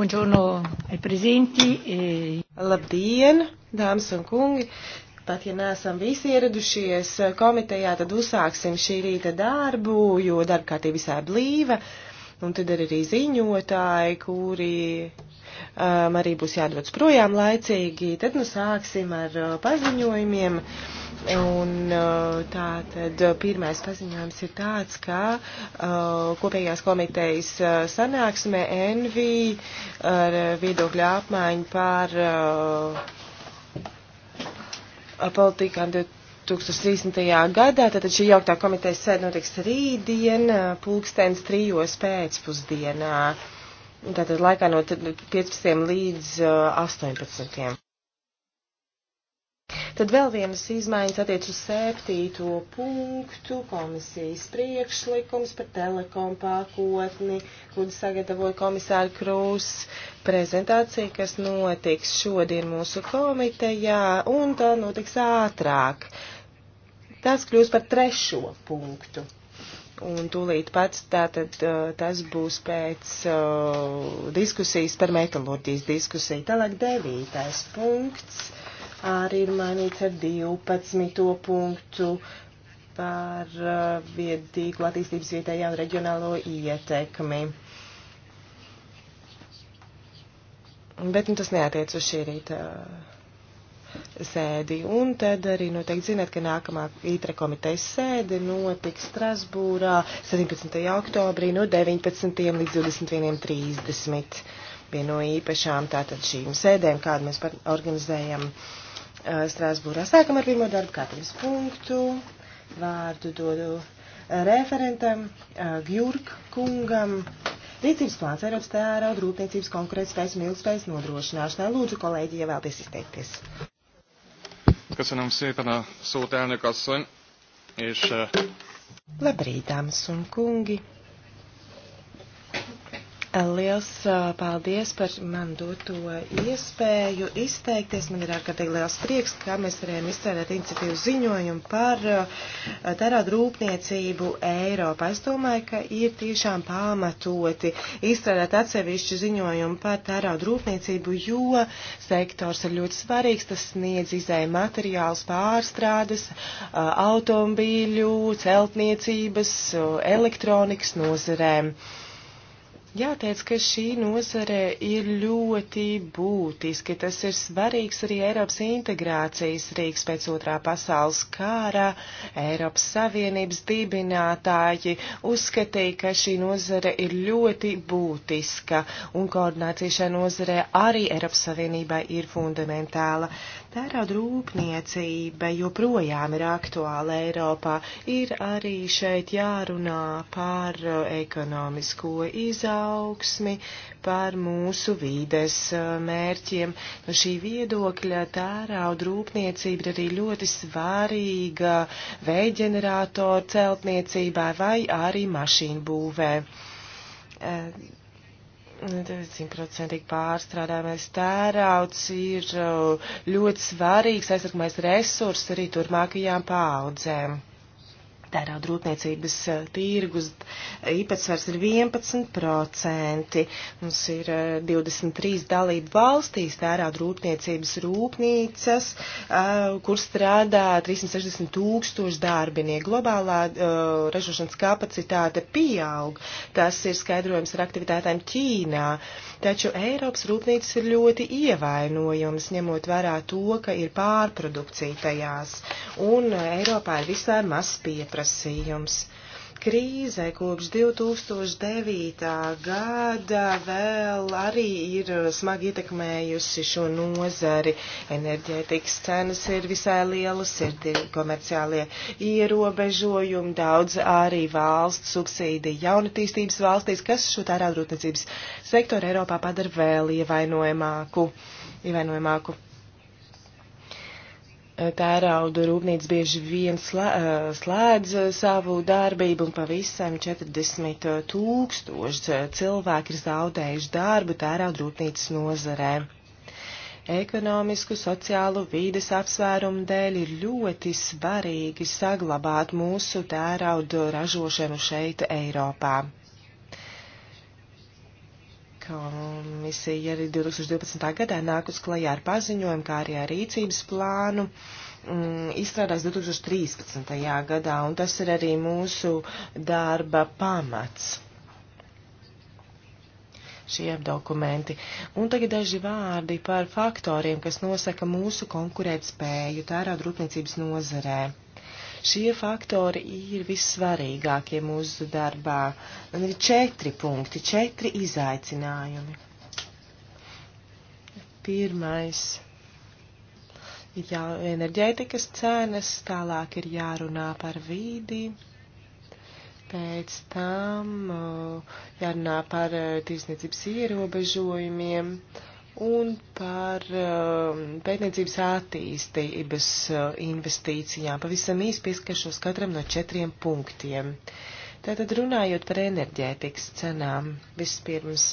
Buongiorno ai presenti. E... Labdien, dāmas un kungi! Pat ja neesam visi ieradušies komitejā, tad uzsāksim šī rīta darbu, jo darbkārtība visai blīva. Un tad ir arī ziņotāji, kuri um, arī būs jādodas projām laicīgi. Tad nu sāksim ar uh, paziņojumiem. Uh, Un uh, tā tad pirmais paziņojums ir tāds, ka uh, kopējās komitejas uh, sanāksme NV ar viedokļu apmaiņu par uh, politikām 2030. gadā. Tātad šī jauktā komitejas sēde notiks rītdien, uh, pulkstens trijos pēcpusdienā. Tātad laikā no 15 līdz uh, 18. Tad vēl vienas izmaiņas attiec uz septīto punktu komisijas priekšlikums par telekom pakotni, kuru sagatavoja komisāra Krūs prezentācija, kas notiks šodien mūsu komitejā, un tā notiks ātrāk. Tas kļūs par trešo punktu. Un tūlīt pats tātad uh, tas būs pēc uh, diskusijas par metalurģijas diskusiju. Tālāk devītais punkts. Uh, arī ir mainīts ar 12. punktu par uh, viedīgu attīstības vietējā un reģionālo ietekmi. Bet nu, tas neatiec uz šī rīta uh, sēdi. Un tad arī noteikti zināt, ka nākamā ītra komitejas sēde notiks Strasbūrā 17. oktobrī no 19. līdz 21.30. Vieno īpašām tātad šīm sēdēm, kādu mēs organizējam. Eh, Strāsbūrā. Sākam ar pirmo darbu kārtības punktu. Vārdu dodu eh, referentam eh, Gjurk kungam. Rīcības plāns Eiropas tērauda rūpniecības konkurētspējas un ilgspējas nodrošināšanā. Lūdzu, kolēģi, ievēlties izteikties. Köszönöm szépen a szót, elnök asszony, és... Labrīt, dāmas un kungi! Liels paldies par man doto iespēju izteikties. Man ir ārkārtīgi liels prieks, ka mēs varējām izstrādāt iniciatīvu ziņojumu par tērādu rūpniecību Eiropā. Es domāju, ka ir tiešām pamatoti izstrādāt atsevišķu ziņojumu par tērādu rūpniecību, jo sektors ir ļoti svarīgs. Tas sniedz izēja materiāls pārstrādes, automobīļu, celtniecības, elektronikas nozerēm. Jāteic, ka šī nozare ir ļoti būtiska. Tas ir svarīgs arī Eiropas integrācijas rīks pēc otrā pasaules kāra. Eiropas Savienības dibinātāji uzskatīja, ka šī nozare ir ļoti būtiska, un koordinācija šai nozarē arī Eiropas Savienībai ir fundamentāla. Tērauda rūpniecība joprojām ir aktuāla Eiropā. Ir arī šeit jārunā par ekonomisko izaugsmi, par mūsu vīdes eh, mērķiem. No šī viedokļa tērauda rūpniecība ir arī ļoti svarīga vējģeneratoru celtniecībā vai arī mašīnu būvē eh, Simtprocentīgi pārstrādājamais tērauds ir uh, ļoti svarīgs aizsargmais resurs arī turmākajām paaudzēm. Tērauda rūpniecības eh, tirgus īpatsvars ir 11%. Mums ir 23 eh, dalību valstīs tērauda rūpniecības rūpnīcas, eh, kur strādā 360 tūkstoši darbinieku. Globālā ražošanas kapacitāte pieaug. Tas ir skaidrojums ar aktivitātēm Ķīnā. Taču Eiropas rūpnīcas ir ļoti ievainojams, ņemot vērā to, ka ir pārprodukcija tajās. Un Eiropā ir visai maz pieprasījums pieprasījums. Krīzē kopš 2009. gada vēl arī ir smagi ietekmējusi šo nozari. Enerģētikas cenas ir visai lielas, ir komerciālie ierobežojumi, daudz arī valsts subsīdija jaunatīstības valstīs, kas šo tērā rūpniecības sektoru Eiropā padara vēl ievainojamāku. ievainojamāku tērauda rūpnīca bieži vien eh, slēdz eh, savu darbību un pavisam 40 eh, tūkstoši cilvēki ir zaudējuši darbu tērauda rūpnīcas nozarē. Ekonomisku, sociālu, vīdes apsvērumu dēļ ir ļoti svarīgi saglabāt mūsu tērauda ražošanu šeit Eiropā. Komisija arī 2012. gadā nāk uz klajā ar paziņojumu, kā arī ar rīcības plānu mm, izstrādās 2013. gadā, un tas ir arī mūsu darba pamats. Šie dokumenti. Un tagad daži vārdi par faktoriem, kas nosaka mūsu konkurētspēju tērā drūtniecības nozarē. Šie faktori ir vissvarīgākie mūsu darbā. Man ir četri punkti, četri izaicinājumi. Pirmais ir jau enerģētikas cenas, tālāk ir jārunā par vīdi, pēc tam jārunā par eh, tirsniecības ierobežojumiem. Uh, un par um, pētniecības attīstības uh, investīcijām. Pavisam īsti pieskaršos katram no četriem punktiem. Tātad runājot par enerģētikas cenām, vispirms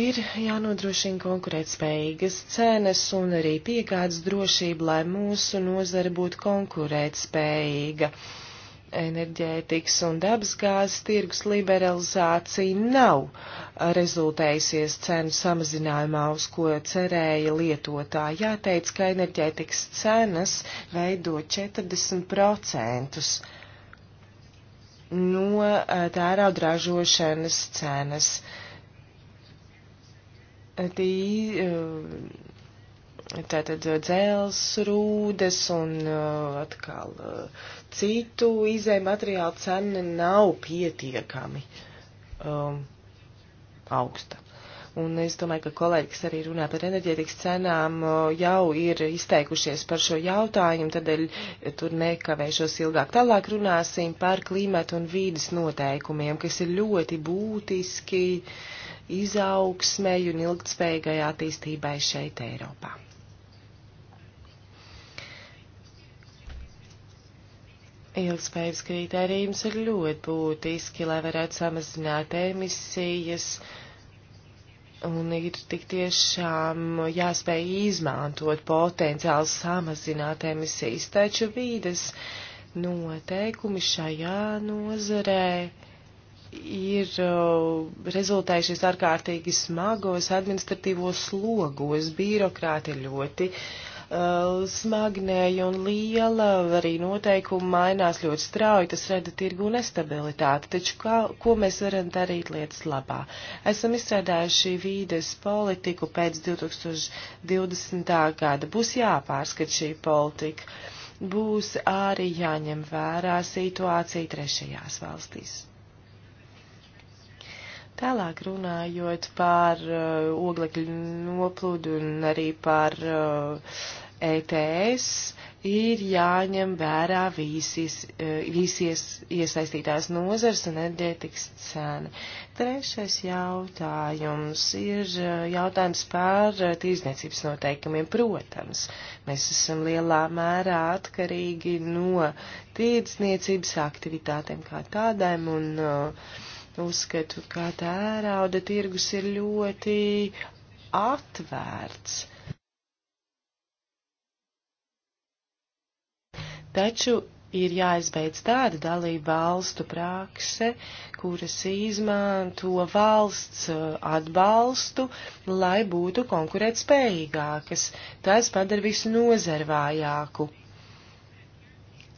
ir jānodrošina konkurētspējīgas cenas un arī piegādes drošība, lai mūsu nozara būtu konkurētspējīga. Uh, enerģētikas un dabasgāzes tirgus liberalizācija nav rezultējusies cenu samazinājumā, uz ko cerēja lietotāji. Jāteic, ka enerģētikas cenas veido 40% no eh, tērauda ražošanas cenas. Tī, uh, Tātad uh, dzēls, rūdes un uh, atkal uh, citu izēju materiālu cena nav pietiekami um, augsta. Un es domāju, ka kolēģi, kas arī runā par enerģētikas cenām, jau ir izteikušies par šo jautājumu, tādēļ tur nekavēšos ilgāk. Tālāk runāsim par klimatu un vīdas noteikumiem, kas ir ļoti būtiski izaugsmēji un ilgtspējīgai attīstībai šeit Eiropā. Ilgspējības kritērijums ir ļoti būtiski, lai varētu samazināt emisijas un ir tik tiešām jāspēj izmantot potenciāli samazināt emisijas, taču vīdes noteikumi šajā nozarē ir uh, rezultējušies ārkārtīgi smagos administratīvos slogos, birokrāti ļoti uh, uh, smagnēja un liela, arī noteikumi mainās ļoti strauji, tas rada tirgu nestabilitāti. Taču kā, ko mēs varam darīt lietas labā? Esam izstrādājuši vīdes politiku pēc 2020. gada. Būs jāpārskat šī politika. Būs arī jāņem vērā situācija trešajās valstīs. Tālāk runājot par uh, oglekļu noplūdu un arī par uh, ETS, ir jāņem vērā visas, uh, visies iesaistītās nozars un enerģētikas cena. Trešais jautājums ir uh, jautājums par uh, tīrzniecības noteikumiem. Protams, mēs esam lielā mērā atkarīgi no tīrzniecības aktivitātēm kā tādēm un uh, Uzskatu, ka tērauda tirgus ir ļoti atvērts. Taču ir jāizbeidz tāda dalība valstu prakse, kuras izmanto valsts uh, atbalstu, lai būtu konkurētspējīgākas. Tas padara visu nozeru vājāku.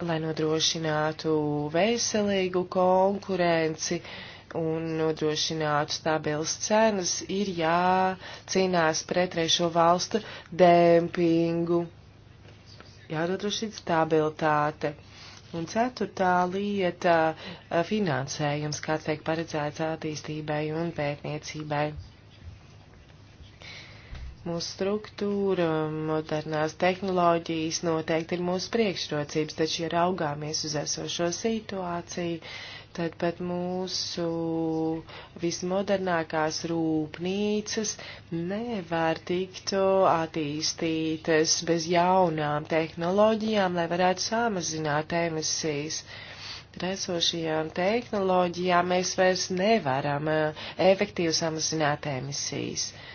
Lai nodrošinātu veselīgu konkurenci, uh, un nodrošinātu stabilas cenas, ir jācīnās pret trešo valstu dempingu. Jādodrošina stabilitāte. Un ceturtā lieta - finansējums, kāds tiek paredzēts attīstībai un pētniecībai. Mūsu struktūra, modernās tehnoloģijas noteikti ir mūsu priekšrocības, taču, ja raugāmies uz esošo situāciju, tad pat mūsu vismodernākās rūpnīcas nevar tikt attīstītas bez jaunām tehnoloģijām, lai varētu samazināt emisijas. Resošajām tehnoloģijām mēs vairs nevaram eh, efektīvi samazināt emisijas. Uh,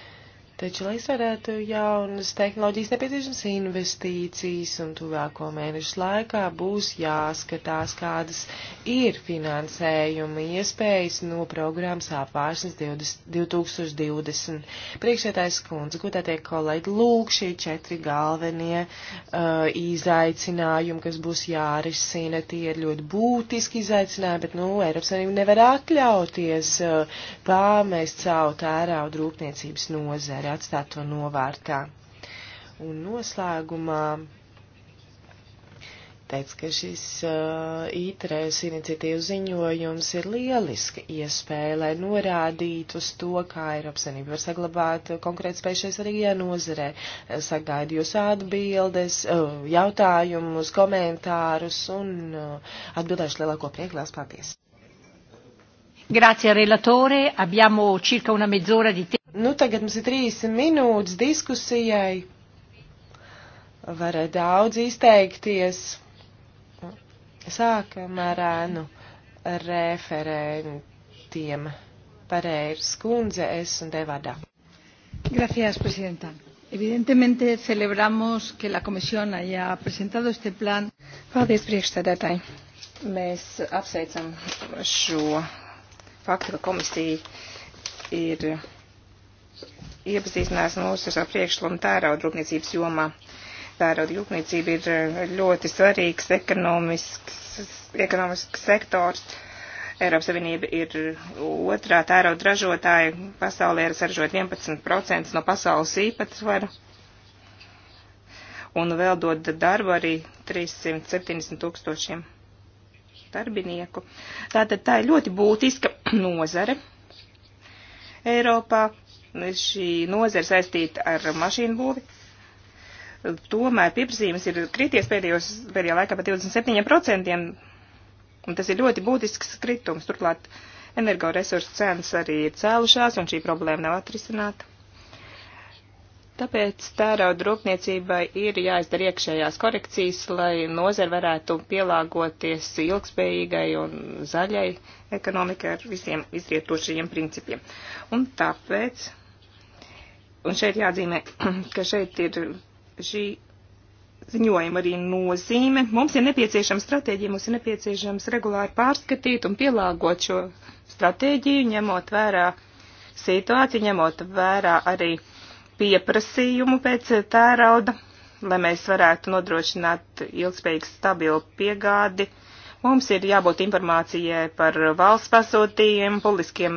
Taču, lai izvērētu jaunas tehnoloģijas, nepieciešams investīcijas, un tuvāko mēnešu laikā būs jāskatās, kādas ir finansējuma iespējas no programmas apvāršanas 2020. Priekšētājs kundze, gudētie kolēģi, lūk šie četri galvenie uh, izaicinājumi, kas būs jārisina. Tie ir ļoti būtiski izaicinājumi, bet, nu, Eiropas Savienība nevar atļauties uh, pāmest savu tērauda rūpniecības nozari nevari atstāt to novārtā. Un noslēgumā teica, ka šis uh, ITRES iniciatīvu ziņojums ir lieliska iespēja, lai norādītu uz to, kā Eiropas Savienība var saglabāt konkurētspēju šai svarīgajā nozarē. Uh, sagaidu jūs atbildes, uh, jautājumus, komentārus un uh, atbildēšu lielāko prieku. Lielas paldies! Grazie relatore, abbiamo circa una mezz'ora di tempo. Nu, tagad mums ir trīs minūtes diskusijai. Varēja daudz izteikties. Sākam ar ēnu referentiem. Pareirs kundze, es un devadā. Gracias, presidenta. Evidentemente celebramos que la Comisión haya presentado este plan. Paldies, priekšsēdētāji. Mēs apsveicam šo faktu, ka komisija ir iepazīstinās mūs ar priekšlikumu tērauda rūpniecības jomā. Tērauda rūpniecība ir eh, ļoti svarīgs ekonomisks, ekonomisks sektors. Eiropas Savienība ir otrā tērauda ražotāja pasaulē, ir saražot 11% no pasaules īpatsvaru un vēl dod darbu arī 370 tūkstošiem darbinieku. Tātad tā ir ļoti būtiska nozare Eiropā šī nozara saistīta ar mašīnu būvi. Tomēr pieprasījums ir krities pēdējos, pēdējā laikā par 27%, un tas ir ļoti būtisks kritums. Turklāt energoresursu cenas arī ir cēlušās, un šī problēma nav atrisināta. Tāpēc tērauda rūpniecībai ir jāizdara iekšējās korekcijas, lai nozara varētu pielāgoties ilgspējīgai un zaļai ekonomikai ar visiem izrietošajiem principiem. Un tāpēc, un šeit jāatzīmē, ka šeit ir šī ziņojuma arī nozīme, mums ir nepieciešama stratēģija, mums ir nepieciešams regulāri pārskatīt un pielāgot šo stratēģiju, ņemot vērā situāciju, ņemot vērā arī uh, pieprasījumu pēc tērauda, lai mēs varētu nodrošināt ilgspējīgu stabilu piegādi. Mums ir jābūt informācijai par valsts pasūtījumiem, publiskiem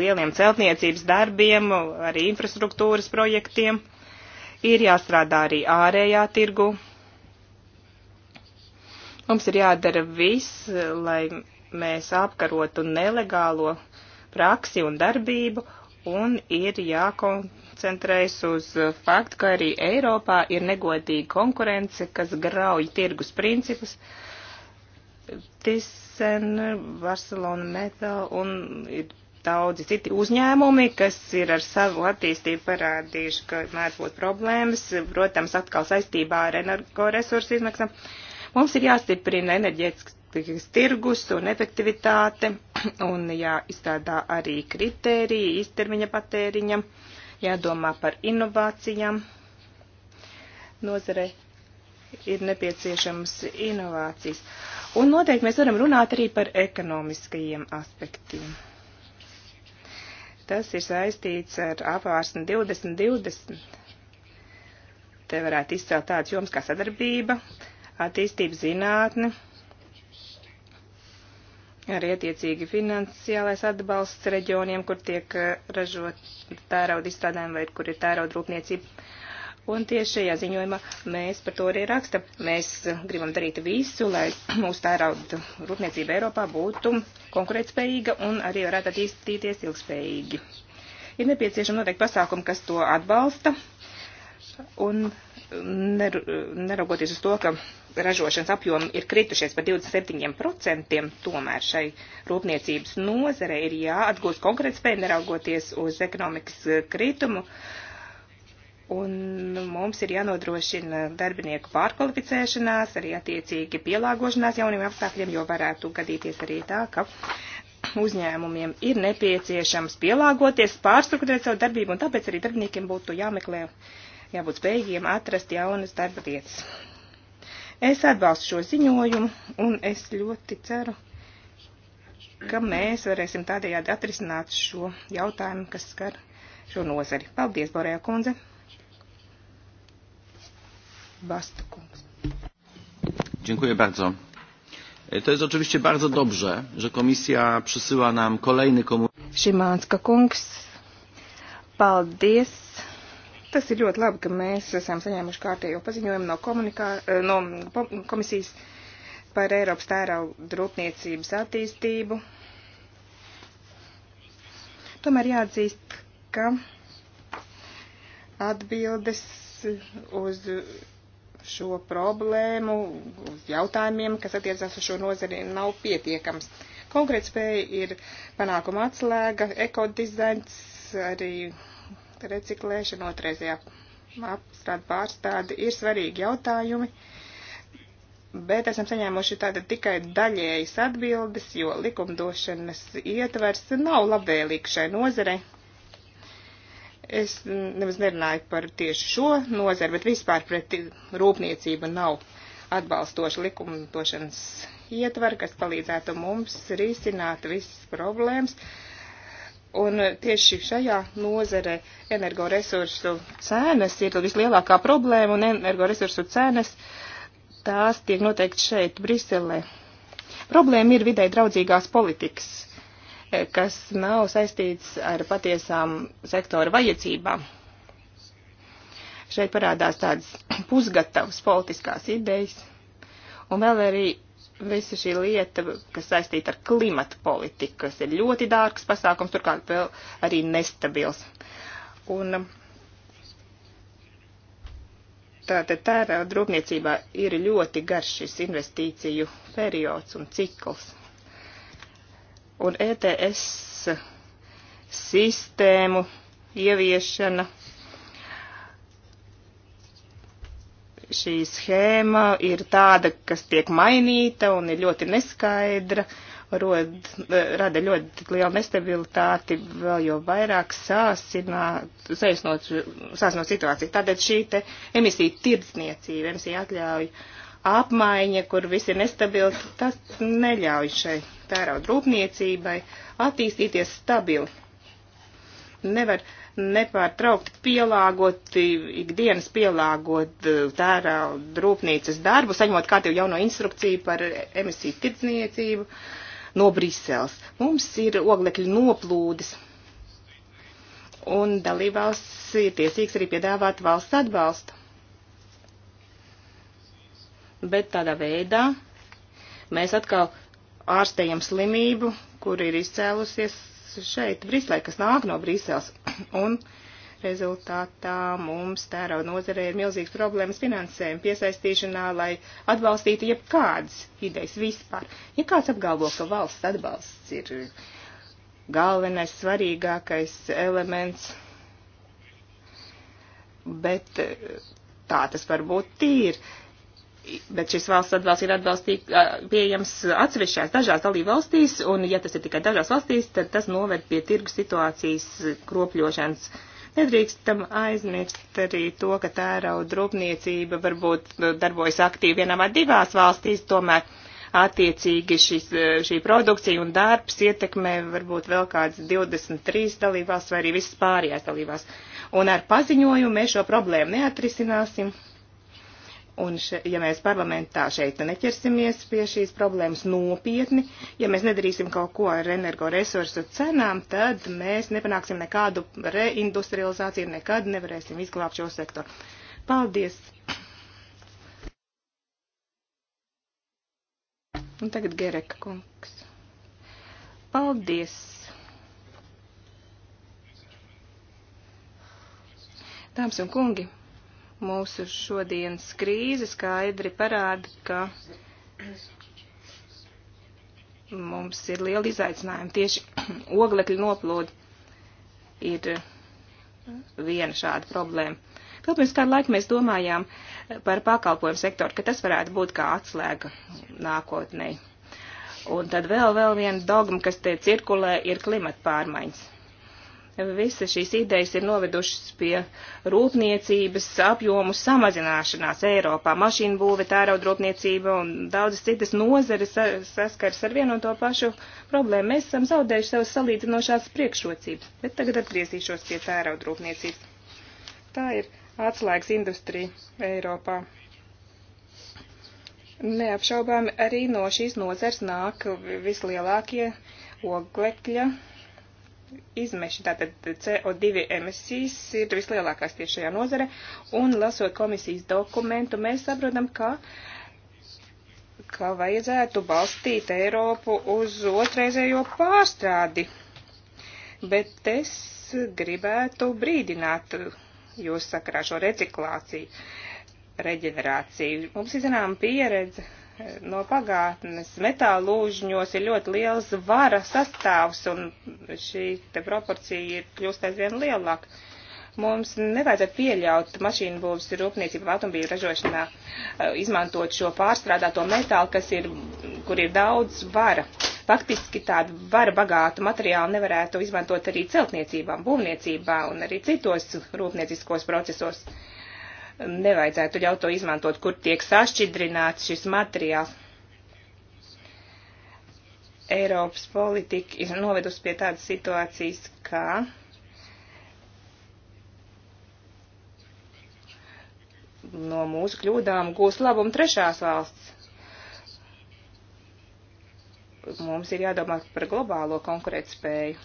lieliem celtniecības darbiem, arī infrastruktūras projektiem. Ir jāstrādā arī ārējā tirgu. Mums ir jādara viss, lai mēs apkarotu nelegālo praksi un darbību, un ir jākon jākoncentrējas uz eh, faktu, ka arī Eiropā ir negodīga konkurence, kas grauj tirgus principus. Tisen, Barcelona Metal un ir daudzi citi uzņēmumi, kas ir ar savu attīstību parādījuši, ka mēdz būt problēmas, protams, atkal saistībā ar energoresursu izmaksām. Mums ir jāstiprina enerģētisks tirgus, tirgus un efektivitāte, un jāizstrādā arī kritērija īstermiņa patēriņam. Ja jādomā par inovācijām. Nozare ir nepieciešamas inovācijas. Un noteikti mēs varam runāt arī par ekonomiskajiem aspektiem. Tas ir saistīts ar apvārsni 2020. Te varētu izcelt tādas jomas kā sadarbība, attīstība zinātne, arī attiecīgi finansiālais atbalsts reģioniem, kur tiek eh, ražot tērauda izstrādājumi vai kur ir tērauda rūpniecība. Un tieši šajā ziņojumā mēs par to arī raksta. Mēs gribam darīt visu, lai mūsu tērauda rūpniecība Eiropā būtu konkurētspējīga un arī varētu attīstīties ilgspējīgi. Ir nepieciešama noteikti pasākumi, kas to atbalsta. Un mm, neraugoties uz to, ka ražošanas apjomi ir kritušies par 27%, tomēr šai rūpniecības nozare ir jāatgūst konkurētspēja, neraugoties uz ekonomikas eh, kritumu. Un mums ir jānodrošina darbinieku pārkvalificēšanās, arī attiecīgi pielāgošanās jauniem apstākļiem, jo varētu gadīties arī tā, ka uzņēmumiem ir nepieciešams pielāgoties, pārstrukturēt savu darbību, un tāpēc arī darbiniekiem būtu jāmeklē, jābūt spējīgiem atrast jaunas darba vietas. Es atbalstu šo ziņojumu un es ļoti ceru, ka mēs varēsim tādējādi atrisināt šo jautājumu, kas skar šo nozari. Paldies, Borēja kundze. Basta kungs. Dziękuję bardzo. E, to jest oczywiście bardzo dobrze, że komisja przysyła nam kolejny komunikat. Szymanska kungs. Paldies. Tas ir ļoti labi, ka mēs esam saņēmuši kārtējo paziņojumu no, komunikā, eh, no komisijas par Eiropas tērauda rūpniecības attīstību. Tomēr jāatzīst, ka atbildes uz šo problēmu, uz jautājumiem, kas attiecās uz šo nozari, nav pietiekams. Konkrētspēja ir panākuma atslēga, ekodizains, arī reciklēšana, otrreizējā apstrāde pārstāde ir svarīgi jautājumi, bet esam saņēmuši tātad tikai daļējas atbildes, jo likumdošanas ietvers nav labvēlīgs šai nozarei. Es nemaz nerunāju par tieši šo nozari, bet vispār pret rūpniecību nav atbalstoša likumdošanas ietvara, kas palīdzētu mums risināt visas problēmas. Uh, Un tieši šajā nozare energoresursu cenas ir vislielākā problēma, un energoresursu cenas tās tiek noteikti šeit, Briselē. Problēma ir vidē draudzīgās politikas, eh, kas nav saistīts ar patiesām sektora vajadzībām. Šeit parādās tādas pusgatavas politiskās idejas, un vēl arī visa šī lieta, kas saistīta ar klimatu politiku, kas ir ļoti dārgs pasākums, turklāt vēl arī nestabils. Un tātad tērā drūpniecībā ir ļoti garš šis investīciju periods un cikls. Un ETS sistēmu ieviešana šī schēma ir tāda, kas tiek mainīta un ir ļoti neskaidra, rod, eh, rada ļoti lielu nestabilitāti, vēl jo vairāk sāsināt, sāsinot, sāsinot situāciju. Tātad šī te emisija tirdzniecība, emisija atļauja apmaiņa, kur viss ir nestabils, tas neļauj šai tērauda rūpniecībai attīstīties stabili. Nevar uh, nepārtraukti pielāgot, ikdienas pielāgot eh, tērā rūpnīcas darbu, saņemot kārtību jauno instrukciju par emisiju tirdzniecību no Briseles. Mums ir oglekļu noplūdes. Un dalībvalsts ir tiesīgs arī piedāvāt valsts atbalstu. Bet tādā veidā mēs atkal ārstējam slimību, kur ir izcēlusies šeit, Briselē, kas nāk no Briseles. Un rezultātā mums tērau nozarē ir milzīgas problēmas finansējuma piesaistīšanā, lai atbalstītu jebkādas idejas vispār. Ja kāds apgalvo, ka valsts atbalsts ir galvenais, svarīgākais elements, bet tā tas varbūt ir bet šis valsts atbalsts ir atbalstīt, pieejams atsevišķās dažās dalību valstīs, un ja tas ir tikai dažās valstīs, tad tas noved pie tirgus situācijas kropļošanas. Nedrīkstam aizmirst arī to, ka tērauda rūpniecība varbūt darbojas aktīvi vienā vai divās valstīs, tomēr attiecīgi šis, e, šī produkcija un darbs ietekmē varbūt vēl kādas 23 dalībās vai arī visas pārējās dalībās. Un ar paziņojumu mēs šo problēmu neatrisināsim. Un, še, ja mēs parlamentā šeit neķersimies pie šīs problēmas nopietni, ja mēs nedarīsim kaut ko ar energoresursu cenām, tad mēs nepanāksim nekādu reindustrializāciju, nekad nevarēsim izglābt šo sektoru. Paldies! Un tagad Gereka kungs. Paldies! Dāmas un kungi! Mūsu šodienas krīze skaidri parāda, ka mums ir liela izaicinājuma. Tieši oglekļa noplūdi ir viena šāda problēma. Vēl pirms kādu laiku mēs domājām par pakalpojumu sektoru, ka tas varētu būt kā atslēga nākotnē. Un tad vēl, vēl viena dogma, kas te cirkulē, ir klimata pārmaiņas. Visas šīs idejas ir novedušas pie rūpniecības apjomu samazināšanās Eiropā. Mašīnu būve, tērauda rūpniecība un daudzas citas nozeres saskars ar vienu un to pašu problēmu. Mēs esam zaudējuši savas salīdzinošās priekšrocības, bet tagad atgriezīšos pie tērauda rūpniecības. Tā ir atslēgas industrija Eiropā. Neapšaubām arī no šīs nozars nāk vislielākie oglekļa izmeši, tātad CO2 emisijas ir vislielākās tieši šajā nozare, un lasot komisijas dokumentu, mēs saprotam, ka, ka vajadzētu balstīt Eiropu uz otrreizējo pārstrādi. Bet es gribētu brīdināt jūs sakarā šo reciklāciju, reģenerāciju. Mums ir zinām pieredze no pagātnes. Metālūžņos ir ļoti liels vara sastāvs, un šī te proporcija ir kļūst aizvien lielāka. Mums nevajadzētu pieļaut mašīnu būvs rūpniecībā, automobīļu ražošanā, eh, izmantot šo pārstrādāto metālu, kas ir, kur ir daudz vara. Faktiski tādu vara bagātu materiālu nevarētu izmantot arī celtniecībām, būvniecībā un arī citos rūpnieciskos procesos. Uh, nevajadzētu ļaut to izmantot, kur tiek sašķidrināts šis materiāls. Eiropas politika ir novedusi pie tādas situācijas, kā no mūsu kļūdām gūs labumu trešās valsts. Mums ir jādomā par globālo konkurētspēju.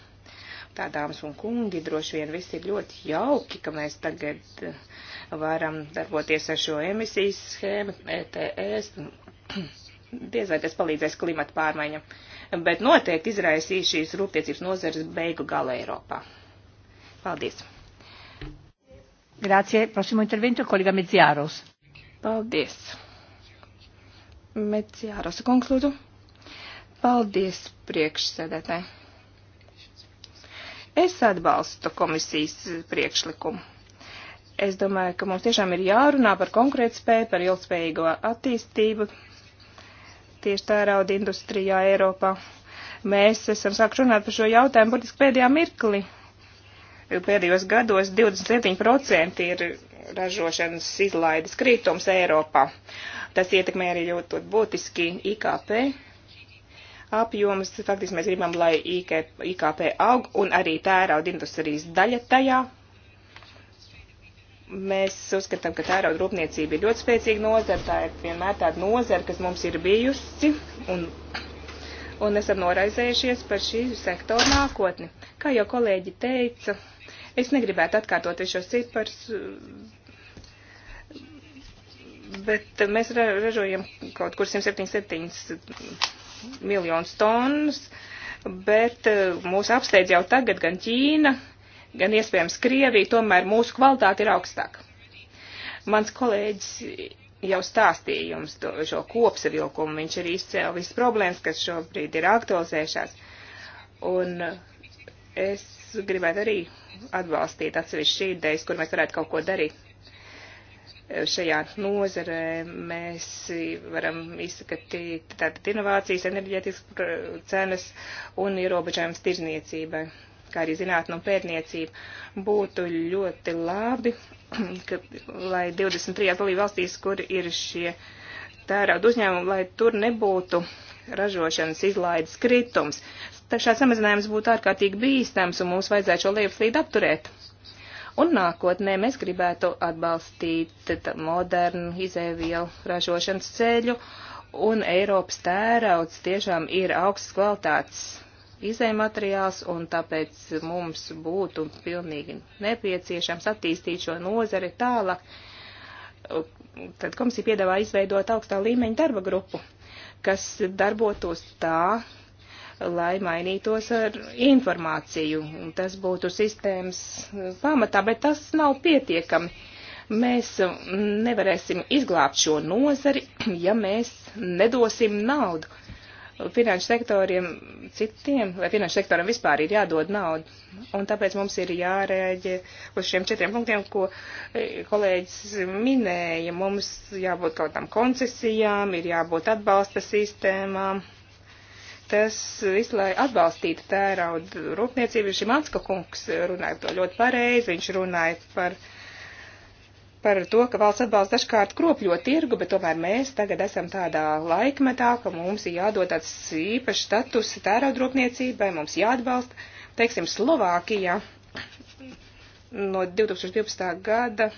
Tā dāmas un kungi, droši vien viss ir ļoti jauki, ka mēs tagad uh, varam darboties ar šo emisijas schēmu, ETS. Diez vai tas palīdzēs klimata pārmaiņam, bet noteikti izraisīs šīs rūpniecības nozares beigu gala Eiropā. Paldies. Grazie. Prossimo intervento, kolega Medziāros. Paldies. Medziāros, kungs, lūdzu. Paldies, priekšsēdētāji. Es atbalstu komisijas priekšlikumu Es domāju, ka mums tiešām ir jārunā par konkurētspēju, par ilgspējīgo attīstību tieši tērauda industrijā Eiropā. Mēs esam sākuši runāt par šo jautājumu burtiski pēdējā mirkli. Pēdējos gados 27% ir ražošanas izlaides krītums Eiropā. Tas ietekmē arī ļoti būtiski IKP apjomus. Faktiski mēs gribam, lai IKP aug un arī tērauda industrijas daļa tajā Mēs uzskatām, ka tērauda rūpniecība ir ļoti spēcīga nozara, tā ir vienmēr tāda nozara, kas mums ir bijusi, un, un esam noraizējušies par šī sektora nākotni. Kā jau kolēģi teica, es negribētu atkārtot visos cipars, bet mēs ražojam kaut kur 177 miljonus tonnas, bet eh, mūs apsteidz jau tagad gan Ķīna, gan iespējams Krieviju, tomēr mūsu kvalitāte ir augstāka. Mans kolēģis jau stāstīja jums to, šo kopsavilkumu, viņš arī izcēla visas problēmas, kas šobrīd ir aktualizējušās. Un es gribētu arī atbalstīt atsevišķi idejas, kur mēs varētu kaut ko darīt. Šajā nozarē mēs varam izskatīt tātad inovācijas, enerģētikas cenas un ierobežojums tirzniecībai kā arī zinātnē un pētniecība, būtu ļoti labi, ka, lai 23 dalību valstīs, kur ir šie tērauda uzņēmumi, lai tur nebūtu ražošanas izlaides kritums. Šāds samazinājums būtu ārkārtīgi bīstams un mums vajadzētu šo liepslīdu apturēt. Un nākotnē mēs gribētu atbalstīt modernu izēvielu ražošanas ceļu, un Eiropas tērauds tiešām ir augsts kvalitātes izējumateriāls, un tāpēc mums būtu pilnīgi nepieciešams attīstīt šo nozari tālāk. Tad komisija piedāvā izveidot augstā līmeņa darba grupu, kas darbotos tā, lai mainītos ar informāciju. Tas būtu sistēmas pamatā, bet tas nav pietiekami mēs nevarēsim izglābt šo nozari, ja mēs nedosim naudu finanšu sektoriem citiem, vai finanšu sektoram vispār ir jādod naudu. Un tāpēc mums ir jārēģē uz šiem četriem punktiem, ko eh, kolēģis minēja. Mums jābūt kaut kādām koncesijām, ir jābūt atbalsta sistēmām. Tas visu, lai atbalstītu tērauda rūpniecību, šim Atska kungs runāja to ļoti pareizi, viņš runāja par. Uh, par to, ka valsts atbalsts dažkārt kropļo tirgu, bet tomēr mēs tagad esam tādā laikmetā, ka mums ir jādod tāds īpašs status tēraudrapniecībai, mums jāatbalsta, teiksim, Slovākija no 2012. gada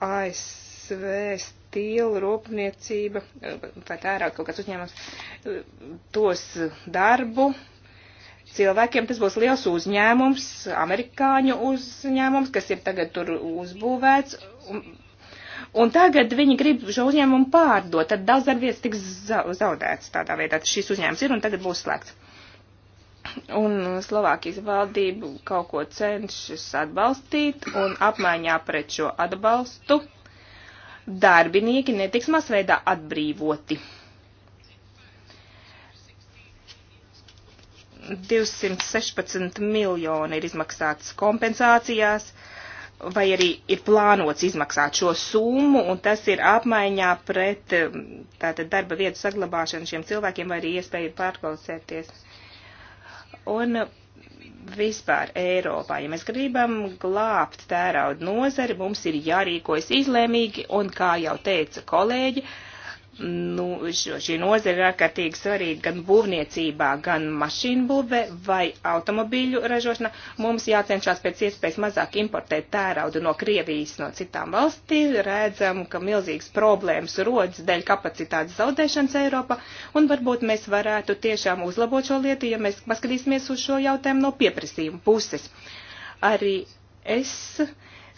ASV stīla rūpniecība, vai tā ir kaut kāds uzņēmums, tos darbu cilvēkiem. Tas būs liels uzņēmums, amerikāņu uzņēmums, kas ir tagad tur uzbūvēts. Un, un tagad viņi grib šo uzņēmumu pārdot, tad daudz darbvietas tiks zaudēts tādā veidā. Šis uzņēmums ir un tagad būs slēgts. Un Slovākijas valdība kaut ko cenšas atbalstīt un apmaiņā pret šo atbalstu darbinieki netiks masveidā atbrīvoti. 216 miljoni ir izmaksāts kompensācijās, vai arī ir plānots izmaksāt šo summu, un tas ir apmaiņā pret um, tātad darba vietu saglabāšanu šiem cilvēkiem, vai arī iespēju pārklausēties. Un vispār Eiropā, ja mēs gribam glābt tērauda nozari, mums ir jārīkojas izlēmīgi, un kā jau teica kolēģi, uh, nu, šo, šī nozara ir ārkārtīgi svarīga gan būvniecībā, gan mašīnbūvē vai automobīļu ražošanā. Mums jācenšas pēc iespējas mazāk importēt tēraudu no Krievijas, no citām valstīm. Redzam, ka milzīgas problēmas rodas dēļ kapacitātes zaudēšanas Eiropā, un varbūt mēs varētu tiešām uzlabot šo lietu, ja mēs paskatīsimies uz šo jautājumu no pieprasījuma puses. Arī es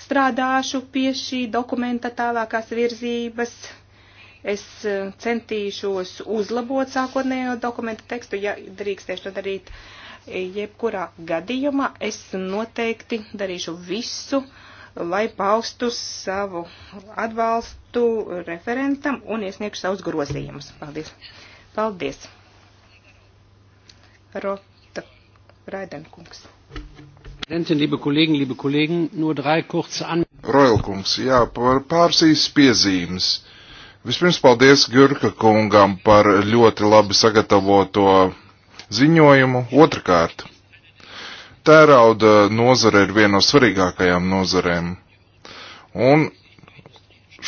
strādāšu pie šī dokumenta tālākās virzības Es e, centīšos uzlabot sākotnējo dokumentu tekstu, ja drīkstēšu to darīt e, jebkurā gadījumā. Es noteikti darīšu visu, lai paustu savu atbalstu referentam un iesniegšu savus grozījumus. Paldies! Paldies! Rota Raidenkungs. Liebe Kollegen, liebe Kollegen, nur drei kurze Anmerkungen. Roilkungs, jā, par pārsīs piezīmes Vispirms paldies Gurka kungam par ļoti labi sagatavoto ziņojumu. Otrakārt, tērauda nozare ir viena no svarīgākajām nozarēm. Un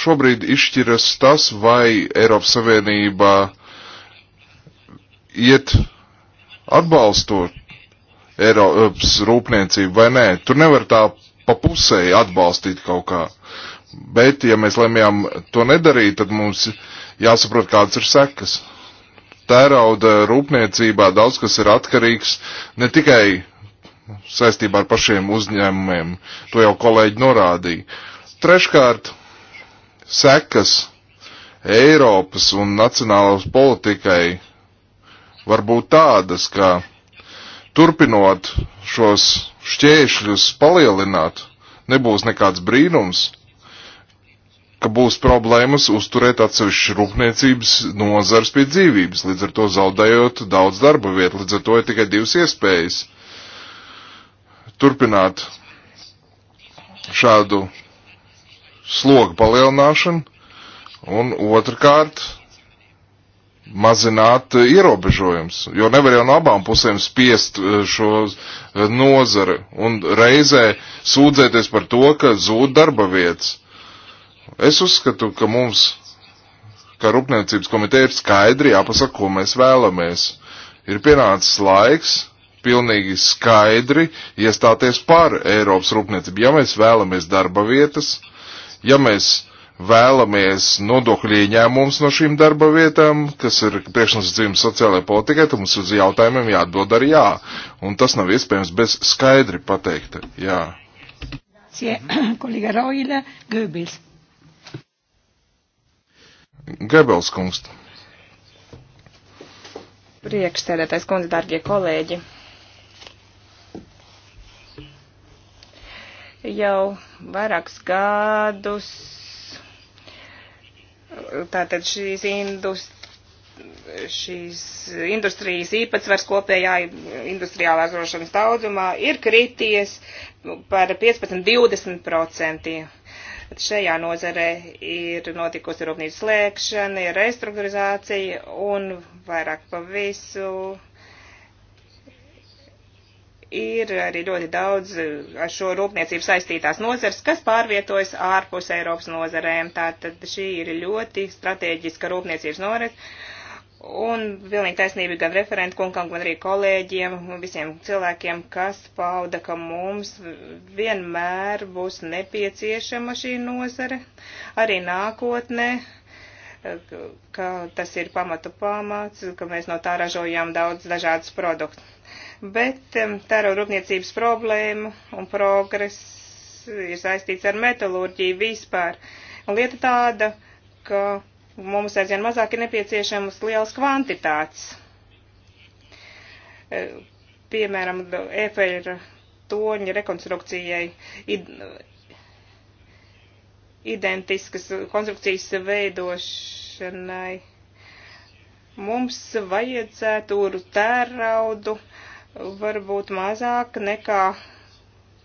šobrīd izšķiras tas, vai Eiropas Savienība iet atbalstot Eiropas rūpniecību vai nē. Tur nevar tā pa pusēji atbalstīt kaut kā. Uh, Bet, ja mēs lemjām to nedarīt, tad mums jāsaprot, kādas ir sekas. Tērauda rūpniecībā daudz kas ir atkarīgs ne tikai saistībā ar pašiem uzņēmumiem, to jau kolēģi norādīja. Treškārt, sekas Eiropas un nacionālās politikai var būt tādas, ka turpinot šos šķēršļus palielināt, nebūs nekāds brīnums, ka būs problēmas uzturēt atsevišķu rūpniecības nozars pie dzīvības, līdz ar to zaudējot daudz darba vietu, līdz ar to ir tikai divas iespējas turpināt šādu slogu palielināšanu un otrkārt mazināt ierobežojums, jo nevar jau no abām pusēm spiest eh, šo eh, nozari un reizē sūdzēties par to, ka zūd darba vietas. Es uzskatu, ka mums, kā Rūpniecības komiteja, ir skaidri jāpasaka, ko mēs vēlamies. Ir pienācis laiks pilnīgi skaidri iestāties par Eiropas rūpniecību. Ja mēs vēlamies darba vietas, ja mēs vēlamies nodokļu ieņēmumus no šīm darba vietām, kas ir priekšnosacījums sociālajai politikai, tad mums uz jautājumiem jāatbild ar jā. Un tas nav iespējams bez skaidri pateikta jā. Kolīga Roila Goebbels. Gebels kungs. Priekšsēdētais kundze, dārgie kolēģi. Jau vairākus gadus tātad šīs industrijas šīs industrijas īpatsvars kopējā industriālā ražošanas daudzumā ir krities par 15-20%. Šajā nozarē ir notikusi rūpnīca slēgšana, ir restruktūrizācija un vairāk pa visu. Ir arī ļoti daudz ar šo rūpniecību saistītās nozars, kas pārvietojas ārpus Eiropas nozarēm. Tātad šī ir ļoti strateģiska rūpniecības norez Un pilnīgi taisnība gan referentu kungam, gan arī kolēģiem un visiem cilvēkiem, kas pauda, ka mums vienmēr būs nepieciešama šī nozare, arī nākotnē, ka tas ir pamatu pamats, ka mēs no tā ražojām daudz dažādus produktus. Bet tā ir rūpniecības problēma un progress ir saistīts ar metalurģiju vispār. Un lieta tāda, ka mums aizvien mazāk ir nepieciešamas liels kvantitātes. E, piemēram, efeļa toņa rekonstrukcijai identiskas konstrukcijas veidošanai. Mums vajadzētu tēraudu varbūt mazāk nekā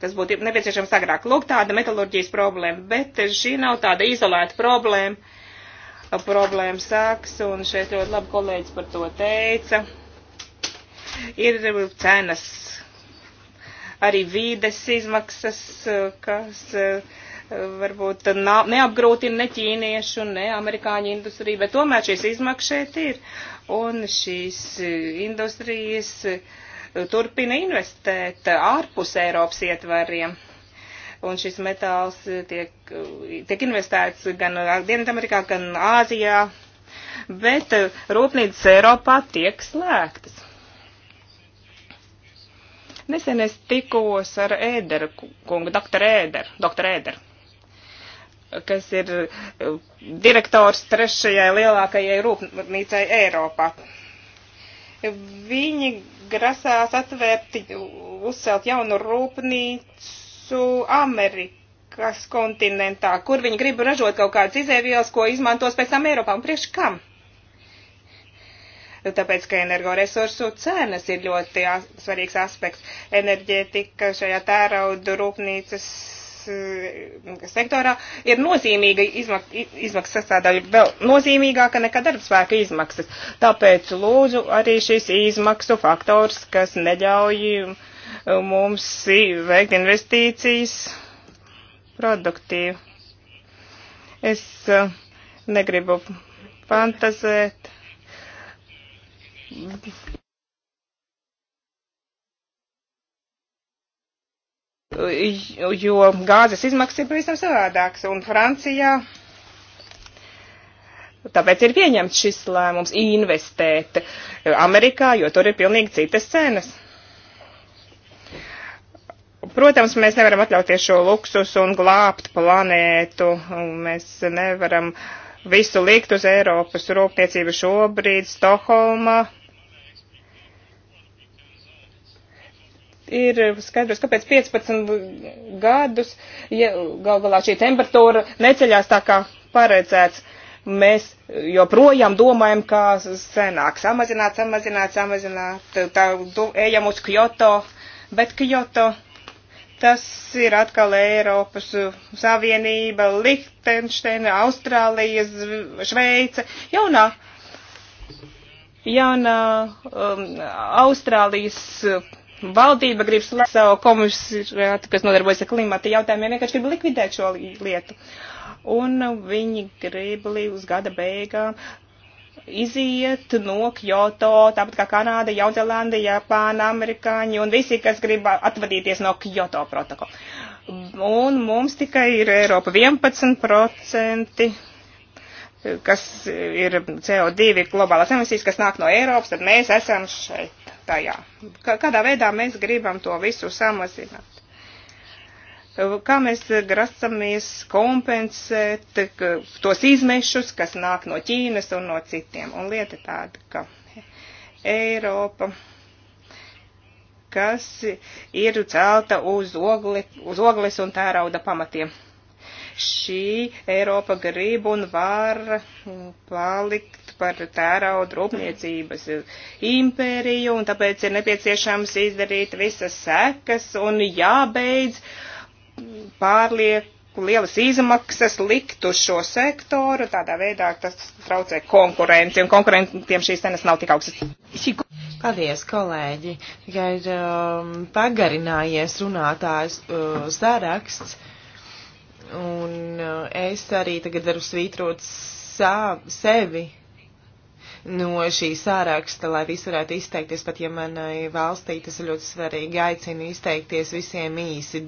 tas būtu nepieciešams agrāk. Lūk, tāda metaloģijas problēma, bet šī nav tāda izolēta problēma problēma sāks, un šeit ļoti labi kolēģis par to teica. Ir cenas, arī vīdes izmaksas, kas eh, varbūt neapgrūtina ne ķīniešu, ne amerikāņu industriju, bet tomēr šīs izmaksas šeit ir. Un šīs eh, industrijas eh, turpina investēt ārpus Eiropas ietvariem un šis metāls eh, tiek, eh, tiek investēts gan Dienvidamerikā, gan Āzijā, bet eh, rūpnīcas Eiropā tiek slēgtas. Nesen es tikos ar Ēderu kungu, doktoru Ēderu, doktoru Ēderu kas ir direktors trešajai lielākajai rūpnīcai Eiropā. Viņi grasās atvērt, uzcelt jaunu rūpnīcu visu Amerikas kontinentā, kur viņi grib ražot kaut kādas izēvielas, ko izmantos pēc tam Eiropā. Un priekš kam? Tāpēc, ka energoresursu cenas ir ļoti svarīgs aspekts. Enerģētika šajā tērauda rūpnīcas mm, sektorā ir nozīmīga izmak izmaksas sastāvdaļa, vēl nozīmīgāka nekā darbspēka izmaksas. Tāpēc lūdzu arī šis izmaksu faktors, kas neļauj mums veikt investīcijas produktīvi. Es eh, negribu fantazēt. jo gāzes izmaksas ir pavisam savādākas. Un Francijā tāpēc ir pieņemts šis lēmums investēt Amerikā, jo tur ir pilnīgi citas cenas. Protams, mēs nevaram atļauties šo luksus un glābt planētu. Mēs nevaram visu likt uz Eiropas rūpniecību šobrīd Stokholmā. ir skaidrs, kāpēc 15 gadus, ja gal galā šī temperatūra neceļās tā kā paredzēts, mēs joprojām domājam, kā senāk samazināt, samazināt, samazināt, tā, ejam uz Kyoto, bet Kyoto Tas ir atkal Eiropas Savienība, Lichtensteina, Austrālija, Šveice, jaunā, jaunā um, Austrālijas valdība grib slēgt savu komisariātu, kas nodarbojas ar klimata jautājumiem, vienkārši grib likvidēt šo lietu. Un viņi grib līdz gada beigām iziet no Kyoto, tāpat kā Kanāda, Jaunzēlanda, Japāna, Amerikāņi un visi, kas grib atvadīties no Kyoto protokola. Un mums tikai ir Eiropa 11%, kas ir CO2 globālās emisijas, kas nāk no Eiropas, tad mēs esam šeit tajā. Kādā veidā mēs gribam to visu samazināt? kā mēs grasamies kompensēt tos izmešus, kas nāk no Ķīnas un no citiem. Un lieta tāda, ka Eiropa, kas ir celta uz, ogli, uz ogles un tērauda pamatiem. Šī Eiropa grib un var palikt par tērauda rūpniecības impēriju, un tāpēc ir nepieciešams izdarīt visas sekas un jābeidz uh, pārlieku lielas izmaksas liktu šo sektoru, tādā veidā tas traucē konkurenci, un konkurentiem šīs cenas nav tik augstas. Paldies, kolēģi, ka ir um, pagarinājies runātājs uh, saraksts, un uh, es arī tagad varu svītrot sā, sevi no šī sāraksta, lai visi varētu izteikties, pat ja manai valstī tas ir ļoti svarīgi, aicinu izteikties visiem īsi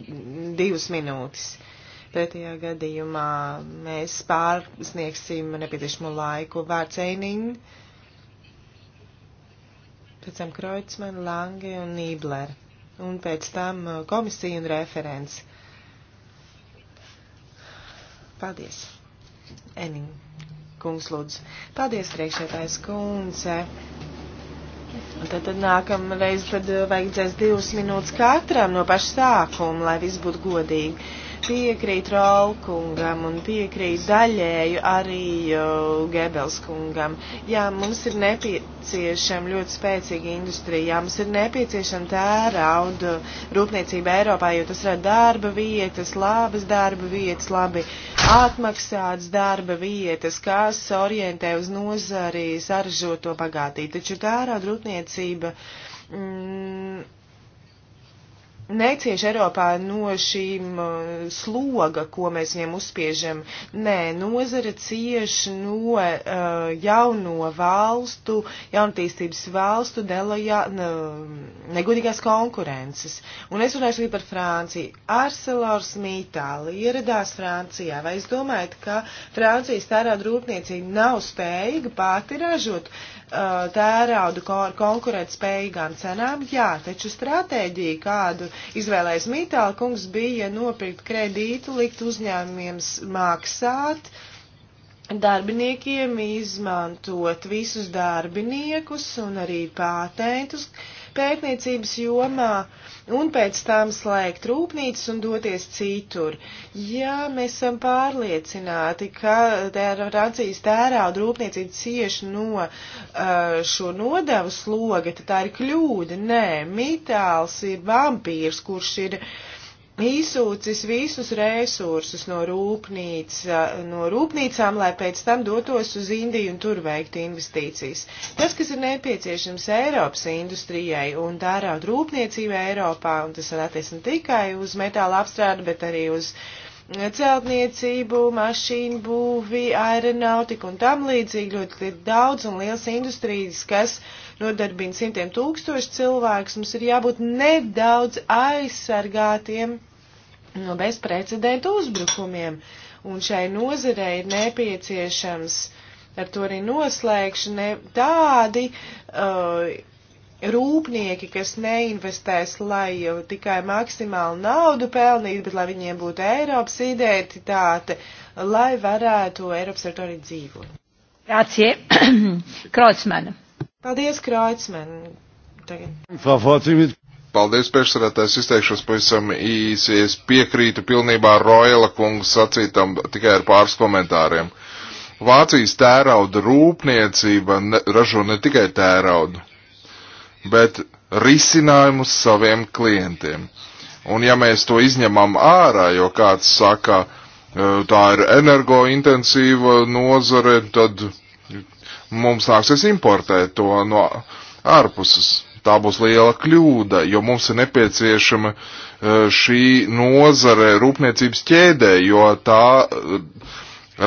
divas minūtes. Pretējā gadījumā mēs pārsniegsim nepieciešamo laiku vārceiniņu, pēc tam Kreutzmann, Lange un Nībler, un pēc tam komisija un referents. Paldies. Ening kungs lūdzu. Paldies, priekšētājs kundze. Tad, tad nākamreiz, tad eh, vajadzēs divas minūtes katram no paša sākuma, lai viss būtu godīgi piekrīt Rolkungam un piekrīt daļēju arī Gebelskungam. Jā, mums ir nepieciešama ļoti spēcīga industrija, jā, mums ir nepieciešama tēra audu rūpniecība Eiropā, jo tas rada darba vietas, labas darba vietas, labi atmaksāts darba vietas, kas orientē uz nozari saražoto bagātību. Taču tēra audu rūpniecība. Mm, necieš Eiropā no šīm uh, sloga, ko mēs viņiem uzspiežam. Nē, nozara cieš no uh, jauno valstu, jaunatīstības valstu delajā negodīgās konkurences. Un es runāšu arī par Franciju. Arcelors Mītāli ieradās Francijā. Vai jūs domājat, ka Francijas tērauda rūpniecība nav spējīga pati ražot uh, tēraudu konkurēt spējīgām cenām? Jā, taču stratēģija, kādu izvēlējas Mītāla kungs bija nopirkt kredītu, likt uzņēmumiem maksāt darbiniekiem, izmantot visus darbiniekus un arī pātentus, uh, pētniecības jomā un pēc tam slēgt rūpnīcas un doties citur. Ja mēs esam pārliecināti, ka Francijas tērauda rūpniecība cieši no uh, šo nodevu sloga, tad tā ir kļūda. Nē, mitāls ir vampīrs, kurš ir. Uh, izsūcis visus resursus no, rūpnīca, no rūpnīcām, lai pēc tam dotos uz Indiju un tur veiktu investīcijas. Tas, kas ir nepieciešams Eiropas industrijai un tērauda rūpniecība Eiropā, un tas attiecas ne tikai uz metāla apstrādi, bet arī uz celtniecību, mašīnu būvi, aeronautiku un tam līdzīgi ļoti daudz un liels industrijas, kas nodarbina simtiem tūkstošu cilvēkus, mums ir jābūt nedaudz aizsargātiem no bezprecedenta uzbrukumiem, un šai nozarei ir nepieciešams ar to arī noslēgšu ne tādi uh, rūpnieki, kas neinvestēs, lai jau tikai maksimāli naudu pelnītu, bet lai viņiem būtu Eiropas identitāte, lai varētu Eiropas ar to arī dzīvot. Grācie, Kreutzmann. Paldies, Kreutzmann. Tagad. Paldies, priekšsarētājs, izteikšos pavisam īsi. Es piekrītu pilnībā Roila kungu sacītam tikai ar pāris komentāriem. Vācijas tērauda rūpniecība ne, ražo ne tikai tēraudu, bet risinājumus saviem klientiem. Un ja mēs to izņemam ārā, jo kāds saka, tā ir energointensīva nozare, tad mums nāksies importēt to no ārpuses Tā būs liela kļūda, jo mums ir nepieciešama e, šī nozare rūpniecības ķēdē, jo tā e,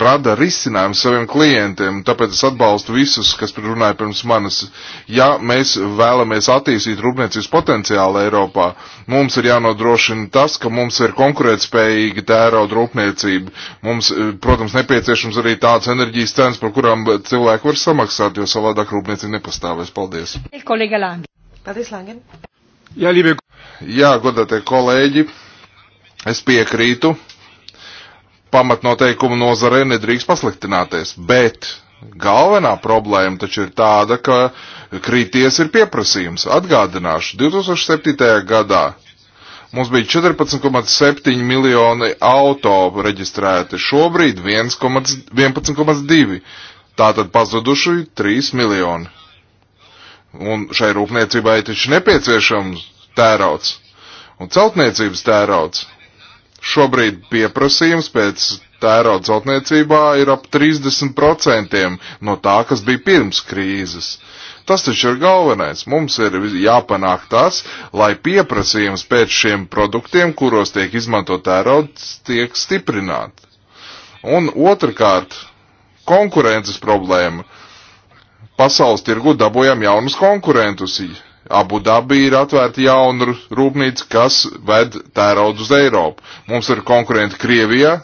rada risinājumu saviem klientiem, tāpēc es atbalstu visus, kas runāja pirms manis. Ja mēs vēlamies attīstīt rūpniecības potenciālu Eiropā, mums ir jānodrošina tas, ka mums ir konkurētspējīga tērauda rūpniecība. Mums, e, protams, nepieciešams arī tāds enerģijas cenas, par kurām cilvēki var samaksāt, jo savādāk rūpniecība nepastāvēs. Paldies! Kolēģi Langi. Paldies, Langen. Jā, Lībija. Jā, godātie kolēģi, es piekrītu. Pamatnoteikumu nozarē nedrīkst pasliktināties, bet Galvenā problēma taču ir tāda, ka krīties ir pieprasījums. Atgādināšu, 2007. gadā mums bija 14,7 miljoni auto reģistrēti, šobrīd 11,2. Tātad pazuduši 3 miljoni. Un šai rūpniecībai taču nepieciešams tērauds un celtniecības tērauds. Šobrīd pieprasījums pēc tērauda celtniecībā ir ap 30% no tā, kas bija pirms krīzes. Tas taču ir galvenais. Mums ir jāpanāk tas, lai pieprasījums pēc šiem produktiem, kuros tiek izmantot tērauds, tiek stiprināt. Un otrkārt, konkurences problēma pasaules tirgu dabūjam jaunus konkurentus. Abu dabī ir atvērta jauna rūpnīca, kas ved tēraudu uz Eiropu. Mums ir konkurenti Krievijā,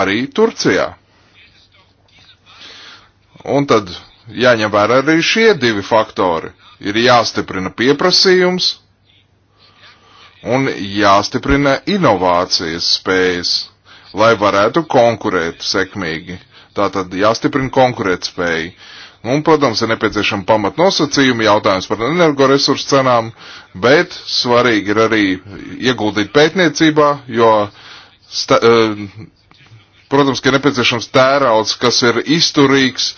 arī Turcijā. Un tad jāņem vērā arī šie divi faktori. Ir jāstiprina pieprasījums un jāstiprina inovācijas spējas, lai varētu konkurēt sekmīgi Tātad jāstiprina konkurētspēja. Nu, un, protams, ir nepieciešama pamatnosacījuma, jautājums par energoresursu cenām, bet svarīgi ir arī ieguldīt pētniecībā, jo, sta, eh, protams, ka ir nepieciešams tērauds, kas ir izturīgs,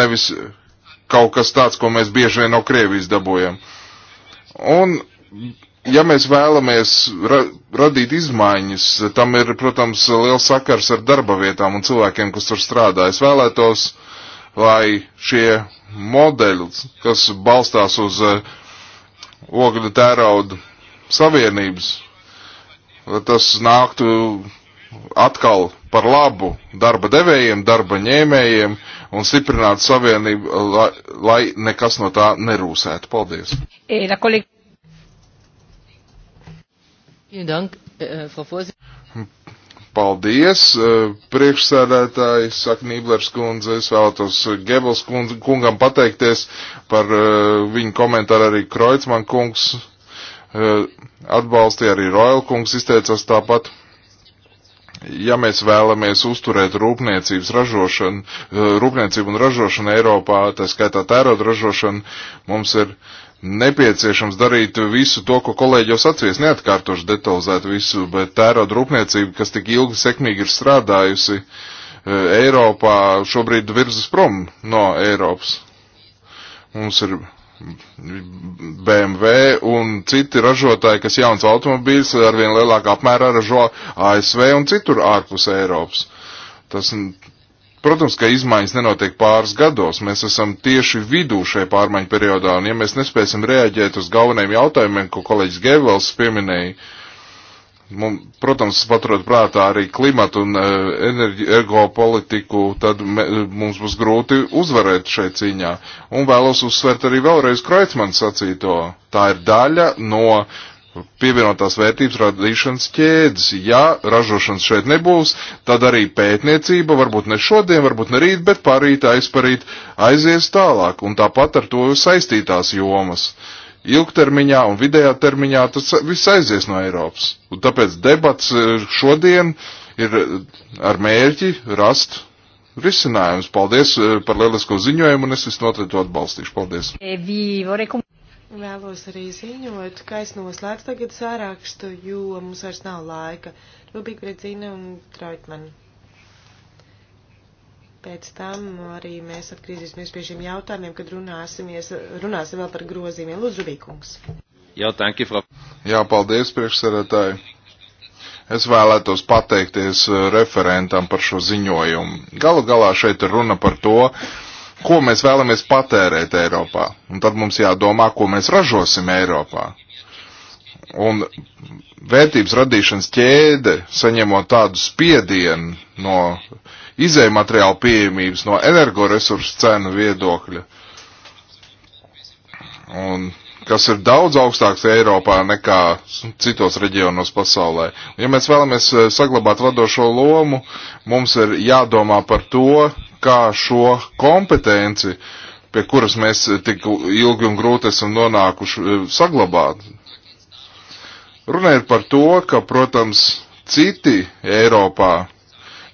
nevis kaut kas tāds, ko mēs bieži vien no Krievijas dabojam. Un ja mēs vēlamies ra radīt izmaiņas, tam ir, protams, liels sakars ar darba vietām un cilvēkiem, kas tur strādā. Es vēlētos, lai šie modeļi, kas balstās uz uh, ogļu tērauda savienības, lai tas nāktu atkal par labu darba devējiem, darba ņēmējiem un stiprinātu savienību, lai, lai nekas no tā nerūsētu. Paldies! E, Äh, äh, Paldies, äh, priekšsēdētāji, saka Nīblers kundze, es vēlētos Gebels kungam pateikties par viņu komentāru arī Kreutzmann kungs atbalstīja, arī Royal kungs izteicās tāpat. Ja mēs vēlamies uzturēt rūpniecības ražošanu, rūpniecību un ražošanu Eiropā, tā skaitā tērauda ražošanu, mums ir uh, nepieciešams darīt visu to, ko kolēģi jau sacīs, neatkārtoši detalizēt visu, bet tērauda rūpniecība, kas tik ilgi sekmīgi ir strādājusi e, Eiropā, šobrīd virzas prom no Eiropas. Mums ir BMW un citi ražotāji, kas jauns automobīļs arvien lielākā apmērā ražo ASV un citur ārpus Eiropas. Tas Protams, ka izmaiņas nenotiek pāris gados. Mēs esam tieši vidū šajā pārmaiņu periodā, un ja mēs nespēsim reaģēt uz galvenajiem jautājumiem, ko kolēģis Gevels pieminēja, mums, protams, paturot prātā arī klimatu un e, enerģi, ergopolitiku, tad me, e, mums būs grūti uzvarēt šai cīņā. Un vēlos uzsvērt arī vēlreiz Kreutzmann sacīto. Tā ir daļa no uh, pievienotās vērtības radīšanas ķēdes. Ja ražošanas šeit nebūs, tad arī pētniecība, varbūt ne šodien, varbūt ne rīt, bet parīt aizparīt aizies tālāk, un tāpat ar to saistītās jomas. Ilgtermiņā un vidējā termiņā tas viss aizies no Eiropas. Un tāpēc debats eh, šodien ir eh, ar mērķi rast risinājums. Paldies eh, par lielisko ziņojumu, un es visnotaļ to atbalstīšu. Paldies! E Vēlos arī ziņot, ka es noslēdzu tagad sārakstu, jo mums vairs nav laika. Rubīk Bredzina un Trautman. Pēc tam arī mēs atgriezīsimies pie šiem jautājumiem, kad runāsimies, runāsim vēl par grozījumiem. Lūdzu, Rubīkungs. Jā, tanki, frau. Jā, paldies, priekšsēdētāji. Es vēlētos pateikties eh, referentam par šo ziņojumu. Galu galā šeit ir runa par to, uh, ko mēs vēlamies patērēt Eiropā. Un tad mums jādomā, ko mēs ražosim Eiropā. Un vērtības radīšanas ķēde, saņemot tādu spiedienu no izējuma materiāla pieejamības, no energoresursu cenu viedokļa, un kas ir daudz augstāks Eiropā nekā citos reģionos pasaulē. Ja mēs vēlamies eh, saglabāt vadošo lomu, mums ir jādomā par to, kā šo kompetenci, pie kuras mēs tik ilgi un grūti esam nonākuši, eh, saglabāt. Runa ir par to, ka, protams, citi Eiropā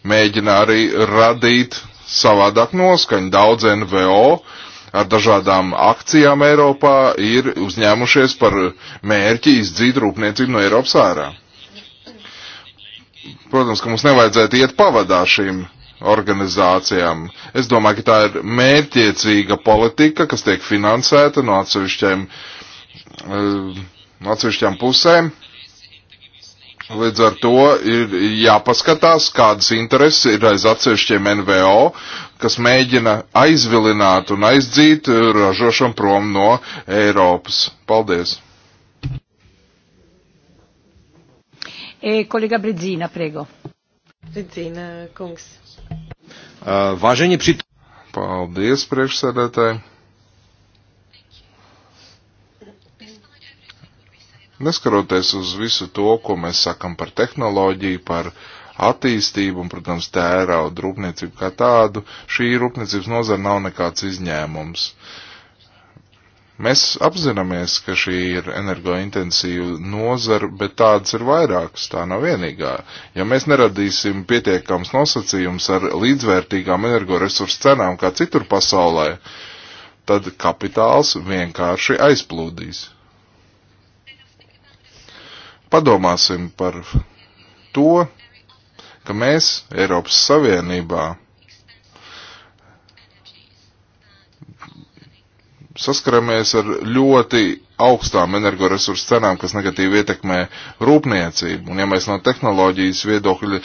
mēģina arī radīt savādāk noskaņu. Daudz NVO ar dažādām akcijām Eiropā ir uzņēmušies par mērķi izdzīt rūpniecību no Eiropas ārā. Protams, ka mums nevajadzētu iet pavadā šīm organizācijām. Es domāju, ka tā ir mērķiecīga politika, kas tiek finansēta no atsevišķiem, no eh, atsevišķām pusēm. Līdz ar to ir jāpaskatās, kādas intereses ir aiz atsevišķiem NVO, kas mēģina aizvilināt un aizdzīt ražošanu prom no Eiropas. Paldies! E, eh, kolega Bredzina, prego. Bredzina, kungs. Uh, Váženie pri... Paldies, priekšsēdētāji. Neskaroties uz visu to, ko mēs sakam par tehnoloģiju, par attīstību un, protams, tērauda rūpniecību kā tādu, šī rūpniecības nozara nav nekāds izņēmums. Uh, Mēs apzināmies, ka šī ir energointensīva nozara, bet tādas ir vairākas, tā nav vienīgā. Ja mēs neradīsim pietiekams nosacījums ar līdzvērtīgām energoresursu cenām kā citur pasaulē, tad kapitāls vienkārši aizplūdīs. Padomāsim par to, ka mēs Eiropas Savienībā saskaramies ar ļoti augstām energoresursu cenām, kas negatīvi ietekmē rūpniecību. Un ja mēs no tehnoloģijas viedokļa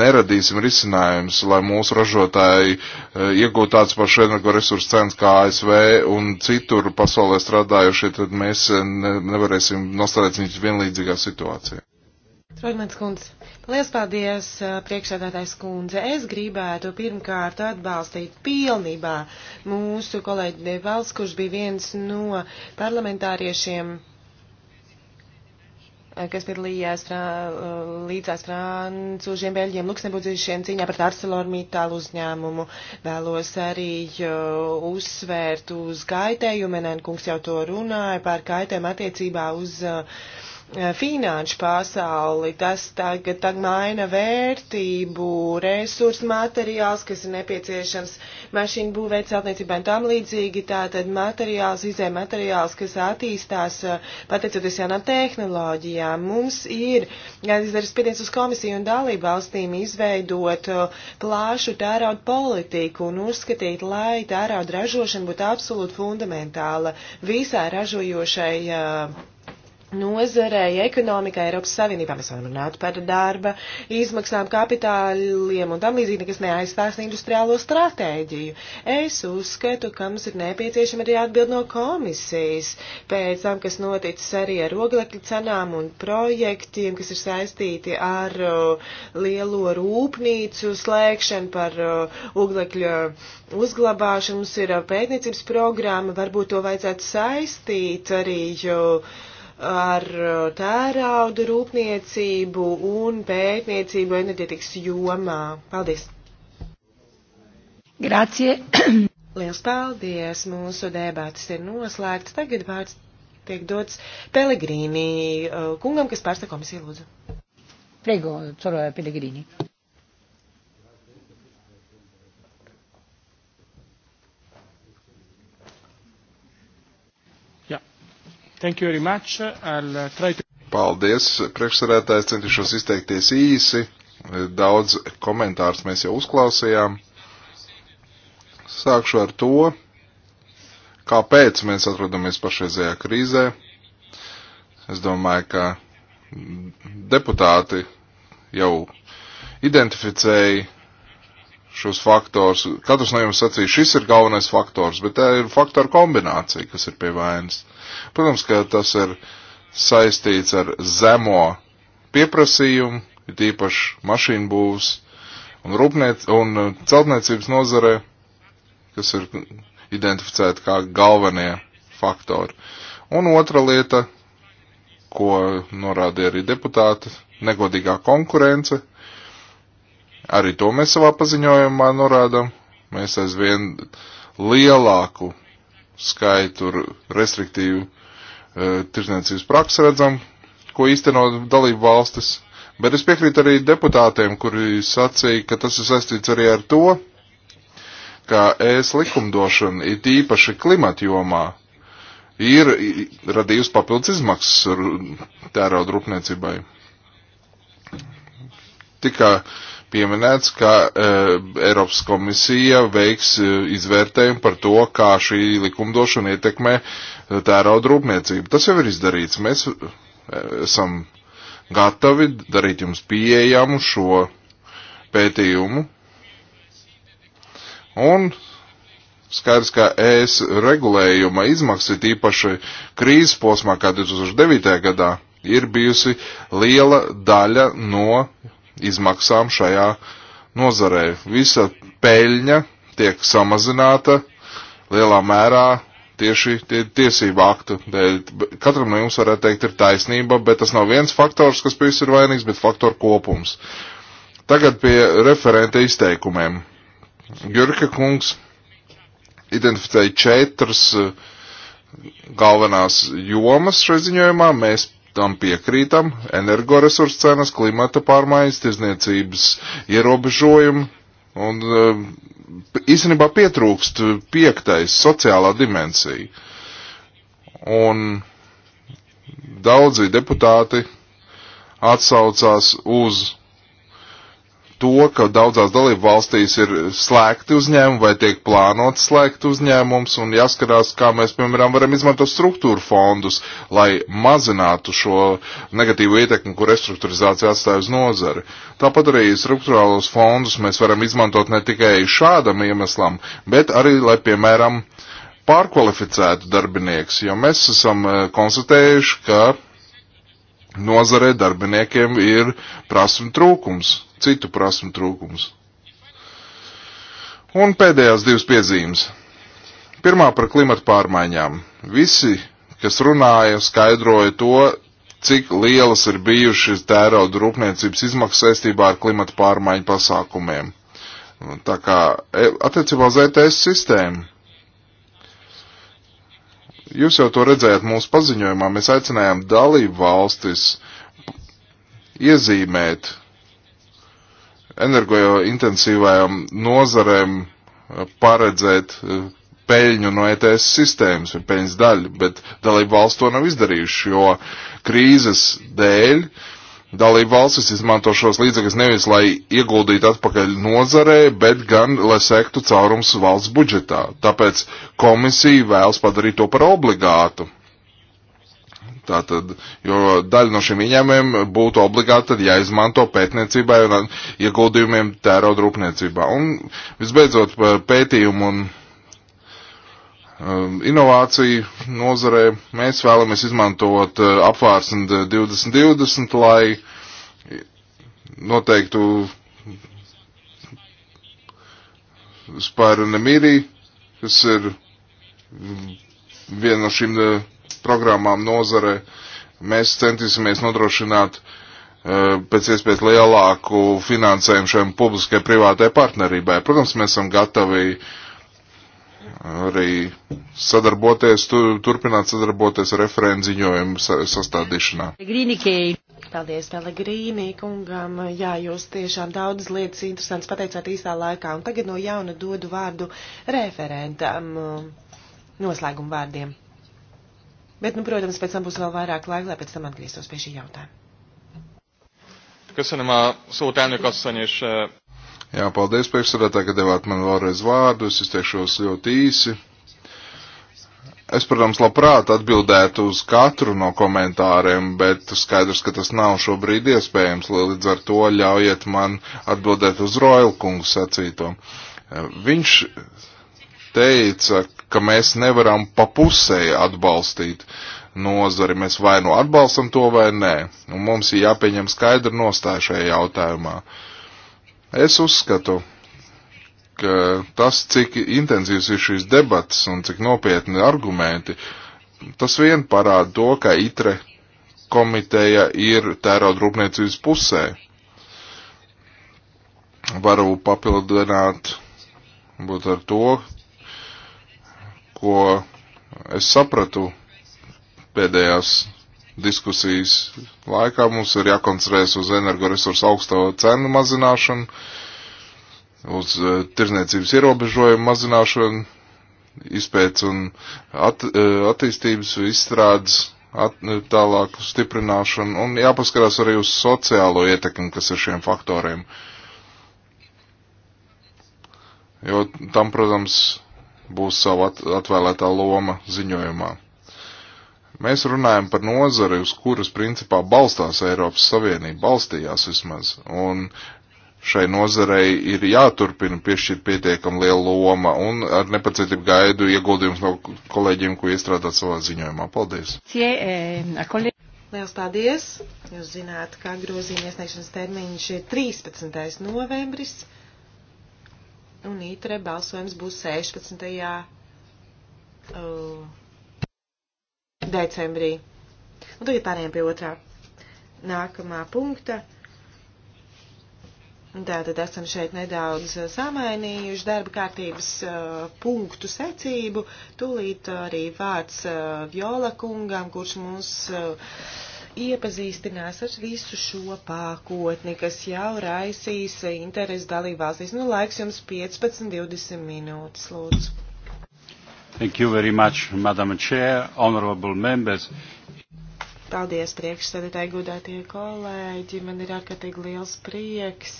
neradīsim risinājums, lai mūsu ražotāji eh, iegūtu tāds pašu energoresursu cenas kā ASV un citur pasaulē strādājušie, tad mēs nevarēsim nostādīt viņus vienlīdzīgā situācijā. Rodmans kundze, liels paldies, priekšsēdētājs kundze. Es gribētu pirmkārt atbalstīt pilnībā mūsu kolēģi Devals, kurš bija viens no parlamentāriešiem, kas piedalījās frā, līdzās francūžiem, beļģiem, luksemburdziešiem cīņā pret ArcelorMittal uzņēmumu. Vēlos arī uzsvērt uz kaitējumu, Menēn kungs jau to runāja par kaitēm attiecībā uz uh, Eh, finanšu pasauli, tas tagad, tagad maina vērtību, resursu materiāls, kas ir nepieciešams mašīnu būvēt celtniecībai un tam līdzīgi, tātad materiāls, izē materiāls, kas attīstās eh, pateicoties jaunām tehnoloģijām. Mums ir jāizdara spiediens uz komisiju un dalību valstīm izveidot eh, plāšu tērauda politiku un uzskatīt, lai tērauda ražošana būtu absolūti fundamentāla visai ražojošai uh, nozarei, ekonomikai, Eiropas Savienībā. Mēs varam runāt par darba izmaksām, kapitāliem un tam līdzīgi, kas neaizstās industriālo stratēģiju. Es uzskatu, ka mums ir nepieciešama arī atbild no komisijas pēc tam, kas noticis arī ar oglekļa cenām un projektiem, kas ir saistīti ar uh, lielo rūpnīcu slēgšanu par uh, oglekļa uzglabāšanu. Mums ir uh, pētniecības programma, varbūt to vajadzētu saistīt arī. Uh, ar uh, tērauda rūpniecību un pētniecību enerģetikas jomā. Paldies! Grācie! Liels paldies! Mūsu debātas ir noslēgts. Tagad vārds tiek dots Pelegrīnī uh, kungam, kas pārsta komisiju lūdzu. Prego, coro Pelegrīnī. Thank you very much. I'll try to... Paldies, priekšsarētājs, centīšos izteikties īsi. Daudz komentārus mēs jau uzklausījām. Sākšu ar to, kāpēc mēs atrodamies pašreizējā krīzē. Es domāju, ka deputāti jau identificēja šos faktors. Katrs no jums sacīja, šis ir galvenais faktors, bet tā ir faktoru kombinācija, kas ir pie vainas. Protams, ka tas ir saistīts ar zemo pieprasījumu, ir tīpaši mašīnu būvs un, rūpniec, un uh, celtniecības nozare, kas ir identificēti kā galvenie faktori. Un otra lieta, ko norādīja arī deputāti, negodīgā konkurence, Arī to mēs savā paziņojumā norādām. Mēs aizvien lielāku skaitu restriktīvu e, tirsniecības praksu redzam, ko īsteno dalību valstis. Bet es piekrītu arī deputātiem, kuri sacīja, ka tas ir saistīts arī ar to, ka ēs likumdošana, it īpaši klimata jomā, ir radījusi papildus izmaksas tērauda rūpniecībai. Tikā uh, pieminēts, ka uh, Eiropas komisija veiks uh, izvērtējumu par to, kā šī likumdošana ietekmē uh, tērauda rūpniecību. Tas jau ir izdarīts. Mēs uh, esam gatavi darīt jums pieejamu šo pētījumu. Un skaidrs, ka ES regulējuma izmaksas, tīpaši krīzes posmā, kā 2009. gadā, ir bijusi liela daļa no izmaksām šajā nozarē. Visa peļņa tiek samazināta lielā mērā tieši tie, tiesību aktu dēļ. Katram no jums varētu teikt ir taisnība, bet tas nav viens faktors, kas pēc ir vainīgs, bet faktoru kopums. Tagad pie referenta izteikumiem. Jurka kungs identificēja četras eh, galvenās jomas šai ziņojumā. Mēs tam piekrītam - energoresursu cenas, klimata pārmaiņas, tirzniecības ierobežojumi. Un eh, īstenībā pietrūkst piektais - sociālā dimensija. Un daudzi deputāti atsaucās uz to, ka daudzās dalību valstīs ir slēgti uzņēmumi vai tiek plānots slēgt uzņēmums un jāskarās, kā mēs, piemēram, varam izmantot struktūru fondus, lai mazinātu šo negatīvo ietekmi, kur restruktūrizācija atstāj uz nozari. Tāpat arī struktūrālos fondus mēs varam izmantot ne tikai šādam iemeslam, bet arī, lai, piemēram, pārkvalificētu darbinieks, jo mēs esam e, konstatējuši, ka nozarē darbiniekiem ir prasme trūkums citu prasmu trūkums. Un pēdējās divas piezīmes. Pirmā par klimatu pārmaiņām. Visi, kas runāja, skaidroja to, cik lielas ir bijušas tērauda rūpniecības izmaksas saistībā ar klimatu pārmaiņu pasākumiem. Tā kā e, attiecībā uz ETS sistēmu. Jūs jau to redzējāt mūsu paziņojumā, mēs aicinājām dalību valstis iezīmēt energointensīvajām nozarēm eh, paredzēt eh, peļņu no ETS sistēmas vai peļņas daļu, bet dalību valsts to nav izdarījuši, jo krīzes dēļ dalību valstis izmanto šos līdzekļus nevis, lai ieguldītu atpakaļ nozarē, bet gan, lai sektu caurums valsts budžetā. Tāpēc komisija vēlas padarīt to par obligātu Tātad, jo daļa no šiem ieņēmumiem būtu obligāti jāizmanto pētniecībai un ieguldījumiem tērauda rūpniecībā. Un visbeidzot par pētījumu un um, inovāciju nozarē mēs vēlamies izmantot uh, apvārsni 2020, lai noteiktu par nemīrī, kas ir viena no šīm uh, programmām nozare, mēs centīsimies nodrošināt e, pēc iespējas lielāku finansējumu šiem publiskai privātai partnerībai. Protams, mēs esam gatavi e, arī sadarboties, turpināt sadarboties ar referenziņojumu sastādīšanā. Paldies, Pelegrīnī kungam. Jā, jūs tiešām daudz lietas interesants pateicāt īstā laikā. Un tagad no jauna dodu vārdu referentam noslēguma vārdiem. Bet, nu, protams, pēc tam būs vēl vairāk laika, lai pēc tam atgrieztos pie šī jautājuma. Köszönöm a szót, elnök asszony, és... Eh, Jā, paldies, priekšsēdētāji, ka devāt man vēlreiz vārdu. Es izteikšos ļoti īsi. Es, protams, labprāt atbildētu uz katru no komentāriem, bet skaidrs, ka tas nav šobrīd iespējams. Līdz ar to ļaujiet man atbildēt uz Roilkungu sacīto. Eh, viņš teica, ka mēs nevaram pa pusēji atbalstīt nozari. Mēs vai nu atbalstam to vai nē. Un mums ir jāpieņem skaidra nostāja šajā jautājumā. Es uzskatu, ka tas, cik intensīvs ir šīs debatas un cik nopietni argumenti, tas vien parāda to, ka itre komiteja ir tērauda rūpniecības pusē. Varu papildināt būt ar to, ko es sapratu pēdējās diskusijas laikā, mums ir jākoncentrēs uz energoresursu augsto cenu mazināšanu, uz eh, tirzniecības ierobežojumu mazināšanu, izpēc un at, eh, attīstības izstrādes at, eh, tālāku stiprināšanu un jāpaskarās arī uz sociālo ietekmi, kas ir šiem faktoriem. Jo tam, protams, būs sava atvēlētā loma ziņojumā. Mēs runājam par nozari, uz kuras principā balstās Eiropas Savienība, balstījās vismaz, un šai nozarei ir jāturpina piešķirt pietiekam liela loma, un ar nepacietību gaidu ieguldījums no kolēģiem, ko iestrādāt savā ziņojumā. Paldies! Eh, Liels paldies! Jūs zināt, ka grozījuma iesniegšanas termiņš ir 13. novembris un itre balsojums būs 16. Uh, decembrī. Un tagad pārējiem pie otrā nākamā punkta. Tātad esam šeit nedaudz uh, samainījuši darba kārtības uh, punktu secību. Tūlīt arī vārds uh, Viola kungam, kurš mums uh, iepazīstinās ar visu šo pakotni, kas jau raisīs interesi dalībvalstīs. Nu, laiks jums 15-20 minūtes, lūdzu. Thank you very much, Madam Chair, honorable members. Paldies, priekšsēdētāji, gudētie kolēģi. Man ir ārkārtīgi liels prieks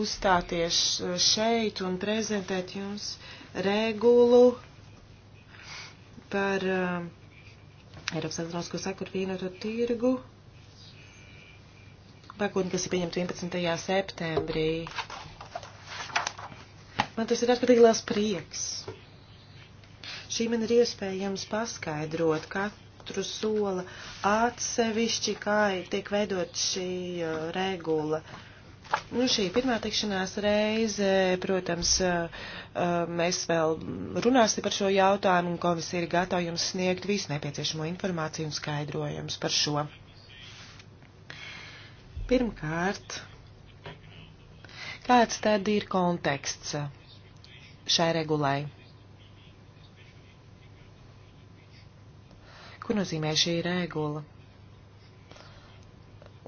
uzstāties šeit un prezentēt jums regulu par uh, Eiropas elektronisko sakuru vienoto tirgu. Pakotni, kas ir pieņemta 11. septembrī. Man tas ir atpatīgi liels prieks. Šī man ir iespējams paskaidrot katru sola atsevišķi, kā tiek veidot šī uh, regula. Uh, Nu, šī pirmā tikšanās reize, protams, mēs vēl runāsim par šo jautājumu, un komisija ir gatava jums sniegt visu nepieciešamo informāciju un skaidrojumus par šo. Pirmkārt, kāds tad ir konteksts šai regulai? Ko nozīmē šī regula?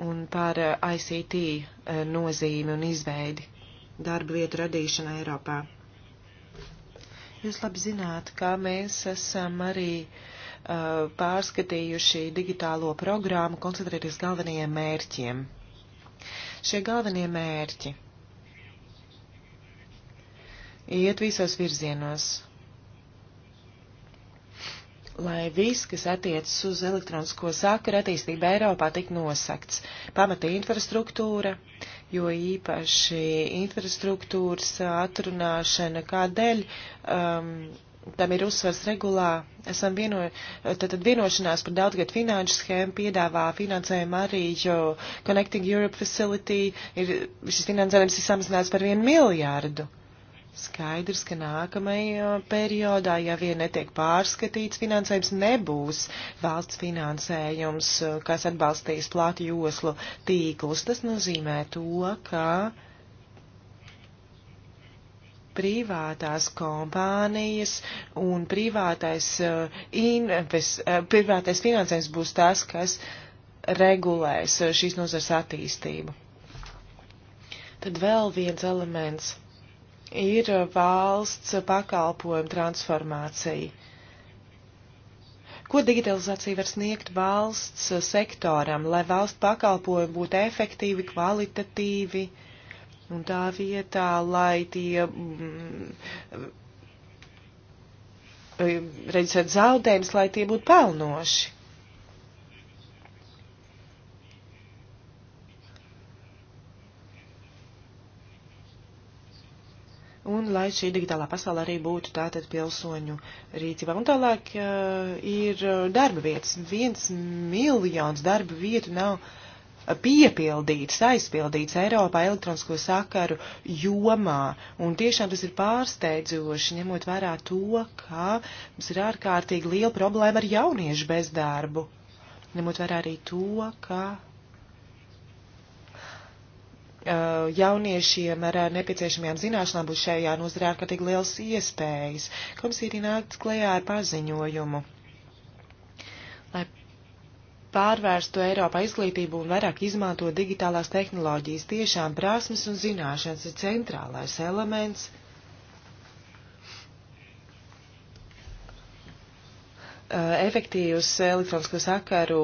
Un par ICT E, nozīmi un izveidi darba vietu radīšana Eiropā. Jūs labi zināt, kā mēs esam arī uh, pārskatījuši digitālo programmu, koncentrēties galvenajiem mērķiem. Šie galvenie mērķi iet visos virzienos lai viss, kas attiecas uz elektronisko sakaru attīstību Eiropā, tik nosakts. Pamata infrastruktūra, jo īpaši infrastruktūras atrunāšana, kādēļ um, tam ir uzsvars regulā, esam vieno, tad vienošanās par daudzgad finanšu schēmu piedāvā finansējumu arī, jo Connecting Europe Facility ir, šis finansējums ir samazināts par vienu miljārdu. Skaidrs, ka nākamajā periodā, ja vien netiek pārskatīts finansējums, nebūs valsts finansējums, kas atbalstīs plātu joslu tīklus. Tas nozīmē to, ka privātās kompānijas un privātais, uh, inves, uh, privātais finansējums būs tas, kas regulēs uh, šīs nozars attīstību. Tad vēl viens elements ir uh, valsts pakalpojumu transformācija. Ko digitalizācija var sniegt valsts uh, sektoram, lai valsts pakalpojumi būtu efektīvi, kvalitatīvi un tā vietā, lai tie mm, uh, redzētu zaudējumus, lai tie būtu pelnoši? un lai šī digitālā pasaule arī būtu tātad pilsoņu rīcībā. Un tālāk uh, ir eh, darba vietas. Viens miljons darba vietu nav eh, piepildīts, aizpildīts Eiropā elektronisko sakaru jomā. Un tiešām tas ir pārsteidzoši, ņemot vērā to, ka mums ir ārkārtīgi liela problēma ar jauniešu bezdarbu. Ņemot vērā arī to, ka Eh, jauniešiem ar eh, nepieciešamajām zināšanām būs šajā nozarē ārkārtīgi liels iespējas. Komisija ir nākt klajā ar paziņojumu, lai pārvērstu Eiropā izglītību un vairāk izmanto digitālās tehnoloģijas. Tiešām prasmes un zināšanas ir centrālais elements Eh, efektīvas elektronisko sakaru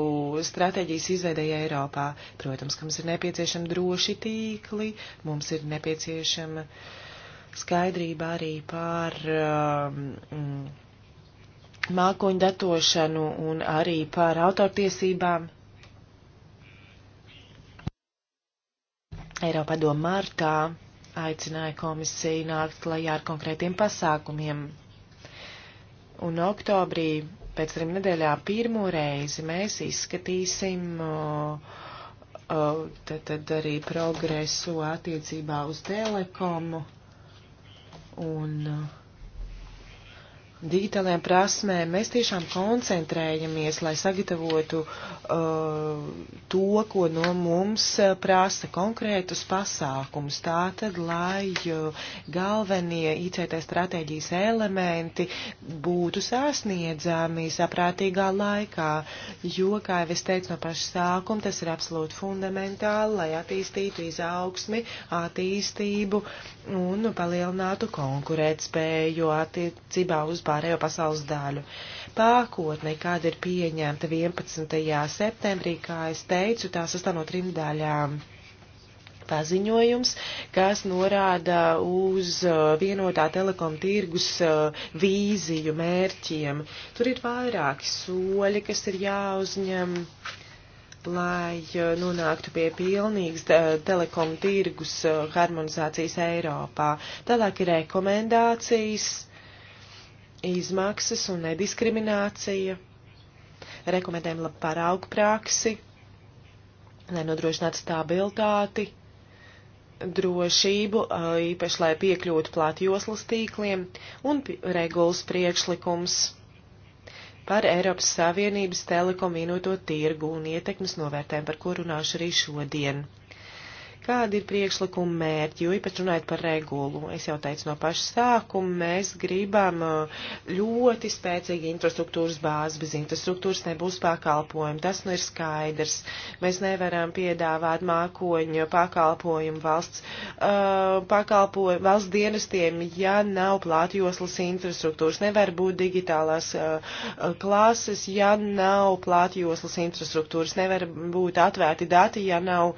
stratēģijas izveidēja Eiropā. Protams, ka mums ir nepieciešami droši tīkli, mums ir nepieciešama skaidrība arī par um, mākoņu datošanu un arī par autortiesībām. Eiropa doma martā aicināja komisiju nākt klajā ar konkrētiem pasākumiem. Un oktobrī pēc trim nedēļām pirmo reizi mēs izskatīsim uh, uh, tad, tad arī progresu attiecībā uz telekomu un uh, digitālajām prasmēm mēs tiešām koncentrējamies, lai sagatavotu uh, to, ko no mums uh, prasa konkrētus pasākumus. Tātad, lai uh, galvenie ICT stratēģijas elementi būtu sasniedzami saprātīgā laikā, jo, kā jau es teicu no paša sākuma, tas ir absolūti fundamentāli, lai attīstītu izaugsmi, attīstību un palielinātu konkurētspēju attiecībā uz pārējo pasaules daļu. Pākotne, kāda ir pieņemta 11. septembrī, kā es teicu, tā sastāv no trim daļām paziņojums, kas norāda uz uh, vienotā telekom tirgus uh, vīziju mērķiem. Tur ir vairāki soļi, kas ir jāuzņem, lai uh, nonāktu pie pilnīgas telekom tirgus harmonizācijas Eiropā. Tālāk ir rekomendācijas izmaksas un nediskriminācija. Rekomendējam labu paraugu praksi, lai nodrošinātu stabilitāti, drošību, īpaši lai piekļūtu plātjoslas tīkliem un regulas priekšlikums par Eiropas Savienības telekominūto tirgu un ietekmes novērtēm, par ko runāšu arī šodien. Kādi ir priekšlikumi mērķi, jo īpaši runājot par regulu? Es jau teicu no paša sākuma, mēs gribam uh, ļoti spēcīgi infrastruktūras bāzi, bez infrastruktūras nebūs pakalpojumi, tas nu ir skaidrs. Mēs nevaram piedāvāt mākoņu pakalpojumu valsts, uh, pakalpojumu valsts dienestiem, ja nav plātjoslas infrastruktūras. Nevar būt digitālās uh, uh klases, ja nav plātjoslas infrastruktūras. Nevar būt atvērti dati, ja nav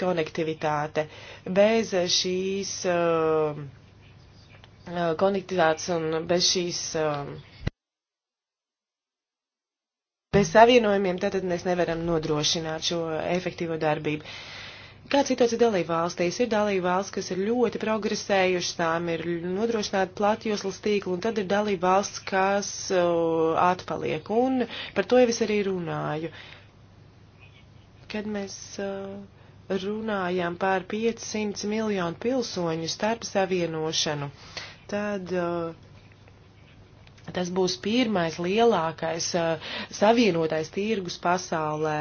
konektivitātes konektivitāte. Bez šīs uh, uh, konektivitātes un bez šīs. Uh, bez savienojumiem tātad mēs nevaram nodrošināt šo efektīvo darbību. Kāda situācija dalība valstīs? Ir dalība valsts, kas ir ļoti progresējušas, tām ir nodrošināta platjoslas tīkla, un tad ir dalība valsts, kas uh, atpaliek. Un par to jau es arī runāju. Kad mēs uh, runājam par 500 miljonu pilsoņu starp savienošanu, tad uh, tas būs pirmais lielākais uh, savienotais tirgus pasaulē.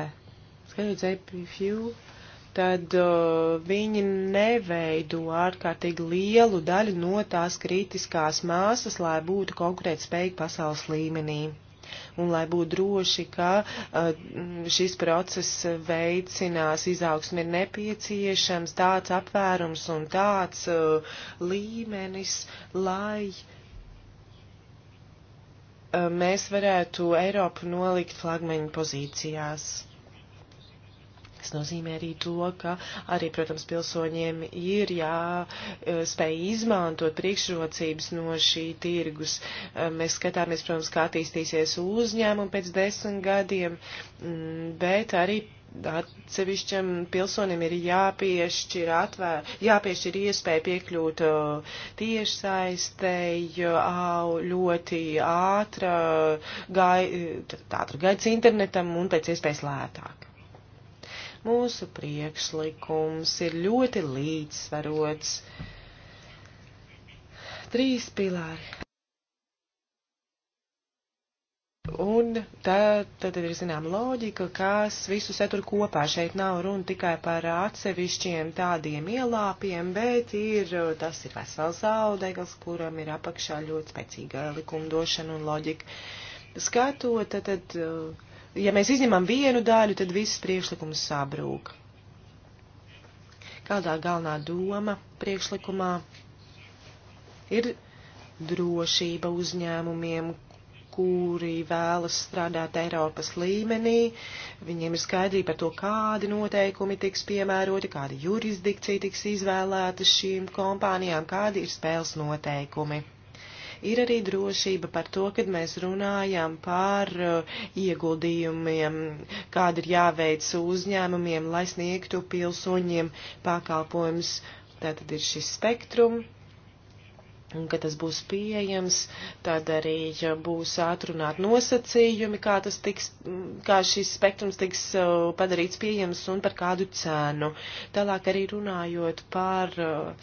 Skatot EPFU, tad uh, viņi neveido ārkārtīgi lielu daļu no tās kritiskās māsas, lai būtu konkurētspējīgi pasaules līmenī. Un lai būtu droši, ka uh, šis process veicinās izaugsmi, ir nepieciešams tāds apvērums un tāds uh, līmenis, lai uh, mēs varētu Eiropu nolikt flagmaņu pozīcijās. Tas nozīmē arī to, ka arī, protams, pilsoņiem ir jāspēj izmantot priekšrocības no šī tirgus. Mēs skatāmies, protams, kā attīstīsies uzņēmumi pēc desmit gadiem, bet arī atsevišķam pilsonim ir jāpiešķir, atvēr, jāpiešķir iespēja piekļūt tiešsaistei, ļoti ātra, gai, ātra gaids internetam un pēc iespējas lētāk. Mūsu priekšlikums ir ļoti līdzsvarots. Trīs pilāri. Un tā, tad ir, zinām, loģika, kas visu satur kopā. Šeit nav runa tikai par atsevišķiem tādiem ielāpiem, bet ir, tas ir vesels audegals, kuram ir apakšā ļoti spēcīga likumdošana un loģika. Skatot, tad, tad ja mēs izņemam vienu daļu, tad viss priekšlikums sabrūk. Kādā galvenā doma priekšlikumā ir drošība uzņēmumiem, kuri vēlas strādāt Eiropas līmenī. Viņiem ir skaidrība par to, kādi noteikumi tiks piemēroti, kāda jurisdikcija tiks izvēlēta šīm kompānijām, kādi ir spēles noteikumi. Ir arī drošība par to, kad mēs runājam par uh, ieguldījumiem, kāda ir jāveic uzņēmumiem, lai sniegtu pilsoņiem pakalpojums. Tātad ir šis spektrum, un ka tas būs pieejams, tad arī būs atrunāt nosacījumi, kā, tas tiks, kā šis spektrums tiks uh, padarīts pieejams un par kādu cenu. Tālāk arī runājot par uh,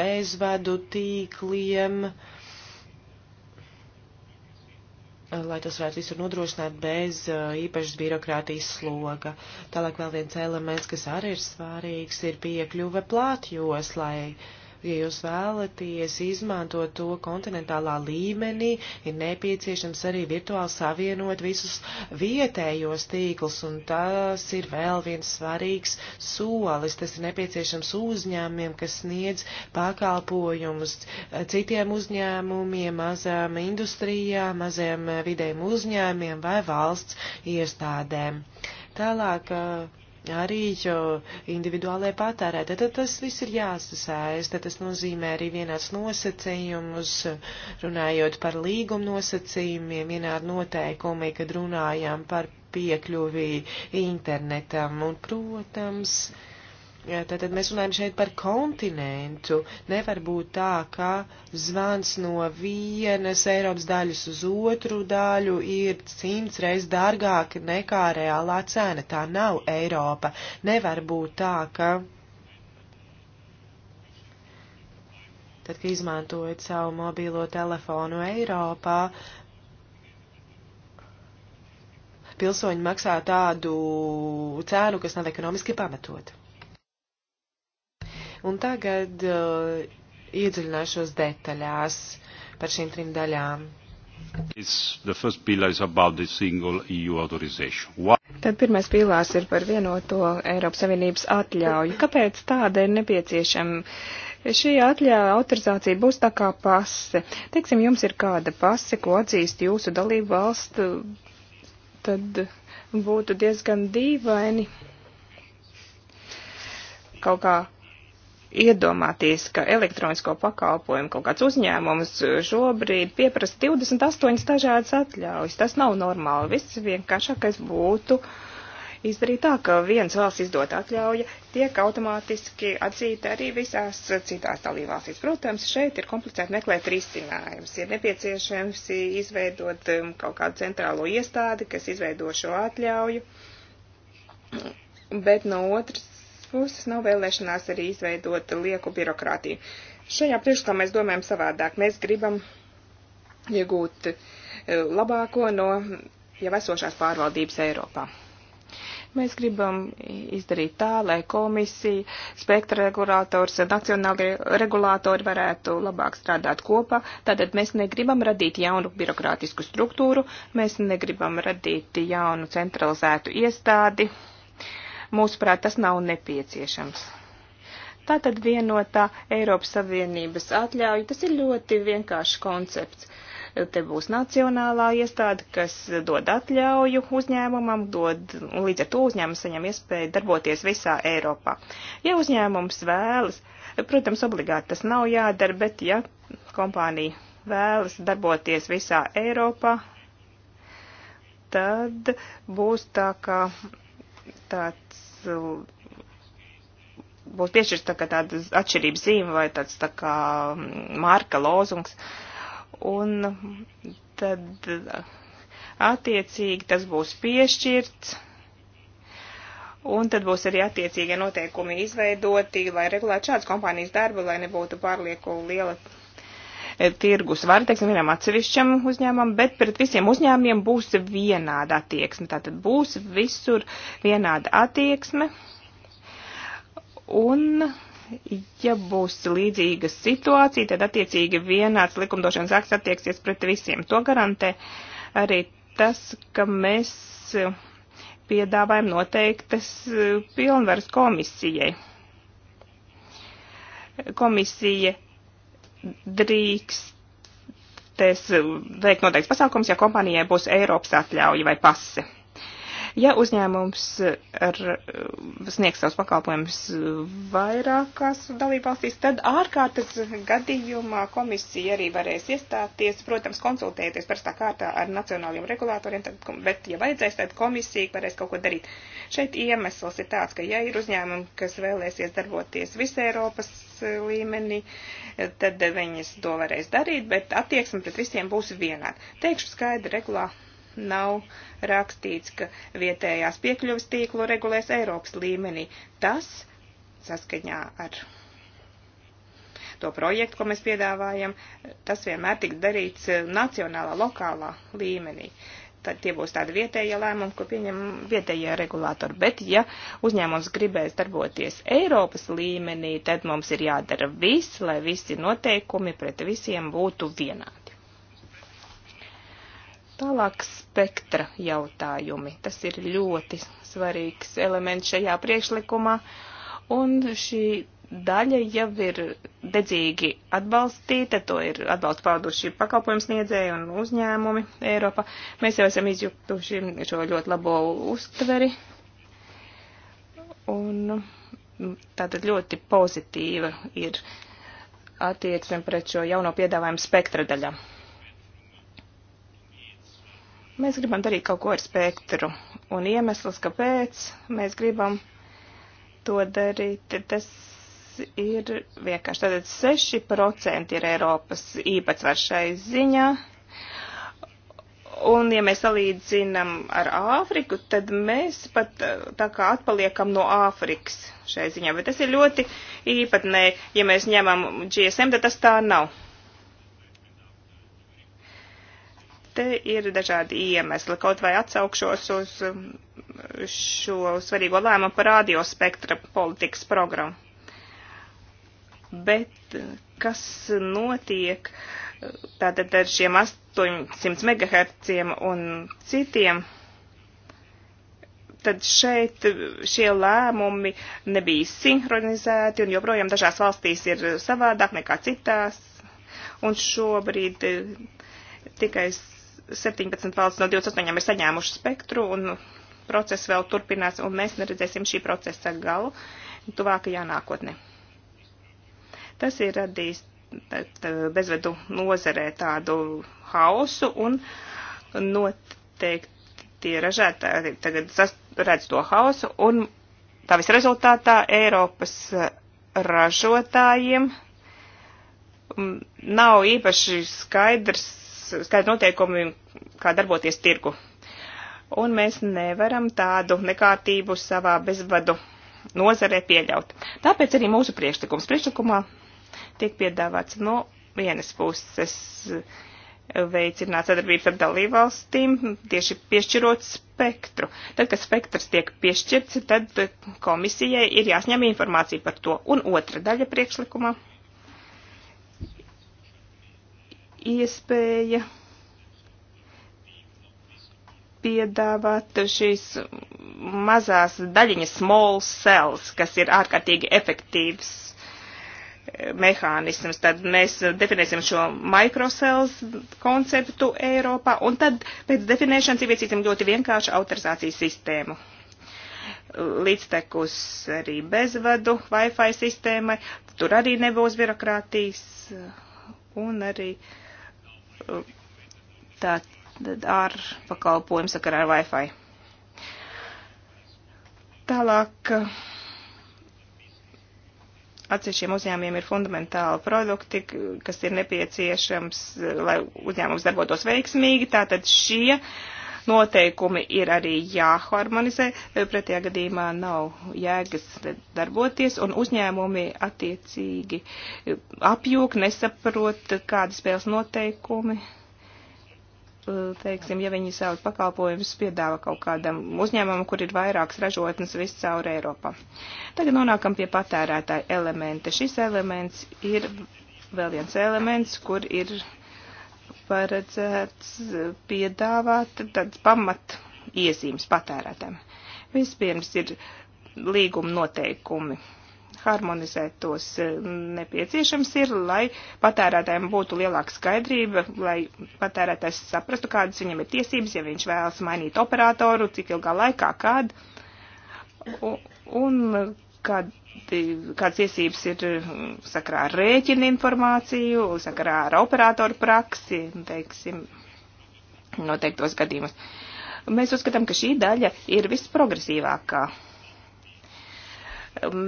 bezvadu tīkliem. Uh, Eh, lai tos varētu visur nodrošināt bez eh, īpašas birokrātijas sloga. Tālāk vēl viens elements, kas arī ir svārīgs, ir piekļuve plātjoslai. lai ja jūs vēlaties izmantot to kontinentālā līmenī, ir nepieciešams arī virtuāli savienot visus vietējos tīklus, un tas ir vēl viens svarīgs solis. Tas ir nepieciešams uzņēmumiem, kas sniedz pakalpojumus citiem uzņēmumiem, mazām industrijām, maziem vidējiem uzņēmumiem vai valsts iestādēm. Tālāk. Uh, arī individuālajai patērētāji. Tad tas viss ir jāsasaista, tas nozīmē arī vienāds nosacījumus, runājot par līguma nosacījumiem, vienādi noteikumi, kad runājām par piekļuvī internetam un, protams, uh, Tātad mēs runājam šeit par kontinentu. Nevar būt tā, ka zvans no vienas Eiropas daļas uz otru daļu ir simts reizes dārgāk nekā reālā cena. Tā nav Eiropa. Nevar būt tā, ka. Tad, kad izmantojat savu mobīlo telefonu Eiropā, pilsoņi maksā tādu cēnu, kas nav ekonomiski pamatota. Un tagad uh, iedziļināšos detaļās par šīm trim daļām. E tad pirmais pīlārs ir par vienoto Eiropas Savienības atļauju. Kāpēc tāda ir nepieciešama? Šī atļauja autorizācija būs tā kā pase. Teiksim, jums ir kāda pase, ko atzīst jūsu dalību valstu, tad būtu diezgan dīvaini kaut kā iedomāties, ka elektronisko pakalpojumu kaut kāds uzņēmums šobrīd pieprasa 28 dažādas atļaujas. Tas nav normāli. Viss vienkāršākais būtu izdarīt tā, ka viens valsts izdot atļauja tiek automātiski atzīta arī visās citās dalībvalstīs. Protams, šeit ir komplicēti meklēt risinājumus. Ir nepieciešams izveidot um, kaut kādu centrālo iestādi, kas izveido šo atļauju. Bet no otras puses nav vēlēšanās arī izveidot lieku birokrātiju. Šajā priekšlikumā mēs domājam savādāk. Mēs gribam iegūt eh, labāko no jau esošās pārvaldības Eiropā. Mēs gribam izdarīt tā, lai komisija, spektra regulators, nacionālie regulātori varētu labāk strādāt kopā. Tātad mēs negribam radīt jaunu birokrātisku struktūru, mēs negribam radīt jaunu centralizētu iestādi, Mūsuprāt, tas nav nepieciešams. Tātad vienotā Eiropas Savienības atļauja, tas ir ļoti vienkāršs koncepts. Te būs nacionālā iestāde, kas dod atļauju uzņēmumam, dod, un līdz ar to uzņēmums saņem iespēju darboties visā Eiropā. Ja uzņēmums vēlas, protams, obligāti tas nav jādara, bet ja kompānija vēlas darboties visā Eiropā, tad būs tā kā tāds būs piešķirts tā kā tāda atšķirības zīme vai tāds tā kā mm, marka lozungs. Un tad attiecīgi tas būs piešķirts. Un tad būs arī attiecīgie noteikumi izveidoti, lai regulētu šādas kompānijas darbu, lai nebūtu pārlieku liela tirgus varu, teiksim, vienam atsevišķam uzņēmumam, bet pret visiem uzņēmumiem būs vienāda attieksme. Tātad būs visur vienāda attieksme. Un ja būs līdzīga situācija, tad attiecīgi vienāds likumdošanas akts attieksies pret visiem. To garantē arī tas, ka mēs piedāvājam noteiktas pilnvaras komisijai. Komisija drīkstēs veikt noteikts pasākums, ja kompānijai būs Eiropas atļauja vai pase. Ja uzņēmums ar, sniegs savus pakalpojumus vairākās dalībvalstīs, tad ārkārtas gadījumā komisija arī varēs iestāties, protams, konsultēties parastā kārtā ar nacionāliem regulātoriem, tad, bet, ja vajadzēs, tad komisija varēs kaut ko darīt. Šeit iemesls ir tāds, ka, ja ir uzņēmumi, kas vēlēsies darboties visai Eiropas līmenī, tad viņas to varēs darīt, bet attieksme pret visiem būs vienāda. Teikšu skaidri, regulā nav rakstīts, ka vietējās piekļuvis tīklu regulēs Eiropas līmenī. Tas saskaņā ar to projektu, ko mēs piedāvājam, tas vienmēr tik darīts nacionālā, lokālā līmenī. Uh, tad tie būs tādi vietējie lēmumi, ko pieņem vietējie regulātori. Bet, ja uzņēmums gribēs darboties Eiropas līmenī, tad mums ir jādara viss, lai visi noteikumi pret visiem būtu vienādi. Tālāk spektra jautājumi. Tas ir ļoti svarīgs elements šajā priekšlikumā. Un šī daļa jau ir dedzīgi atbalstīta, to ir atbalstu pauduši pakalpojums niedzēji un uzņēmumi Eiropā. Mēs jau esam izjūtuši šo ļoti labo uztveri. Un nu, tātad ļoti pozitīva ir attieksme pret šo jauno piedāvājumu spektra daļā. Mēs gribam darīt kaut ko ar spektru, un iemesls, kāpēc mēs gribam to darīt, tas ir vienkārši. Tātad 6% ir Eiropas īpatsvars šai ziņā. Un, ja mēs salīdzinām ar Āfriku, tad mēs pat eh, tā kā atpaliekam no Āfrikas šai ziņā. Bet tas ir ļoti īpatnē, ja mēs ņemam GSM, tad tas tā nav. Te ir dažādi iemesli, kaut vai atsaukšos uz um, šo svarīgo lēmumu par radiospektra politikas programmu bet kas notiek tātad ar šiem 800 MHz un citiem? tad šeit šie lēmumi nebija sinhronizēti un joprojām dažās valstīs ir savādāk nekā citās. Un šobrīd tikai 17 valsts no 28 ir saņēmuši spektru un process vēl turpinās un mēs neredzēsim šī procesa galu tuvākajā nākotnē. Tas ir radījis bezvedu nozerē tādu hausu un noteikti ražētāji tagad redz to hausu un tā visu rezultātā Eiropas ražotājiem nav īpaši skaidrs, skaidri noteikumi, kā darboties tirgu. Un mēs nevaram tādu nekārtību savā bezvadu nozarē pieļaut. Tāpēc arī mūsu priekšlikums priekšlikumā tiek piedāvāts no vienas puses veicināt sadarbības ar dalībvalstīm, tieši piešķirot spektru. Tad, kad spektrs tiek piešķirts, tad komisijai ir jāsņem informācija par to. Un otra daļa priekšlikumā iespēja piedāvāt šīs mazās daļiņas small cells, kas ir ārkārtīgi efektīvs mehānisms. Tad mēs definēsim šo microcells konceptu Eiropā, un tad pēc definēšanas ieviesīsim ļoti vienkāršu autorizācijas sistēmu. Līdztekus arī bezvadu Wi-Fi sistēmai, tur arī nebūs birokrātijas, un arī tā tad ar pakalpojumu sakarā ar Wi-Fi. Tālāk. Uh, atsevišķiem uzņēmiem ir fundamentāli produkti, kas ir nepieciešams, eh, lai uzņēmums darbotos veiksmīgi. Tātad šie noteikumi ir arī jāharmonizē, eh, pretējā gadījumā nav jēgas darboties, un uzņēmumi attiecīgi eh, apjūk, nesaprot, kādi spēles noteikumi teiksim, ja viņi savus pakalpojumus piedāvā kaut kādam uzņēmumam, kur ir vairākas ražotnes viscaur Eiropā. Tagad nonākam pie patērētāja elementa. Šis elements ir vēl viens elements, kur ir paredzēts piedāvāt tāds pamat iezīmes patērētājiem. Vispirms ir līguma noteikumi harmonizēt tos. E, nepieciešams ir, lai patērētājiem būtu lielāka skaidrība, lai patērētājs saprastu, kādas viņam ir tiesības, ja viņš vēlas mainīt operatoru, cik ilgā laikā, kad. Un, un kad, e, kādas tiesības ir e, sakarā ar rēķinu informāciju, sakarā ar operatoru praksi, teiksim, noteiktos gadījumus. Mēs uzskatām, ka šī daļa ir visprogresīvākā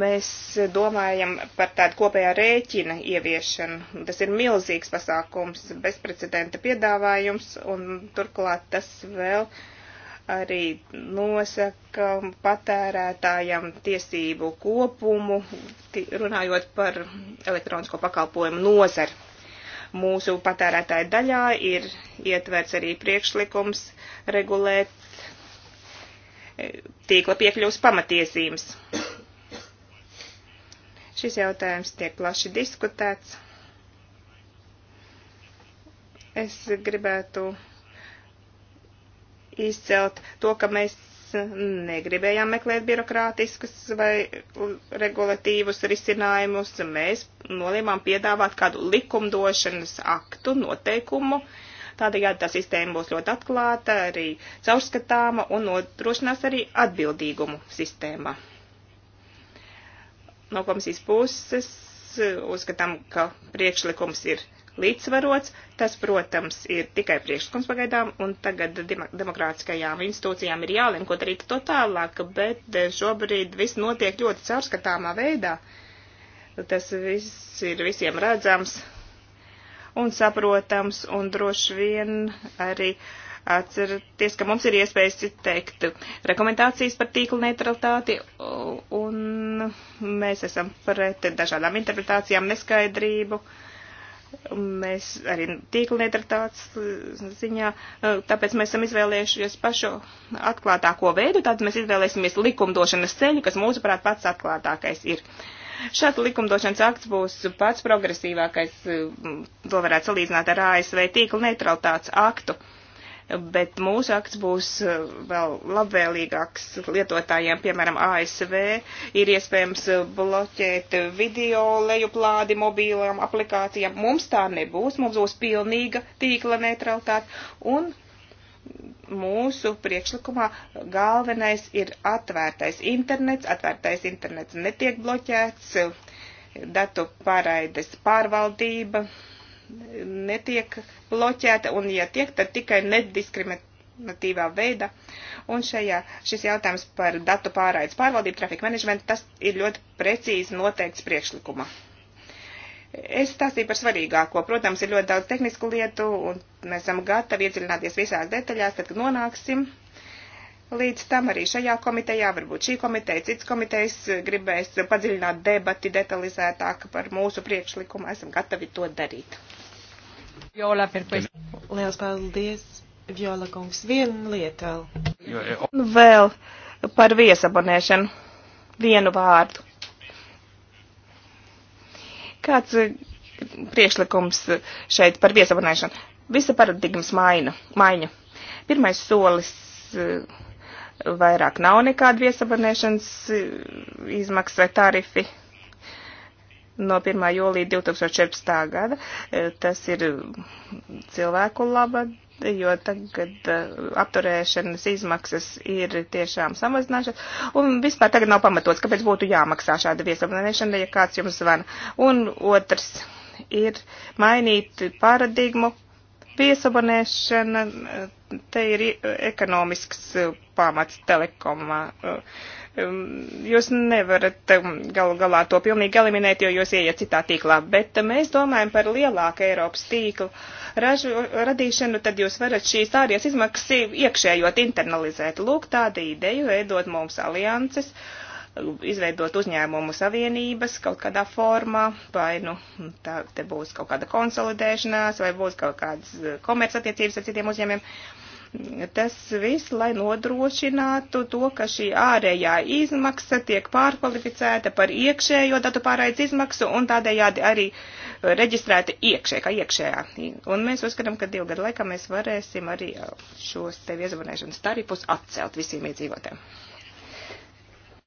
Mēs domājam par tādu kopējā rēķina ieviešanu. Tas ir milzīgs pasākums, bezprecedenta piedāvājums, un turklāt tas vēl arī nosaka patērētājam tiesību kopumu, runājot par elektronisko pakalpojumu nozari. Mūsu patērētāja daļā ir ietverts arī priekšlikums regulēt e, tīkla piekļuvas pamatiesības. Šis jautājums tiek plaši diskutēts. Es gribētu izcelt to, ka mēs negribējām meklēt birokrātiskus vai regulatīvus risinājumus. Mēs nolēmām piedāvāt kādu likumdošanas aktu noteikumu. Tādējādi tā sistēma būs ļoti atklāta, arī caurskatāma un nodrošinās arī atbildīgumu sistēmā no komisijas puses uzskatām, ka priekšlikums ir līdzsvarots. Tas, protams, ir tikai priekšlikums pagaidām, un tagad demokrātiskajām institūcijām ir jālem, ko darīt to tālāk, bet šobrīd viss notiek ļoti caurskatāmā veidā. Tas viss ir visiem redzams un saprotams, un droši vien arī uh, Atcerieties, ka mums ir iespējas teikt rekomendācijas par tīkla neutralitāti, un mēs esam pret dažādām interpretācijām, neskaidrību. Mēs arī tīkla neutralitātes ziņā, tāpēc mēs esam izvēlējušies pašu atklātāko veidu, tad mēs izvēlēsimies likumdošanas ceļu, kas mūsuprāt pats atklātākais ir. Šāds likumdošanas akts būs pats progresīvākais, to varētu salīdzināt ar ASV tīkla neutralitātes aktu. Uh, bet mūsu akts būs eh, vēl labvēlīgāks lietotājiem, piemēram, ASV. Ir iespējams bloķēt video lejuplādi mobīlām aplikācijām. Mums tā nebūs, mums būs pilnīga tīkla neutralitāte. Un mūsu priekšlikumā galvenais ir atvērtais internets, atvērtais internets netiek bloķēts, datu pārraides pārvaldība netiek bloķēta, un ja tiek, tad tikai nediskriminatīvā veidā. Un šajā, šis jautājums par datu pārraides pārvaldību, trafika menedžmentu, tas ir ļoti precīzi noteikts priekšlikumā. Es stāstīju par svarīgāko. Protams, ir ļoti daudz tehnisku lietu, un mēs esam gatavi iedziļināties visās detaļās, tad, kad nonāksim. Līdz tam arī šajā komitejā, varbūt šī komiteja, cits komitejas gribēs padziļināt debati detalizētāk par mūsu priekšlikumu. Esam gatavi to darīt. Viola, per questo. Liels paldies, Viola kungs. Viena lieta vēl. E, Un nu, vēl par viesabonēšanu. Vienu vārdu. Kāds e, priekšlikums šeit par viesabonēšanu? Visa paradigmas maina, maiņa. Pirmais solis e, vairāk nav nekāda viesabonēšanas izmaksa vai tarifi no 1. jūlija 2014. gada. E, tas ir cilvēku laba, jo tagad e, apturēšanas izmaksas ir tiešām samazināšanas. Un vispār tagad nav pamatots, kāpēc būtu jāmaksā šāda viesabonēšana, ja kāds jums zvana. Un otrs ir mainīt paradigmu. Viesabonēšana, e, te ir ekonomisks pamats telekomā. Uh, Um, jūs nevarat um, galu galā to pilnīgi eliminēt, jo jūs ieiet citā tīklā, bet um, mēs domājam par lielāku Eiropas tīklu ražu radīšanu, tad jūs varat šīs ārējas izmaksas iekšējot internalizēt. Lūk, tāda ideja, veidot mums alianses, izveidot uzņēmumu savienības kaut kādā formā, vai nu tā te būs kaut kāda konsolidēšanās, vai būs kaut kādas uh, komercattiecības ar citiem uzņēmumiem Tas viss, lai nodrošinātu to, ka šī ārējā izmaksa tiek pārkvalificēta par iekšējo datu pārraides izmaksu un tādējādi arī reģistrēta iekšē, kā iekšējā. Un mēs uzskatām, ka divu gadu laikā mēs varēsim arī šos te viesabunēšanas tarifus atcelt visiem iedzīvotājiem.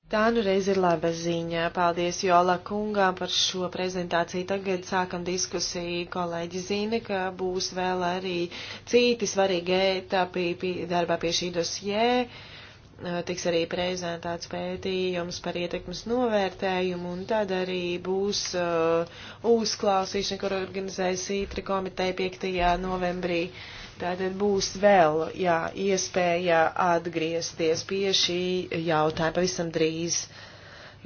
Tā nu reiz ir laba ziņa. Paldies Jola kungām par šo prezentāciju. Tagad sākam diskusiju. Kolēģi zina, ka būs vēl arī citi svarīgi etapi darbā pie šī dosjē. Tiks arī prezentēts pētījums par ietekmes novērtējumu, un tad arī būs uh, uzklausīšana, kur organizēs ITRI komiteja 5. novembrī. Uh, Tātad būs vēl jā, iespēja atgriezties pie šī jautājuma pavisam drīz.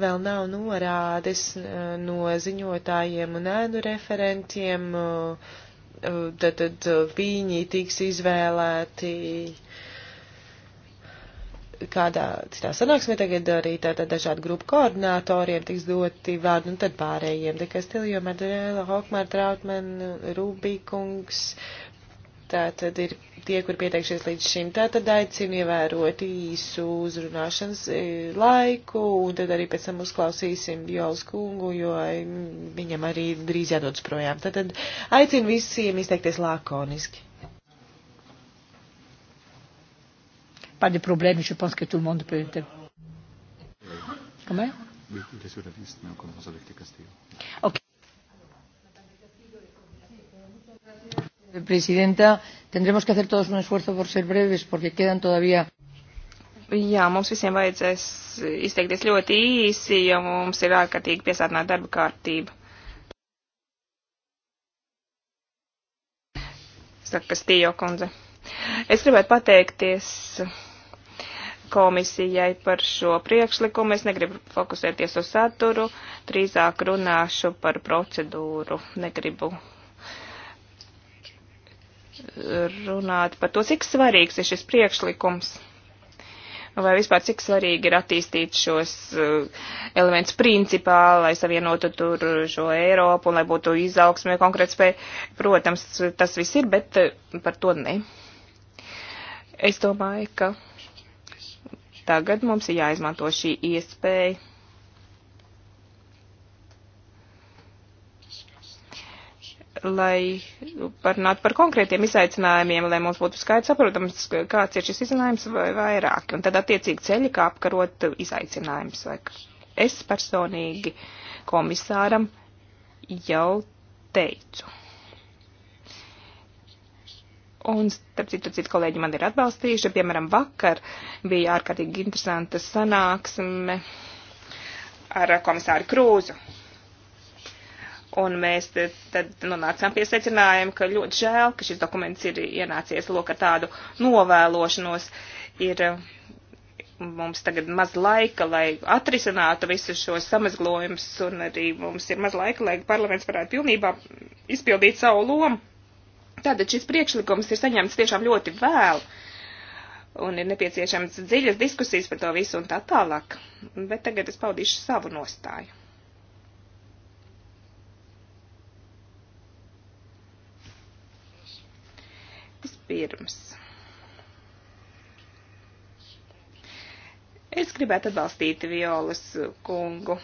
Vēl nav norādes eh, no ziņotājiem un ēnu referentiem, eh, tad, tad eh, viņi tiks izvēlēti kādā citā sanāksmē tagad arī tātad dažādu grupu koordinātoriem tiks doti vārdi un tad pārējiem. De Castillo, Madrela, Hokmār, Trautman, Rubikungs, Tā tad ir tie, kur pieteikšies līdz šim. Tā tad aicinu ievērot īsu uzrunāšanas e, laiku, un tad arī pēc tam uzklausīsim Jols kungu, jo viņam arī drīz jādodas projām. Tā tad aicinu visiem izteikties lakoniski. Pas de problème, je pense que tout le monde peut. Comment? Oui, les sur la liste, mais on commence avec les Castillo. Ok. Presidenta, tendremos que hacer todos un esfuerzo por ser breves, porque quedan todavía. Jā, mums visiem vajadzēs izteikties ļoti īsi, jo mums ir ārkārtīgi piesātināta darba kārtība. Saka Stījo kundze. Es gribētu pateikties komisijai par šo priekšlikumu. Es negribu fokusēties uz saturu, drīzāk runāšu par procedūru. Negribu runāt par to, cik svarīgs ir šis priekšlikums. Vai vispār cik svarīgi ir attīstīt šos eh, elementus principā, lai savienotu tur šo Eiropu un lai būtu izaugsme konkrētspēja? Protams, tas viss ir, bet eh, par to ne. Es domāju, ka tagad mums ir jāizmanto šī iespēja lai nu, parunātu par konkrētiem izaicinājumiem, lai mums būtu skaidrs saprotams, kāds ir šis izaicinājums vai vairāk, un tad attiecīgi ceļi, kā apkarot izaicinājums. Vai es personīgi komisāram jau teicu. Un, starp citu, citu kolēģi man ir atbalstījuši, piemēram, vakar bija ārkārtīgi interesanta sanāksme ar komisāru Krūzu Un mēs tad nonācām pie secinājuma, ka ļoti žēl, ka šis dokuments ir ienācies lok ar tādu novēlošanos. Ir uh, mums tagad maz laika, lai atrisinātu visus šos samazglojumus, un arī mums ir maz laika, lai parlaments varētu pilnībā izpildīt savu lomu. Tātad šis priekšlikums ir saņemts tiešām ļoti vēlu, un ir nepieciešams dziļas diskusijas par to visu un tā tālāk. Bet tagad es paudīšu savu nostāju. vispirms. Es gribētu atbalstīt Violas kungu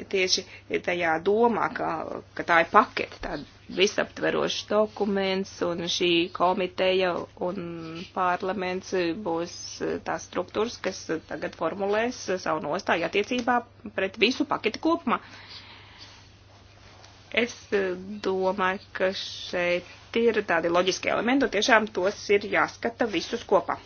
tieši tajā domā, ka, ka tā ir pakete, tā visaptverošs dokuments, un šī komiteja un parlaments būs tās struktūras, kas tagad formulēs savu nostāju attiecībā pret visu paketi kopumā. Uh, Es eh, domāju, ka šeit ir tādi loģiski elementi, un tiešām tos ir jāskata visus kopā.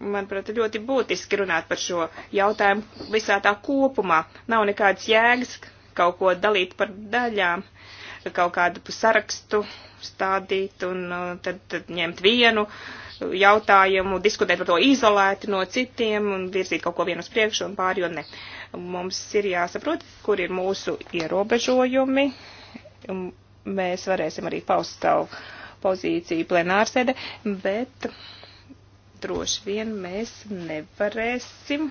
Manuprāt, ļoti būtiski runāt par šo jautājumu visā tā kopumā. Nav nekādas jēgas kaut ko dalīt par daļām. Uh, kaut kādu sarakstu stādīt un uh, tad, tad ņemt vienu jautājumu, diskutēt par to izolēti no citiem un virzīt kaut ko vienu uz priekšu un pārējo ne. Mums ir jāsaprot, kur ir mūsu ierobežojumi. Mēs varēsim arī paust savu pozīciju plenārsēde, bet droši vien mēs nevarēsim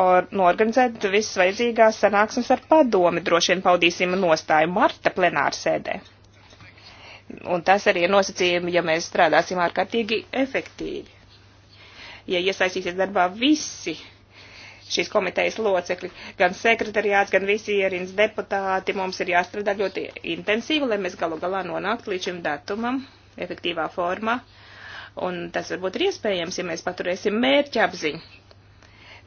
or, norganizēt visas vajadzīgās sanāksmes ar padomi. Droši vien paudīsim nostāju marta plenārsēdē. Un tas arī ir nosacījumi, ja mēs strādāsim ārkārtīgi efektīvi. Ja iesaistīsies darbā visi šīs komitejas locekļi, gan sekretariāts, gan visi ierins deputāti, mums ir jāstrādā ļoti intensīvi, lai mēs galu galā nonāktu līdz šim datumam efektīvā formā. Un tas varbūt ir iespējams, ja mēs paturēsim mērķa apziņu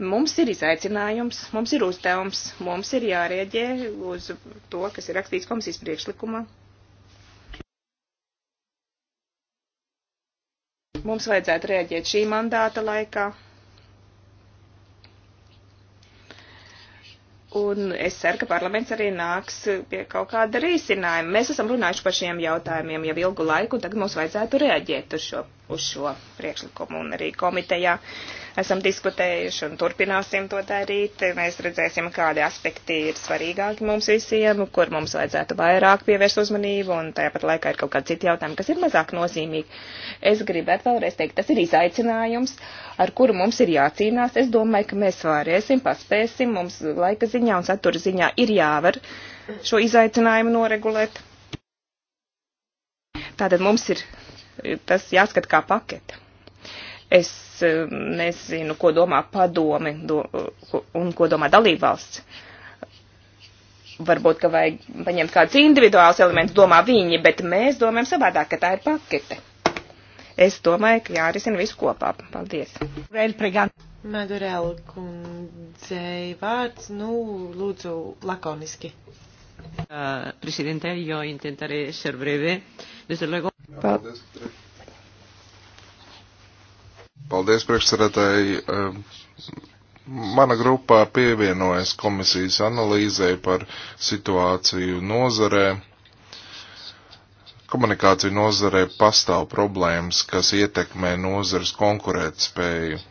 Mums ir izaicinājums, mums ir uzdevums, mums ir jārieģē uz to, kas ir rakstīts komisijas priekšlikumā. Mums vajadzētu rēģēt šī mandāta laikā, Un es ceru, ka parlaments arī nāks pie kaut kāda risinājuma. Mēs esam runājuši par šiem jautājumiem jau ilgu laiku, un tagad mums vajadzētu reaģēt uz šo, uz šo priekšlikumu un arī komitejā. Uh, esam diskutējuši un turpināsim to darīt. Mēs redzēsim, kādi aspekti ir svarīgāki mums visiem, kur mums vajadzētu vairāk pievērst uzmanību, un tāpat laikā ir kaut kādi citi jautājumi, kas ir mazāk nozīmīgi. Es gribētu vēlreiz teikt, tas ir izaicinājums, ar kuru mums ir jācīnās. Es domāju, ka mēs varēsim, paspēsim, mums laika ziņā un satura ziņā ir jāvar šo izaicinājumu noregulēt. Tātad mums ir tas jāskat kā pakete. Es eh, nezinu, ko domā padome do, un ko domā dalībvalsts. Varbūt, ka vajag paņemt kādus individuālus elementus, domā viņi, bet mēs domājam savādāk, ka tā ir pakete. Es domāju, ka jārisina visu kopā. Paldies. Vēl pregant. Madurēl kundzei vārds, nu, lūdzu, lakoniski. Uh, Presidente, jo intentaré ser breve. Desde luego. Paldies. Paldies, priekšsarētāji. Ehm, mana grupā pievienojas komisijas analīzē par situāciju nozarē. Komunikāciju nozarē pastāv problēmas, kas ietekmē nozares konkurētspēju.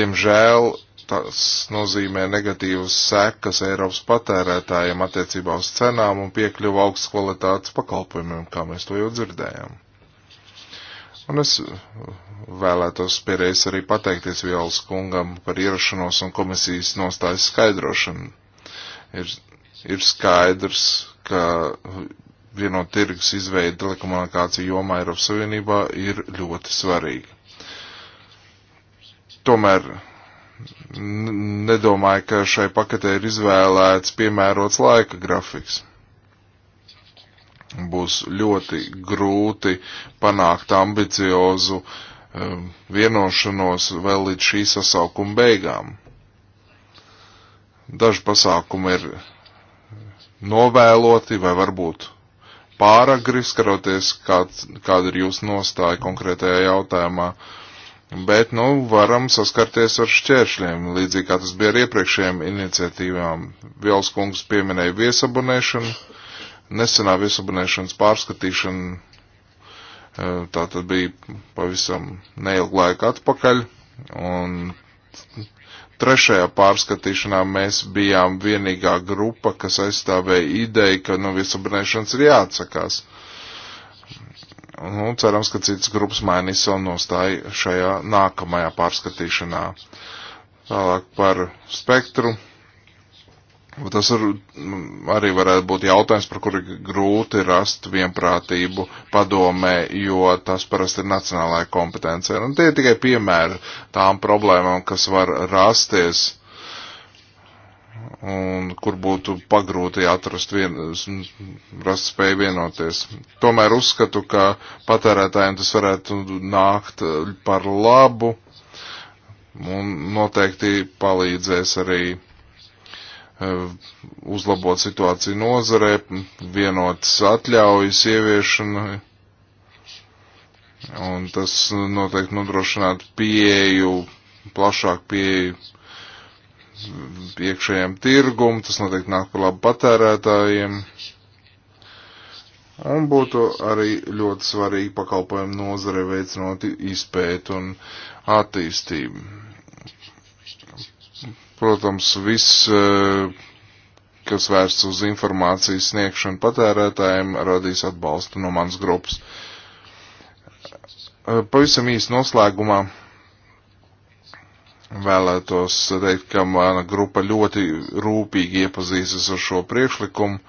Diemžēl tas nozīmē negatīvas sekas Eiropas patērētājiem attiecībā uz cenām un piekļuvu augsts kvalitātes pakalpojumiem, kā mēs to jau dzirdējām. Un es vēlētos pēdējais arī pateikties Vielas kungam par ierašanos un komisijas nostājas skaidrošanu. Ir, ir skaidrs, ka vienot tirgus izveida telekomunikāciju jomā Eiropas Savienībā ir ļoti svarīga. Tomēr nedomāju, ka šai paketē ir izvēlēts piemērots laika grafiks būs ļoti grūti panākt ambiciozu um, vienošanos vēl līdz šī sasaukuma beigām. Daži pasākumi ir novēloti vai varbūt pārāk griskaroties, kāds, kāda ir jūsu nostāja konkrētajā jautājumā. Bet, nu, varam saskarties ar šķēršļiem, līdzīgi kā tas bija ar iepriekšējām iniciatīvām. Vielskungs pieminēja viesabunēšanu Nesenā viesabunēšanas pārskatīšana e, tā tad bija pavisam neilgu laiku atpakaļ, un trešajā pārskatīšanā mēs bijām vienīgā grupa, kas aizstāvēja ideju, ka no nu, viesabunēšanas ir jāatsakās. Nu, cerams, ka citas grupas mainīs savu nostāju šajā nākamajā pārskatīšanā. Tālāk par spektru Tas ar, mm, arī varētu būt jautājums, par kuru grūti rast vienprātību padomē, jo tas parasti ir nacionālajā kompetencē. Un tie ir tikai piemēri tām problēmām, kas var rasties un kur būtu pagrūti atrast vien, rast spēju vienoties. Tomēr uzskatu, ka patērētājiem tas varētu nākt par labu un noteikti palīdzēs arī Uh, uzlabot situāciju nozarē, vienotas atļaujas ieviešana, un tas noteikti nodrošinātu pieeju, plašāku pieeju iekšējiem tirgum, tas noteikti nāk par labu patērētājiem, un būtu arī ļoti svarīgi pakalpojumu nozare veicinot izpēt un attīstību. Protams, viss, eh, kas vērsts uz informācijas sniegšanu patērētājiem, radīs atbalstu no manas grupas. Eh, pavisam īsi noslēgumā vēlētos teikt, ka mana grupa ļoti rūpīgi iepazīstas ar šo priekšlikumu,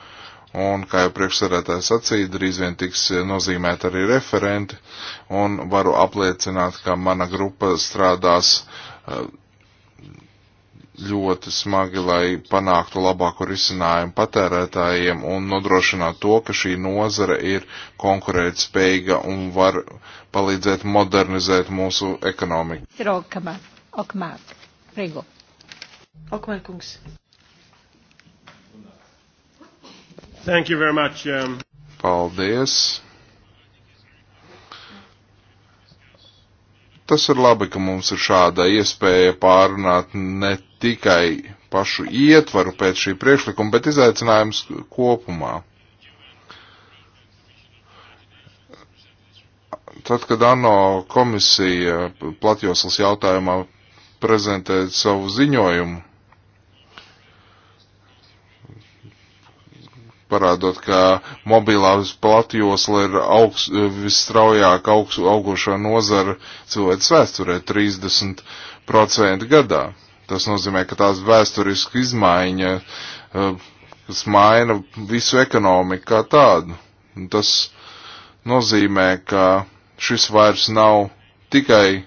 un, kā jau priekšsarētājs sacīja, drīz vien tiks nozīmēt arī referenti, un varu apliecināt, ka mana grupa strādās eh, ļoti smagi, lai panāktu labāku risinājumu patērētājiem un nodrošinātu to, ka šī nozara ir konkurētspējīga un var palīdzēt modernizēt mūsu ekonomiku. Ir okmā, okmā, Rīgo. Okmā, kungs. Thank you very much. Um... Paldies. Tas ir labi, ka mums ir šāda iespēja pārunāt ne tikai pašu ietvaru pēc šī priekšlikuma, bet izaicinājums kopumā. Tad, kad ANO komisija platjoslas jautājumā prezentē savu ziņojumu, parādot, ka mobilās platjosla ir augs, visstraujāk augs, augošā nozara cilvēks vēsturē 30% gadā. Tas nozīmē, ka tās vēsturiski izmaiņa, eh, kas maina visu ekonomiku kā tādu. Un tas nozīmē, ka šis vairs nav tikai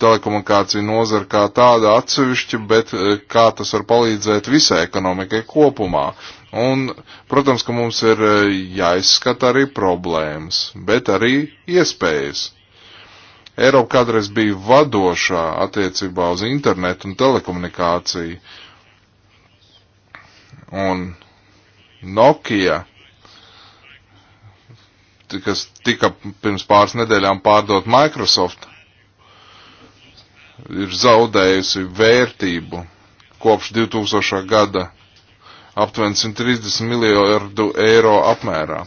telekomunikāciju nozara kā tāda atsevišķa, bet eh, kā tas var palīdzēt visai ekonomikai kopumā. Un, protams, ka mums ir eh, jāizskata arī problēmas, bet arī iespējas. Eiropa kādreiz bija vadošā attiecībā uz internetu un telekomunikāciju. Un Nokia, kas tika pirms pāris nedēļām pārdot Microsoft, ir zaudējusi vērtību kopš 2000. gada aptuveni 130 miljardu eiro apmērā.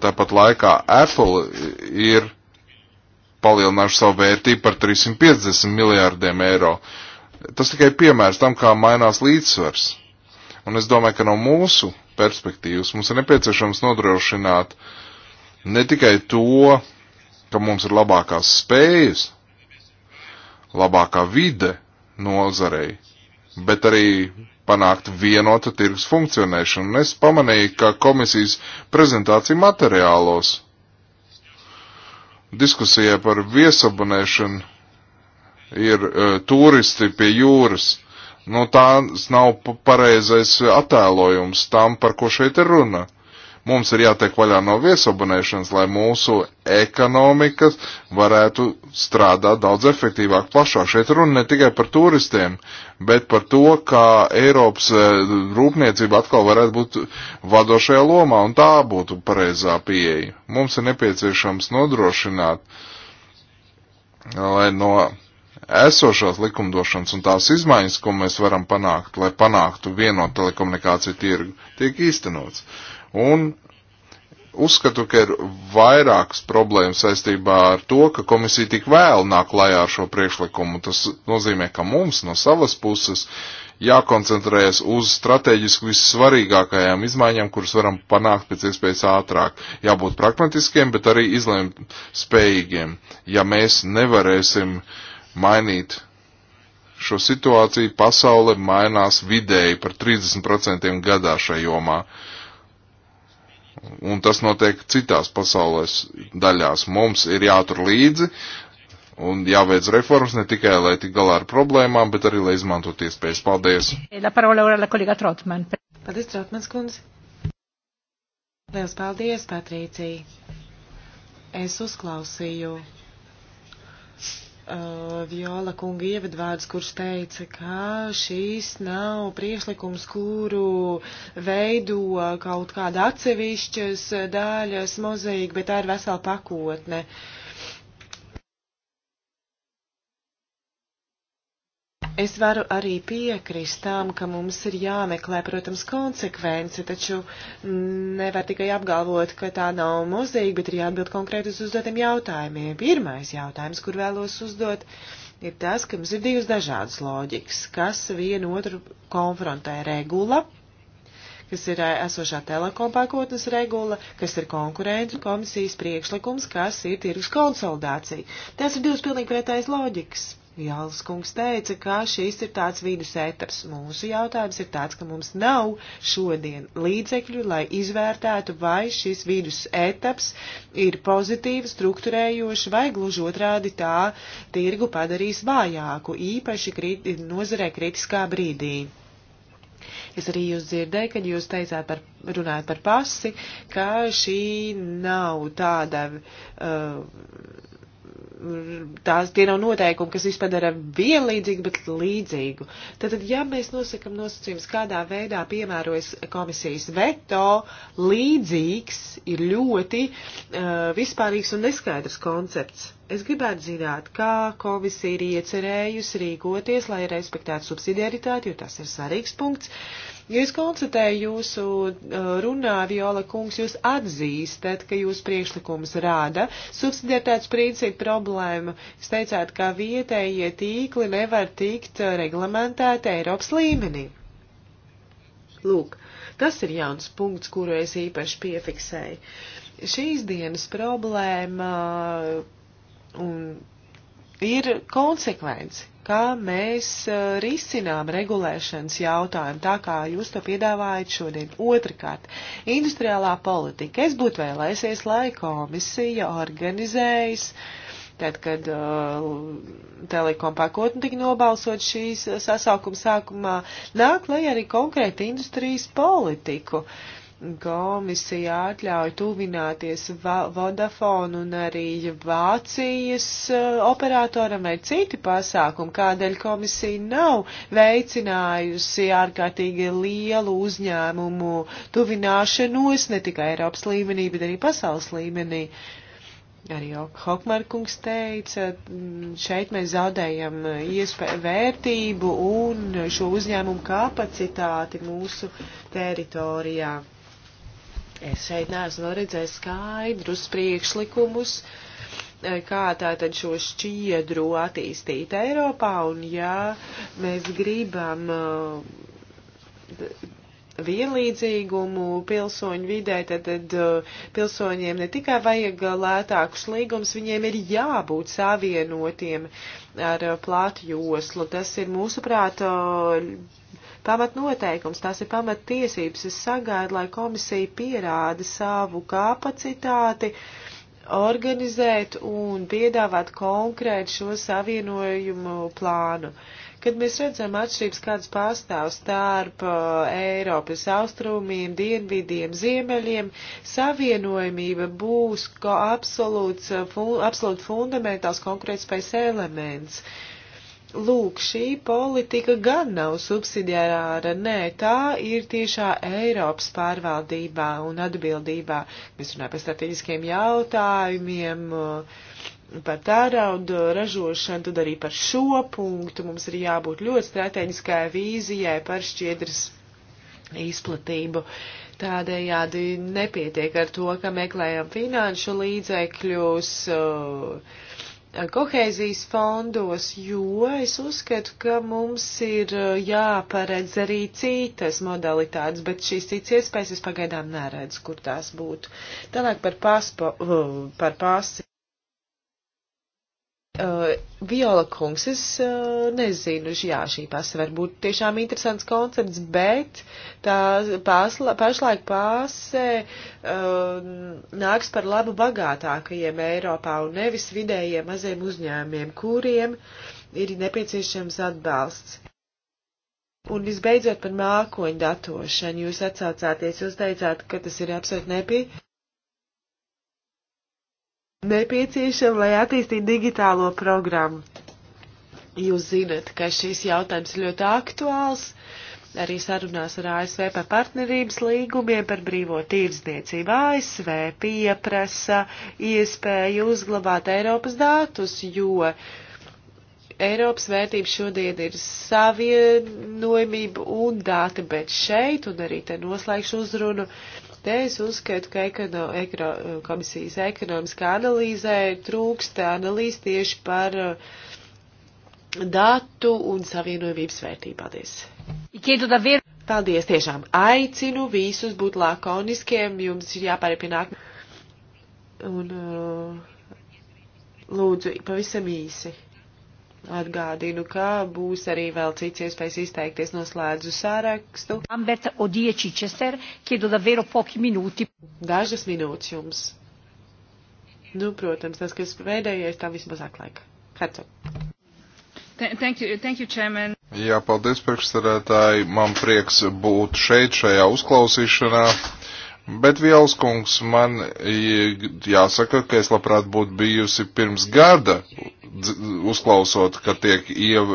Tāpat laikā Apple ir palielinājuši savu vērtību par 350 miljārdiem eiro. Tas tikai piemērs tam, kā mainās līdzsvars. Un es domāju, ka no mūsu perspektīvas mums ir nepieciešams nodrošināt ne tikai to, ka mums ir labākās spējas, labākā vide nozarei, bet arī panākt vienotu tirgus funkcionēšanu. Un es pamanīju, ka komisijas prezentācija materiālos diskusijā par viesabunēšanu ir uh, turisti pie jūras. Nu, tā nav pareizais attēlojums tam, par ko šeit ir runa. Mums ir jātiek vaļā no viesabunēšanas, lai mūsu ekonomikas varētu strādāt daudz efektīvāk, plašāk. Šeit runa ne tikai par turistiem, bet par to, kā Eiropas eh, rūpniecība atkal varētu būt vadošajā lomā, un tā būtu pareizā pieeja. Mums ir nepieciešams nodrošināt, lai no esošās likumdošanas un tās izmaiņas, ko mēs varam panākt, lai panāktu vienotu telekomunikāciju tirgu, tiek īstenots. Un uzskatu, ka ir vairākas problēmas saistībā ar to, ka komisija tik vēl nāk lajā ar šo priekšlikumu. Tas nozīmē, ka mums no savas puses jākoncentrējas uz strateģiski vissvarīgākajām izmaiņām, kuras varam panākt pēc iespējas ātrāk. Jābūt pragmatiskiem, bet arī izlēmt spējīgiem. Ja mēs nevarēsim mainīt šo situāciju, pasaule mainās vidēji par 30% gadā šajā jomā. Uh, Un tas notiek citās pasaules daļās. Mums ir jātur līdzi un jāveic reformas ne tikai, lai tik galā ar problēmām, bet arī, lai izmantot iespējas. Paldies! Eh, paldies, Trautmans kundze! Liels paldies, Patrīcija! Es uzklausīju uh, Viola kunga ievadvārds, kurš teica, ka šīs nav priešlikums, kuru veido kaut kāda atsevišķas daļas mozaīka, bet tā ir vesela pakotne. Uh, Es varu arī piekrist tam, ka mums ir jāmeklē, protams, konsekvence, taču mm, nevar tikai apgalvot, ka tā nav mozaīka, bet ir jāatbild konkrēti uz uzdotiem jautājumiem. Pirmais jautājums, kur vēlos uzdot, ir tas, ka mums ir divas dažādas loģikas, kas vienu otru konfrontē regula kas ir eh, esošā telekompakotnes regula, kas ir konkurentu komisijas priekšlikums, kas ir tirgus konsolidācija. Tas ir divas pilnīgi pretējas loģikas. Jālis kungs teica, ka šīs ir tāds vidus etaps. Mūsu jautājums ir tāds, ka mums nav šodien līdzekļu, lai izvērtētu, vai šis vidus etaps ir pozitīvi struktūrējoši vai gluži otrādi tā tirgu padarīs vājāku, īpaši kriti, nozarē kritiskā brīdī. Es arī jūs dzirdēju, kad jūs teicāt par, runājot par pasi, ka šī nav tāda. Uh, tās tie nav noteikumi, kas vispār dara vienlīdzīgu, bet līdzīgu. Tātad, ja mēs nosakam nosacījums, kādā veidā piemērojas komisijas veto, līdzīgs ir ļoti uh, vispārīgs un neskaidrs koncepts. Es gribētu zināt, kā komisija ir iecerējusi rīkoties, lai respektētu subsidiaritāti, jo tas ir svarīgs punkts. Uh, Ja es konstatēju jūsu uh, runā, Viola kungs, jūs atzīstat, ka jūs priekšlikums rāda subsidietāts principu problēmu. Jūs teicāt, ka vietējie tīkli nevar tikt uh, reglamentēti Eiropas līmenī. Lūk, tas ir jauns punkts, kuru es īpaši piefiksēju. Šīs dienas problēma uh, un ir konsekvenci kā mēs risinām regulēšanas jautājumu, tā kā jūs to piedāvājat šodien. Otrakārt, industriālā politika. Es būtu vēlēsies, lai komisija organizējas. Tad, kad uh, telekom pakotni tika nobalsot šīs sasaukuma sākumā, nāk lai arī konkrēti industrijas politiku. Uh, komisija atļauj tuvināties Vodafone un arī Vācijas eh, operatoram vai citi pasākumi, kādēļ komisija nav veicinājusi ārkārtīgi lielu uzņēmumu tuvināšanos ne tikai Eiropas līmenī, bet arī pasaules līmenī. Arī Hokmarkungs teica, mm, šeit mēs zaudējam iespēju vērtību un šo uzņēmumu kapacitāti mūsu teritorijā. Es šeit neesmu redzējis skaidrus priekšlikumus, e, kā tātad šo šķiedru attīstīt Eiropā, un ja mēs gribam e, vienlīdzīgumu pilsoņu vidē, tad, tad e, pilsoņiem ne tikai vajag lētākus līgumus, viņiem ir jābūt savienotiem ar plātu joslu. Tas ir mūsuprāt pamatnoteikums, tās ir pamattiesības. Es sagaidu, lai komisija pierāda savu kapacitāti organizēt un piedāvāt konkrētu šo savienojumu plānu. Kad mēs redzam atšķirības, kādas pastāv starp uh, Eiropas austrumiem, dienvidiem, ziemeļiem, savienojumība būs absolūts, uh, fun, absolūti fundamentāls konkurētspējas elements. Uh, Lūk, šī politika gan nav subsidiārāra, nē, tā ir tiešā Eiropas pārvaldībā un atbildībā. Mēs runājam par strateģiskiem jautājumiem, uh, par tēraudu ražošanu, tad arī par šo punktu mums ir jābūt ļoti strateģiskai vīzijai par šķiedras izplatību. Tādējādi nepietiek ar to, ka meklējam finanšu līdzekļus. Uh, kohēzijas fondos, jo es uzskatu, ka mums ir eh, jāparedz arī citas modalitātes, bet šīs citas iespējas es pagaidām neredzu, kur tās būtu. Tālāk par, paspo, eh, par pasi. Uh, Viola kungs, es uh, nezinu, jā, šī pasa var būt tiešām interesants koncerts, bet tā pasla, pašlaik pase uh, nāks par labu bagātākajiem Eiropā un nevis vidējiem maziem uzņēmiem, kuriem ir nepieciešams atbalsts. Un visbeidzot par mākoņu datošanu, jūs atsaucāties, jūs teicāt, ka tas ir absolūti nepieciešams nepieciešama, lai attīstītu digitālo programmu. Jūs zinat, ka šis jautājums ir ļoti aktuāls. Arī sarunās ar ASV par partnerības līgumiem par brīvo tīrzniecību ASV pieprasa iespēju uzglabāt Eiropas datus, jo Eiropas vērtība šodien ir savienojumība un dati, bet šeit, un arī te noslēgšu uzrunu, uh, Te es uzskatu, ka ekono, ekro, komisijas ekonomiskā analīzē trūksta analīze tieši par uh, datu un savienojumības vērtību. Paldies! Paldies tiešām! Aicinu visus būt lakoniskiem, jums ir jāpārpināk. Un uh, lūdzu, pavisam īsi. Atgādinu, ka būs arī vēl cits iespējas izteikties noslēdzu sārakstu. Amberta Odie Čičester, chiedo davvero pochi minūti. Dažas minūtes jums. Nu, protams, tas, kas pēdējais, tam vismazāk laika. Hercog. Thank you, thank you, Chairman. Jā, paldies, priekšsarētāji. Man prieks būt šeit, šajā uzklausīšanā. Bet, Vielskungs, man jāsaka, ka es labprāt būtu bijusi pirms gada uzklausot, ka tiek iev,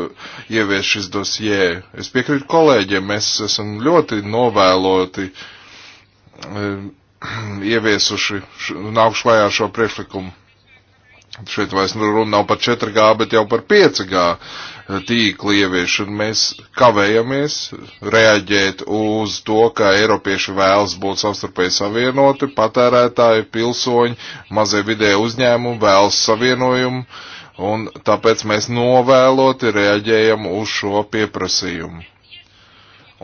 ievies šis dosjē. Es piekrītu kolēģiem, mēs esam ļoti novēloti eh, ieviesuši, nākuši vajā šo priekšlikumu. Šeit vairs runa nav par 4G, bet jau par 5G tīkla ieviešanu. Mēs kavējamies reaģēt uz to, ka Eiropieši vēlas būt savstarpēji savienoti, patērētāji, pilsoņi, mazie vidē uzņēmumi vēlas savienojumu, un tāpēc mēs novēloti reaģējam uz šo pieprasījumu.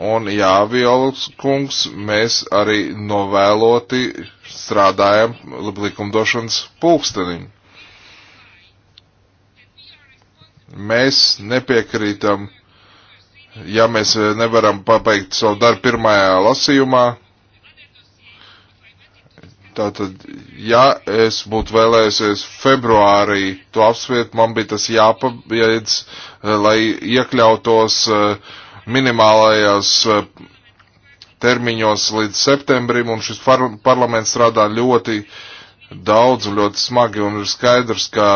Un jā, Violas kungs, mēs arī novēloti strādājam likumdošanas pulkstenim Mēs nepiekrītam, ja mēs nevaram pabeigt savu darbu pirmajā lasījumā. Tātad, ja es būtu vēlējusies februārī to apsvērt, man bija tas jāpabeidz, eh, lai iekļautos eh, minimālajās eh, termiņos līdz septembrim, un šis parlaments strādā ļoti uh, daudz un ļoti smagi, un ir skaidrs, ka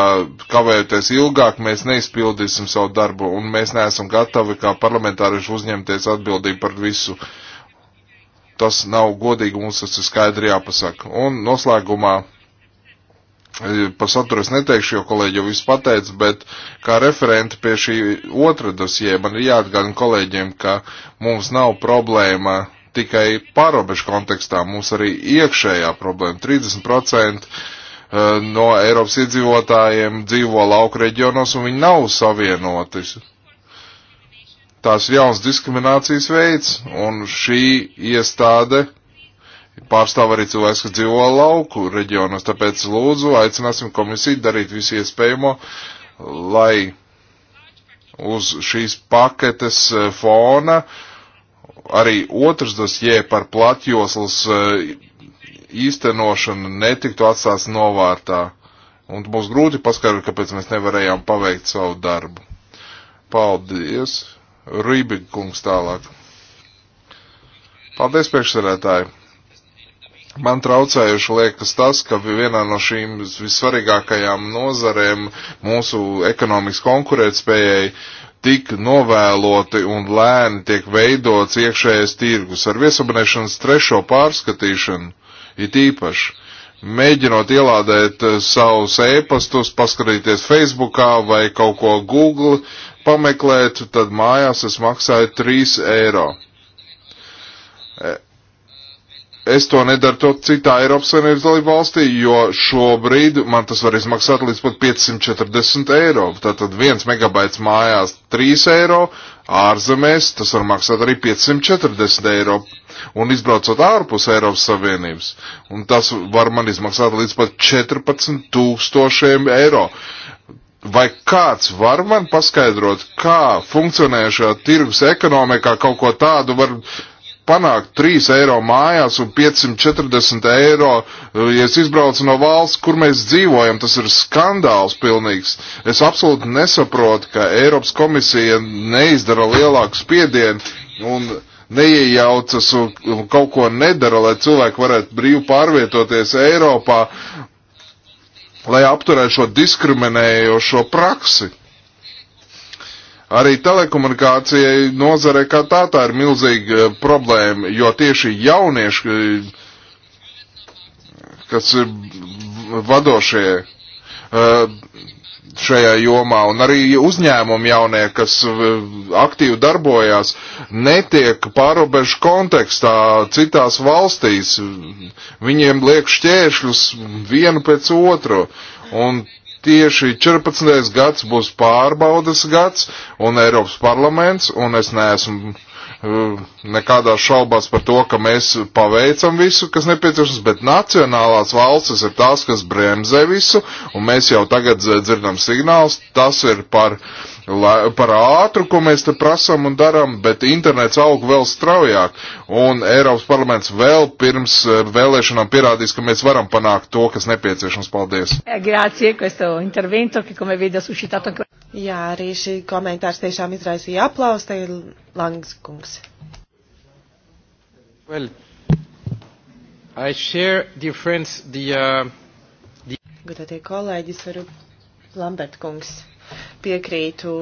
kavējoties ilgāk, mēs neizpildīsim savu darbu, un mēs neesam gatavi kā parlamentārieši uzņemties atbildību par visu. Tas nav godīgi, mums tas ir skaidri jāpasaka. Un noslēgumā eh, par saturu es neteikšu, jo kolēģi jau visu pateica, bet kā referenti pie šī otra dosie man ir jāatgādina kolēģiem, ka mums nav problēma tikai pārobežu kontekstā, mums arī iekšējā problēma. 30% eh, no Eiropas iedzīvotājiem dzīvo lauku reģionos un viņi nav savienotis. Tās jauns diskriminācijas veids un šī iestāde pārstāv arī cilvēks, kas dzīvo lauku reģionos. Tāpēc lūdzu aicināsim komisiju darīt visu iespējamo, lai uz šīs paketes eh, fona uh, arī otrs dosjē par platjoslas eh, īstenošanu netiktu atstāts novārtā. Un mums grūti paskaidrot, kāpēc mēs nevarējām paveikt savu darbu. Paldies! Rībīgi kungs tālāk. Paldies, priekšsarētāji! Man traucējuši liekas tas, ka vienā no šīm visvarīgākajām nozarēm mūsu ekonomikas konkurētspējai uh, tik novēloti un lēni tiek veidots iekšējais tirgus ar viesabunēšanas trešo pārskatīšanu, it īpaši. Mēģinot ielādēt eh, savus ēpastus, paskatīties Facebookā vai kaut ko Google pameklēt, tad mājās es maksāju 3 eiro. Eh, es to nedaru to citā Eiropas Savienības dalību valstī, jo šobrīd man tas var izmaksāt līdz pat 540 eiro. Tātad viens megabaits mājās 3 eiro, ārzemēs tas var maksāt arī 540 eiro. Un izbraucot ārpus Eiropas Savienības, un tas var man izmaksāt līdz pat 14 tūkstošiem eiro. Vai kāds var man paskaidrot, kā funkcionējušā tirgus ekonomikā kaut ko tādu var panākt 3 eiro mājās un 540 eiro, eh, ja es izbraucu no valsts, kur mēs dzīvojam. Tas ir skandāls pilnīgs. Es absolūti nesaprotu, ka Eiropas komisija neizdara lielāku spiedienu un neiejaucas un kaut ko nedara, lai cilvēki varētu brīvi pārvietoties Eiropā, lai apturētu šo diskriminējošo praksi. Arī telekomunikācijai nozare kā tā, tā ir milzīga problēma, jo tieši jaunieši, kas ir vadošie eh, šajā jomā, un arī uzņēmumi jaunie, kas eh, aktīvi darbojās, netiek pārobežu kontekstā citās valstīs. Viņiem liek šķēršļus vienu pēc otru. Un tieši 14. gads būs pārbaudas gads un Eiropas parlaments, un es neesmu uh, nekādā šaubās par to, ka mēs paveicam visu, kas nepieciešams, bet nacionālās valstis ir tās, kas bremzē visu, un mēs jau tagad dzirdam signāls, tas ir par uh, par ātru, ko mēs te prasam un daram, bet internets aug vēl straujāk, un Eiropas parlaments vēl pirms eh, vēlēšanām pierādīs, ka mēs varam panākt to, kas nepieciešams. Paldies! Eh, Grācie, questo intervento, che come vedi ha suscitato anche... Jā, arī šī komentārs tiešām izraisīja aplausu, te ir Langs kungs. Well, I share, dear friends, the, uh, the... Gudātie kolēģis, varu Lambert kungs piekrītu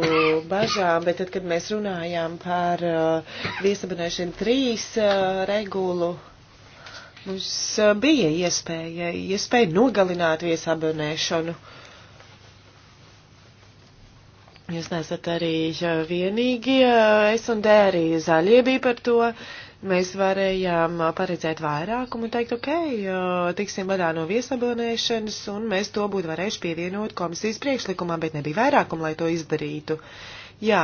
bažām, bet tad, kad mēs runājām par uh, viesabunēšanu trīs uh, regulu, mums uh, bija iespēja, iespēja nogalināt viesabunēšanu. Jūs nesat arī uh, vienīgie, es uh, un D arī zaļie bija par to. Uh, Mēs varējām uh, paredzēt vairākumu un teikt, ok, uh, tiksim vadā no viesabonēšanas, un mēs to būtu varējuši pievienot komisijas priekšlikumā, bet nebija vairākumu, lai to izdarītu. Jā,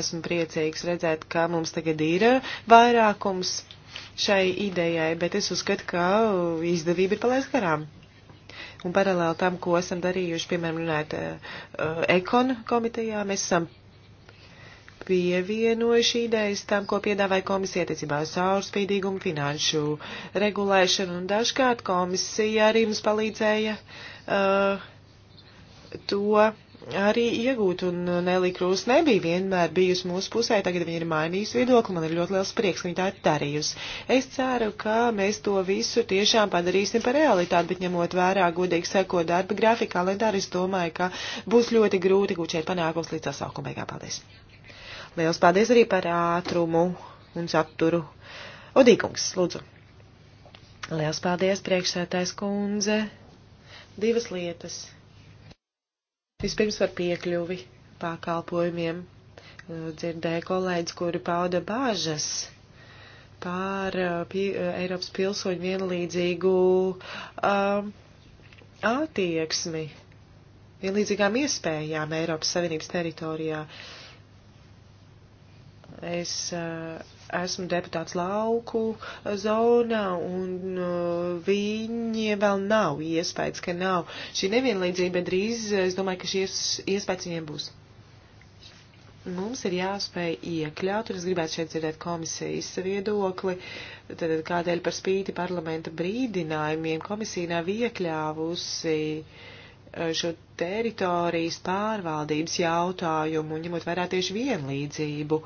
esmu priecīgs redzēt, ka mums tagad ir uh, vairākums šai idejai, bet es uzskatu, ka izdevība ir palaist garām. Un paralēli tam, ko esam darījuši, piemēram, runājot uh, ekon komitejā, mēs esam pievienoju šī idejas tam, ko piedāvāja komisija attiecībā uz saurspīdīgumu, finanšu regulēšanu, un dažkārt komisija arī mums palīdzēja uh, to arī iegūt, un Nelī Krūs nebija vienmēr bijusi mūsu pusē, tagad viņa ir mainījusi viedokli, man ir ļoti liels prieks, ka viņa tā ir darījusi. Es ceru, ka mēs to visu tiešām padarīsim par realitāti, bet ņemot vērā godīgi seko darba grafikā, kalendāri, es domāju, ka būs ļoti grūti gūt šeit panākums līdz sasaukuma beigām. Paldies! Liels paldies arī par ātrumu un saturu. Odīkungs, lūdzu. Liels paldies, priekšsētājs kundze. Divas lietas. Vispirms par piekļuvi pakalpojumiem. Dzirdēju kolēģis, kuri pauda bāžas par uh, pie, uh, Eiropas pilsoņu vienlīdzīgu um, attieksmi, vienlīdzīgām iespējām Eiropas Savienības teritorijā. Uh, Es uh, esmu deputāts lauku eh, zonā, un uh, eh, viņiem vēl nav iespējas, ka nav šī nevienlīdzība, bet drīz es domāju, ka šīs iespējas viņiem būs. Mums ir jāspēj iekļaut, un es gribētu šeit dzirdēt komisijas viedokli, tad kādēļ par spīti parlamenta brīdinājumiem komisija nav iekļāvusi uh, Eh, šo teritorijas pārvaldības jautājumu, ņemot vērā tieši vienlīdzību.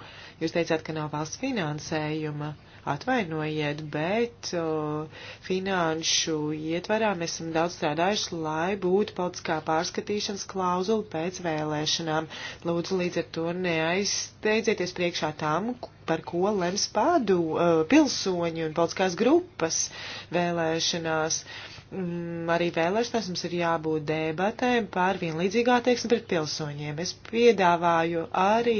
Jūs teicāt, ka nav valsts finansējuma. Atvainojiet, bet o, eh, finanšu ietvarā mēs esam daudz strādājuši, lai būtu politiskā pārskatīšanas klauzula pēc vēlēšanām. Lūdzu, līdz ar to neaizsteidzieties priekšā tam, par ko lems pādu eh, pilsoņu un politiskās grupas vēlēšanās. Uh, Mm, arī vēlēšanās mums ir jābūt debatēm par vienlīdzīgu attieksmi pret pilsoņiem. Es piedāvāju arī,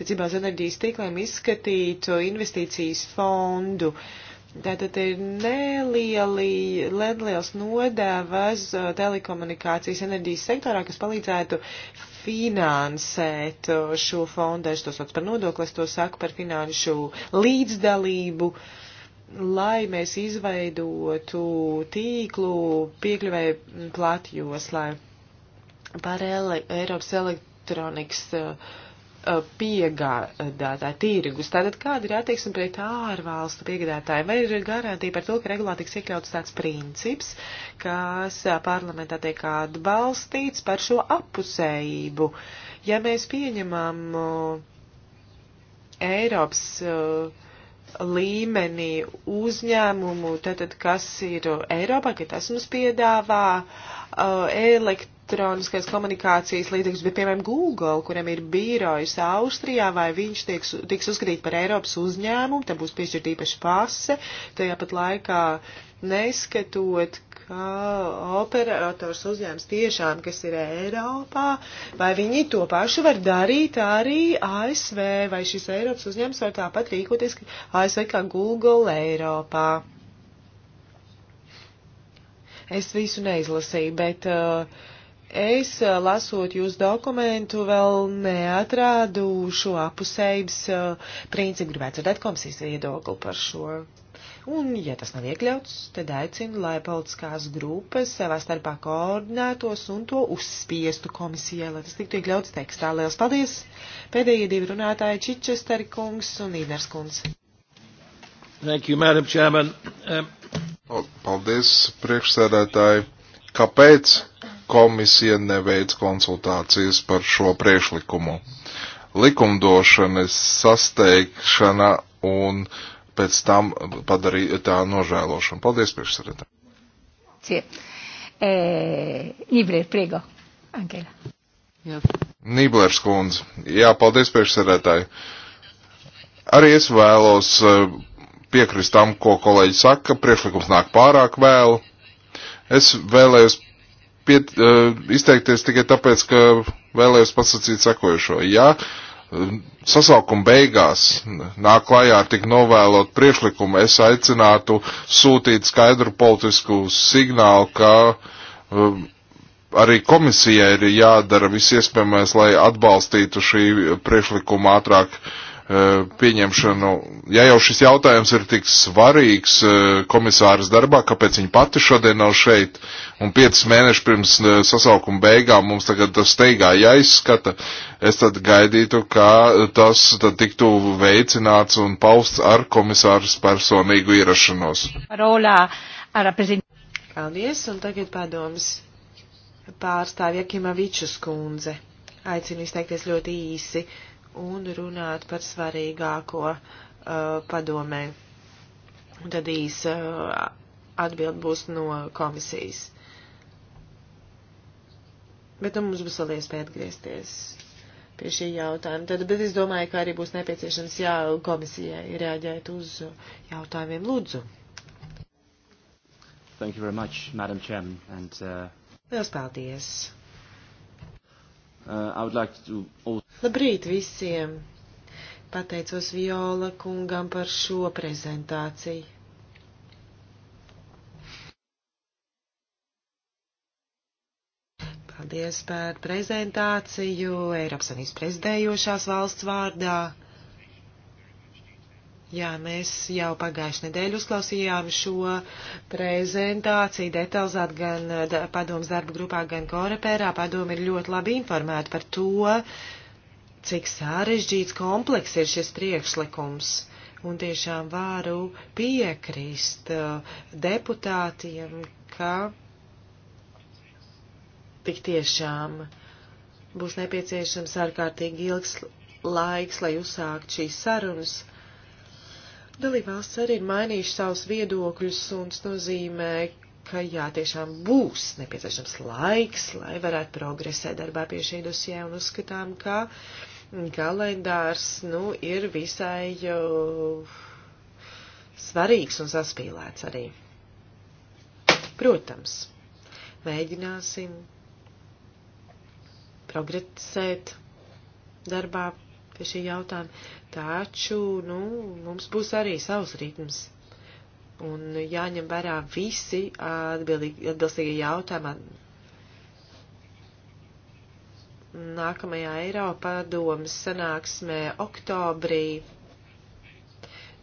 ticībā, uz enerģijas tīkliem izskatīt investīcijas fondu. Tātad ir nelieli, neliels nodevas uh, telekomunikācijas enerģijas sektorā, kas palīdzētu finansēt uh, šo fondu. Es to sauc par nodokli, es to saku par finanšu līdzdalību. Uh, lai mēs izveidotu tīklu piekļuvēju platjoslē par ele Eiropas elektronikas uh, uh piegādātāju tīrgus. Tātad kāda ir attieksme pret ārvalstu piegādātāju? Vai ir garantija par to, ka regulā tiks iekļauts tāds princips, kas uh, parlamentā tiek atbalstīts par šo appusējību? Ja mēs pieņemam uh, Eiropas uh, līmenī uzņēmumu, tātad kas ir Eiropā, ka tas mums piedāvā uh, elektroniskās komunikācijas līdzekļus, bet piemēram Google, kuram ir bīrojas Austrijā, vai viņš tieks, tiks uzskatīt par Eiropas uzņēmumu, tam būs piešķirt īpaši pase, tajā pat laikā neskatot, kā operators uzņēmums tiešām, kas ir Eiropā, vai viņi to pašu var darīt arī ASV, vai šis Eiropas uzņēmums var tāpat rīkoties ASV kā Google Eiropā. Es visu neizlasīju, bet uh, es, eh, lasot jūsu dokumentu, vēl neatrādu šo apusējības uh, eh, principu. Gribētu dzirdēt komisijas viedokli par šo Un, ja tas nav iekļauts, tad aicinu, lai politiskās grupas savā starpā koordinētos un to uzspiestu komisijai, lai tas tiktu iekļauts tekstā. Lielas paldies! Pēdējie divi runātāji - Čičesteri kungs un Nīdners kungs. Thank you, Madam Chairman. Um... Paldies, priekšsēdētāji. Kāpēc komisija neveic konsultācijas par šo priekšlikumu? Likumdošanas sasteigšana un uh, pēc tam padarīja tā nožēlošanu. Paldies, priekšsēdētāji. Cie. E, eh, Nībler, priego. Angela. Jā. Nīblers kundze. Jā, paldies, priekšsēdētāji. Arī es vēlos eh, piekrist tam, ko kolēģi saka. Priekšlikums nāk pārāk vēlu. Es vēlējos piet, uh, izteikties tikai tāpēc, ka vēlējos pasacīt sakojušo. Jā, ja sasaukuma beigās nāk klajā ar tik novēlot priekšlikumu, es aicinātu sūtīt skaidru politisku signālu, ka um, arī komisijai ir jādara viss iespējamais, lai atbalstītu šī priekšlikuma ātrāk uh, Eh, pieņemšanu. Ja jau šis jautājums ir tik svarīgs eh, komisāras darbā, kāpēc viņa pati šodien nav šeit un piecas mēnešus pirms eh, sasaukuma beigām mums tagad tas steigā jāizskata, es tad gaidītu, ka tas tad tiktu veicināts un pausts ar komisāras personīgu ierašanos. Paldies, un tagad padomas pārstāvja Kimavičus kundze. Aicinu izteikties ļoti īsi. Uh, un runāt par svarīgāko uh, padomē. Un tad īs uh, atbild būs no komisijas. Bet nu, mums būs vēl iespēja atgriezties pie šī jautājuma. Tad, bet es domāju, ka arī būs nepieciešams jā, komisijai reaģēt uz jautājumiem lūdzu. Thank you very much, Madam Chairman. And, uh... Liels paldies! Uh, like to... Labrīt visiem! Pateicos Viola kungam par šo prezentāciju. Paldies par prezentāciju Eiropas Savienības prezidējošās valsts vārdā. Jā, mēs jau pagājušajā nedēļā uzklausījām šo prezentāciju detalizēt gan eh, padomas darba grupā, gan korepērā. Padoma ir ļoti labi informēta par to, cik sarežģīts kompleks ir šis priekšlikums. Un tiešām varu piekrist eh, deputātiem, ka tik tiešām būs nepieciešams ārkārtīgi ilgs laiks, lai uzsākt šīs sarunas Dalībvalsts arī ir mainījuši savus viedokļus un tas nozīmē, ka jā, tiešām būs nepieciešams laiks, lai varētu progresēt darbā pie šī dosijā un uzskatām, ka kalendārs, nu, ir visai jau svarīgs un saspīlēts arī. Protams, mēģināsim progresēt darbā pie šī jautājuma. Taču, nu, mums būs arī savs ritms. Un jāņem vērā visi atbilstīgie jautājumi. Nākamajā Eiropā domas sanāksmē oktobrī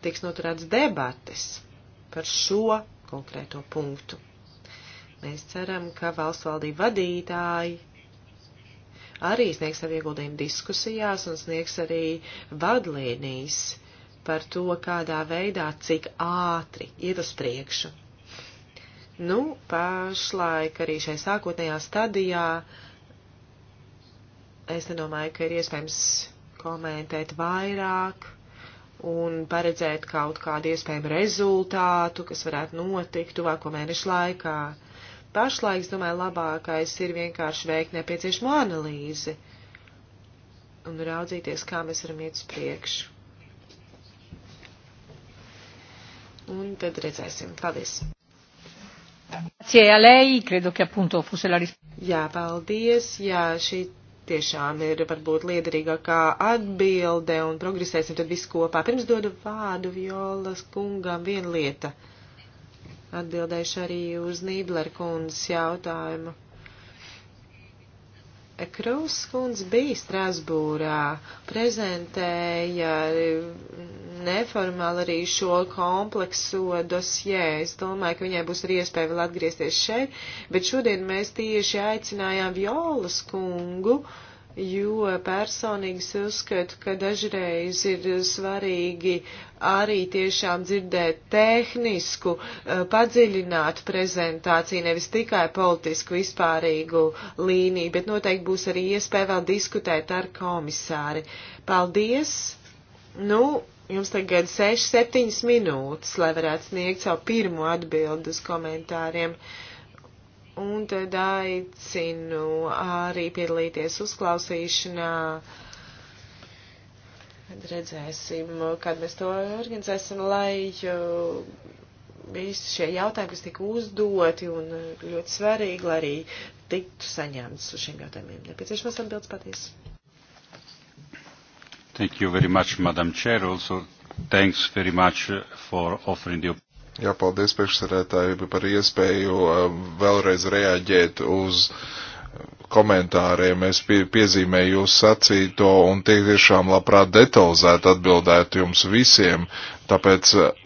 tiks noturēts debates par šo konkrēto punktu. Mēs ceram, ka valsts valdību vadītāji arī sniegs savu ieguldījumu diskusijās un sniegs arī vadlīnijas par to, kādā veidā, cik ātri iet uz priekšu. Nu, pašlaik arī šai sākotnējā stadijā es nedomāju, ka ir iespējams komentēt vairāk un paredzēt kaut kādu iespējamu rezultātu, kas varētu notikt tuvāko mēnešu laikā. Pašlaik, es domāju, labākais ir vienkārši veikt nepieciešamo analīzi un raudzīties, kā mēs varam iet uz priekšu. Un tad redzēsim. Paldies! Jā, paldies. Jā, šī tiešām ir varbūt liederīgākā atbilde un progresēsim tad visu kopā. Pirms dodu vārdu Violas kungām viena lieta. Uh, Atbildēšu arī uz Nībler kundzes jautājumu. Krūs kundze bija Strasbūrā, prezentēja neformāli arī šo kompleksu dosjē. Es domāju, ka viņai būs arī iespēja vēl atgriezties šeit, bet šodien mēs tieši aicinājām Violas kungu uh, jo personīgi uzskatu, ka dažreiz ir svarīgi arī tiešām dzirdēt tehnisku, eh, padziļinātu prezentāciju, nevis tikai politisku vispārīgu līniju, bet noteikti būs arī iespēja vēl diskutēt ar komisāri. Paldies! Nu, jums tagad 6-7 minūtes, lai varētu sniegt savu pirmo atbildu uz komentāriem. Uh, Un tad aicinu arī piedalīties uzklausīšanā. Redzēsim, kad mēs to organizēsim, lai visi šie jautājumi, kas tika uzdoti un ļoti svarīgi, lai arī tiktu saņemts uz šiem jautājumiem. Nepieciešams atbildes patīs. Thank you very much, Madam Chair. Also, thanks very much for offering the opportunity. Jā, paldies priekšsarētāji par iespēju um, vēlreiz reaģēt uz um, komentāriem. Es pie, piezīmēju jūs sacīto un tie tiešām labprāt detalizēt atbildētu jums visiem, tāpēc uh,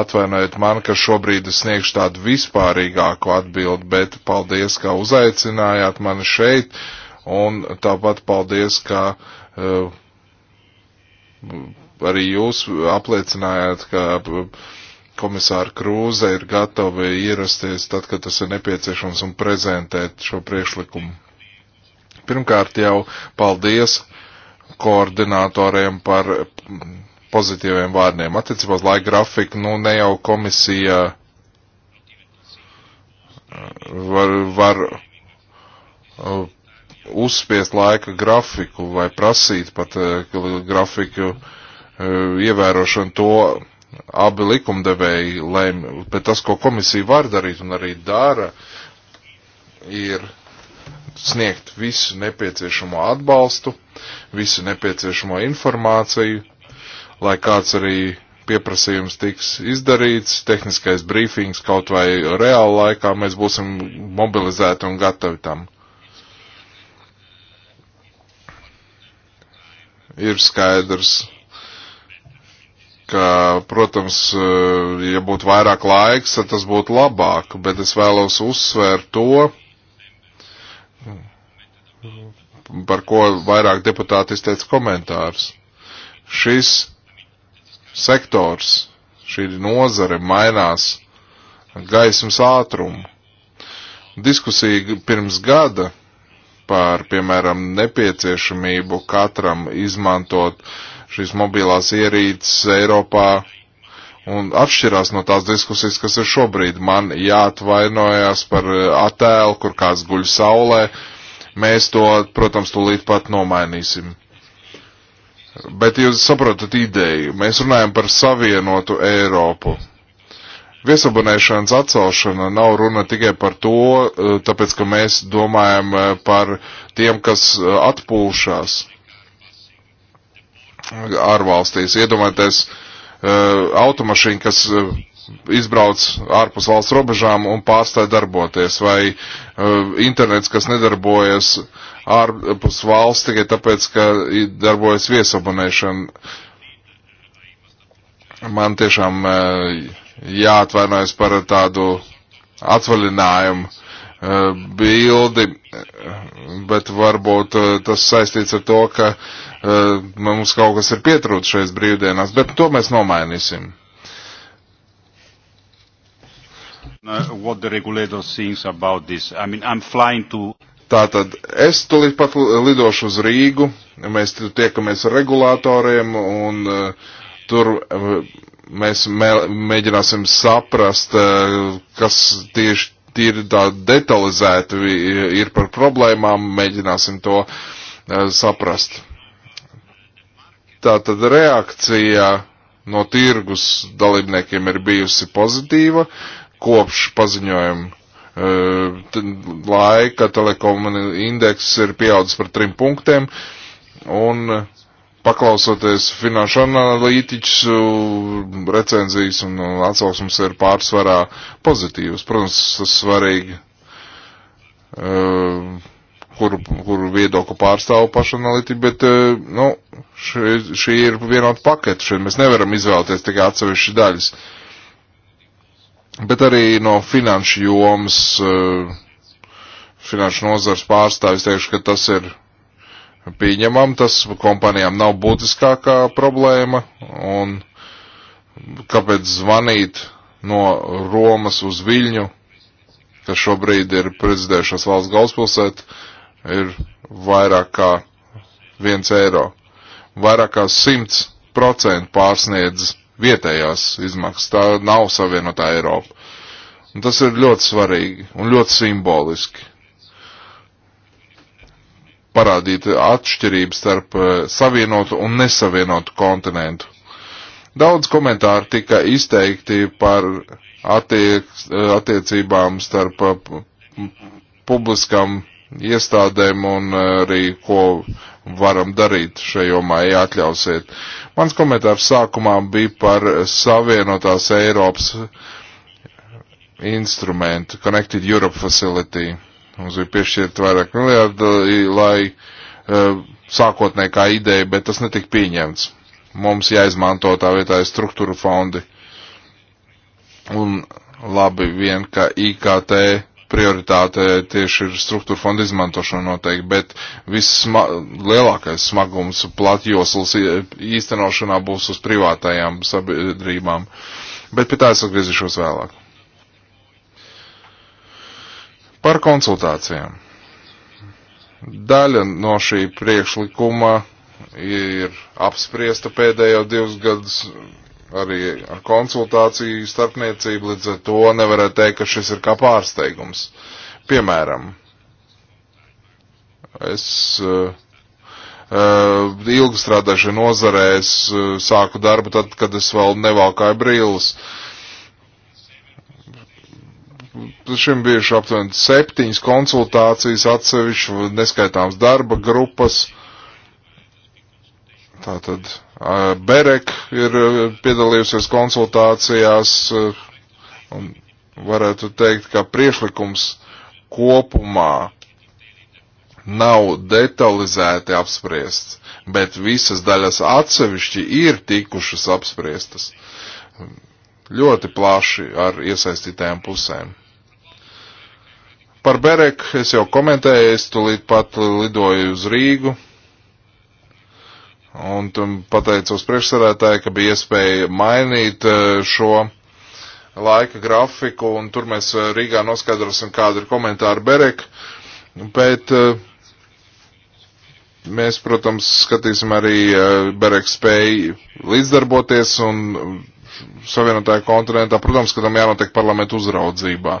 atvainojiet man, ka šobrīd es sniegšu tādu vispārīgāku atbildi, bet paldies, ka uzaicinājāt mani šeit un tāpat paldies, ka uh, arī jūs apliecinājāt, ka uh, komisāra Krūze ir gatava ierasties tad, kad tas ir nepieciešams un prezentēt šo priekšlikumu. Pirmkārt jau paldies koordinātoriem par pozitīviem vārdiem. Attiecībā uz laika grafiku, nu ne jau komisija uh, var, var uh, uzspiest laika grafiku vai prasīt pat uh, grafiku ievērošanu to abi likumdevēji lēma, bet tas, ko komisija var darīt un arī dara, ir sniegt visu nepieciešamo atbalstu, visu nepieciešamo informāciju, lai kāds arī pieprasījums tiks izdarīts, tehniskais brīfings kaut vai reāla laikā mēs būsim mobilizēti un gatavi tam. Ir skaidrs, ka, protams, eh, ja būtu vairāk laiks, tad tas būtu labāk, bet es vēlos uzsvērt to, par ko vairāk deputāti izteica komentārs. Šis sektors, šī nozare mainās gaismas ātrumu. Diskusija pirms gada par, piemēram, nepieciešamību katram izmantot uh, šīs mobilās ierīces Eiropā un atšķirās no tās diskusijas, kas ir šobrīd. Man jāatvainojās par eh, attēlu, kur kāds guļ saulē. Mēs to, protams, tūlīt pat nomainīsim. Bet jūs saprotat ideju. Mēs runājam par savienotu Eiropu. Viesabonēšanas atcelšana nav runa tikai par to, eh, tāpēc, ka mēs domājam eh, par tiem, kas atpūšās ārvalstīs. Iedomājieties uh, eh, automašīnu, kas uh, izbrauc ārpus valsts robežām un pārstāja darboties, vai uh, internets, kas nedarbojas ārpus valsts tikai tāpēc, ka darbojas viesabonēšana. Man tiešām jāatvainojas par tādu atvaļinājumu bildi, bet varbūt tas saistīts ar to, ka uh, mums kaut kas ir pietrūcis šajās brīvdienās, bet to mēs nomainīsim. Uh, I mean, to... Tātad es tulīt pat lidošu uz Rīgu, mēs tiekamies ar regulātoriem un uh, tur uh, mēs mē, mēģināsim saprast, uh, kas tieši ir tā detalizēti ir par problēmām, mēģināsim to uh, saprast. Tātad reakcija no tirgus dalībniekiem ir bijusi pozitīva kopš paziņojuma eh, laika telekom indeks ir pieaudzis par trim punktiem un paklausoties finanšu analītiķu recenzijas un atsauksmes ir pārsvarā pozitīvas. Protams, tas svarīgi uh, kuru, kuru viedokli pārstāv pašu analītiku, bet eh, nu, šī, šī ir vienota paketa. Šeit mēs nevaram izvēlēties tikai atsevišķas daļas. Bet arī no finanšu jomas, eh, finanšu nozars pārstāvis teikšu, ka tas ir pieņemam, tas kompānijām nav būtiskākā problēma, un kāpēc zvanīt no Romas uz Viļņu, kas šobrīd ir prezidējušās valsts galvaspilsēta, uh, ir vairāk kā 1 eiro. Vairāk kā 100% pārsniedz vietējās izmaksas. Tā nav savienotā Eiropa. Un tas ir ļoti svarīgi un ļoti simboliski. Parādīt atšķirību starp eh, savienotu un nesavienotu kontinentu. Daudz komentāru tika izteikti par attiec, eh, attiecībām starp eh, publiskām iestādēm un eh, arī ko varam darīt šajā jomā, ja atļausiet. Mans komentārs sākumā bija par Savienotās Eiropas instrumentu Connected Europe Facility. Mums bija piešķirt vairāk miljārdu, lai eh, sākotnē kā ideja, bet tas netika pieņemts. Mums jāizmanto tā vietā struktūra fondi. Un labi vien, ka IKT prioritāte tieši ir struktūra fonda izmantošana noteikti, bet viss sma lielākais smagums platjoslas īstenošanā būs uz privātajām sabiedrībām. Bet pie tā es atgriezīšos vēlāk. Par konsultācijām. Daļa no šī priekšlikuma ir apspriesta pēdējo divus gadus arī ar konsultāciju starpniecību, līdz ar to nevarētu teikt, ka šis ir kā pārsteigums. Piemēram, es uh, eh, uh, eh, ilgi strādājuši nozarē, es uh, sāku darbu tad, kad es vēl nevalkāju brīlis. Šim bijuši aptuveni septiņas konsultācijas atsevišķi, neskaitāms darba grupas. Tātad Berek ir piedalījusies konsultācijās un varētu teikt, ka priešlikums kopumā nav detalizēti apspriests, bet visas daļas atsevišķi ir tikušas apspriestas ļoti plaši ar iesaistītajām pusēm. Par Bereku es jau komentēju, es tulīt pat lidoju uz Rīgu un pateicos priekšsarētāji, ka bija iespēja mainīt e, šo laika grafiku, un tur mēs e, Rīgā noskaidrosim, kāda ir komentāra Berek, bet e, mēs, protams, skatīsim arī Berek spēju līdzdarboties un savienotāju kontinentā, protams, ka tam jānotiek parlamentu uzraudzībā.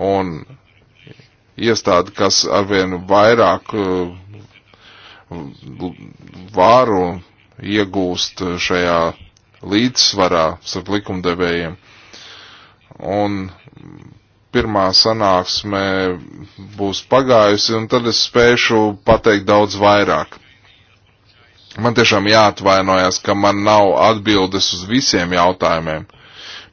Un iestādi, kas arvien vairāk uh, vāru iegūst šajā līdzsvarā starp likumdevējiem. Un pirmā sanāksme būs pagājusi, un tad es spēšu pateikt daudz vairāk. Man tiešām jāatvainojās, ka man nav atbildes uz visiem jautājumiem.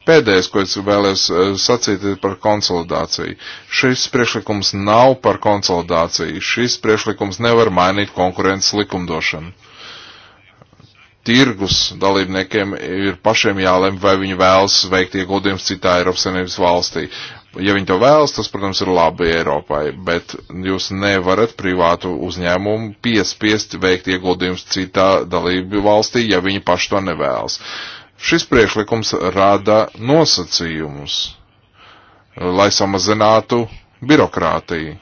Pēdējais, ko es vēlējos eh, sacīt, ir par konsolidāciju. Šis priekšlikums nav par konsolidāciju. Šis priekšlikums nevar mainīt konkurences likumdošanu. Tirgus dalībniekiem ir pašiem jālem, vai viņi vēlas veikt ieguldījumus citā Eiropas Savienības valstī. Ja viņi to vēlas, tas, protams, ir labi Eiropai, bet jūs nevarat privātu uzņēmumu piespiest veikt ieguldījumus citā dalību valstī, ja viņi paši to nevēlas. Uh, Šis priekšlikums rada nosacījumus, lai samazinātu birokrātiju.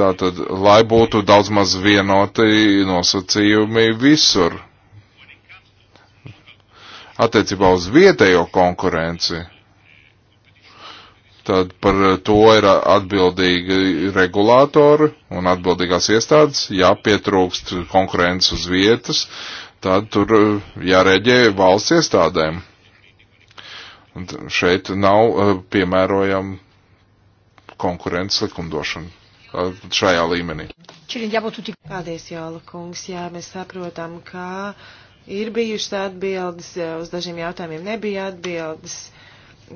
Tātad, lai būtu daudz maz vienoti nosacījumi visur. Attiecībā uz vietējo konkurenci Tad par to ir atbildīgi regulātori un atbildīgās iestādes. Ja pietrūkst konkurences uz vietas, tad tur eh, jārēģē valsts iestādēm. Un šeit nav eh, piemērojama konkurences likumdošana eh, šajā līmenī. Paldies, Jāla kungs. Jā, mēs saprotam, ka ir bijušas atbildes, uz dažiem jautājumiem nebija atbildes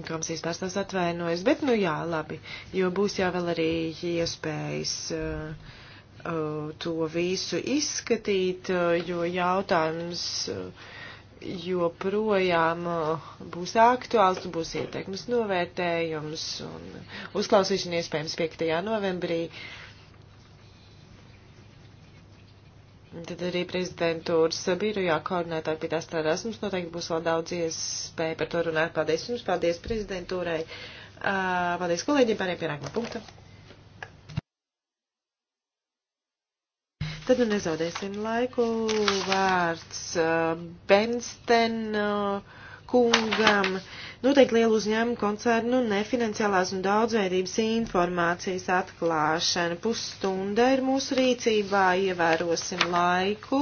komisijas pārstāvs atvainojas, bet nu jā, labi, jo būs jau vēl arī iespējas uh, uh, to visu izskatīt, uh, jo jautājums uh, joprojām uh, būs aktuāls, būs ieteikums novērtējums un uzklausīšana iespējams 5. novembrī. Uh, Tad arī prezidentūras birojā koordinētāji pie tā strādās. Mums noteikti būs vēl daudz iespēju par to runāt. Paldies jums, paldies prezidentūrai, paldies kolēģiem, pārējiem pie nākamā punkta. Tad nu nezaudēsim laiku. Vārds Bensten kungam noteikti lielu uzņēmumu koncernu nefinanciālās un daudzveidības informācijas atklāšana. Pusstunda ir mūsu rīcībā, ievērosim laiku.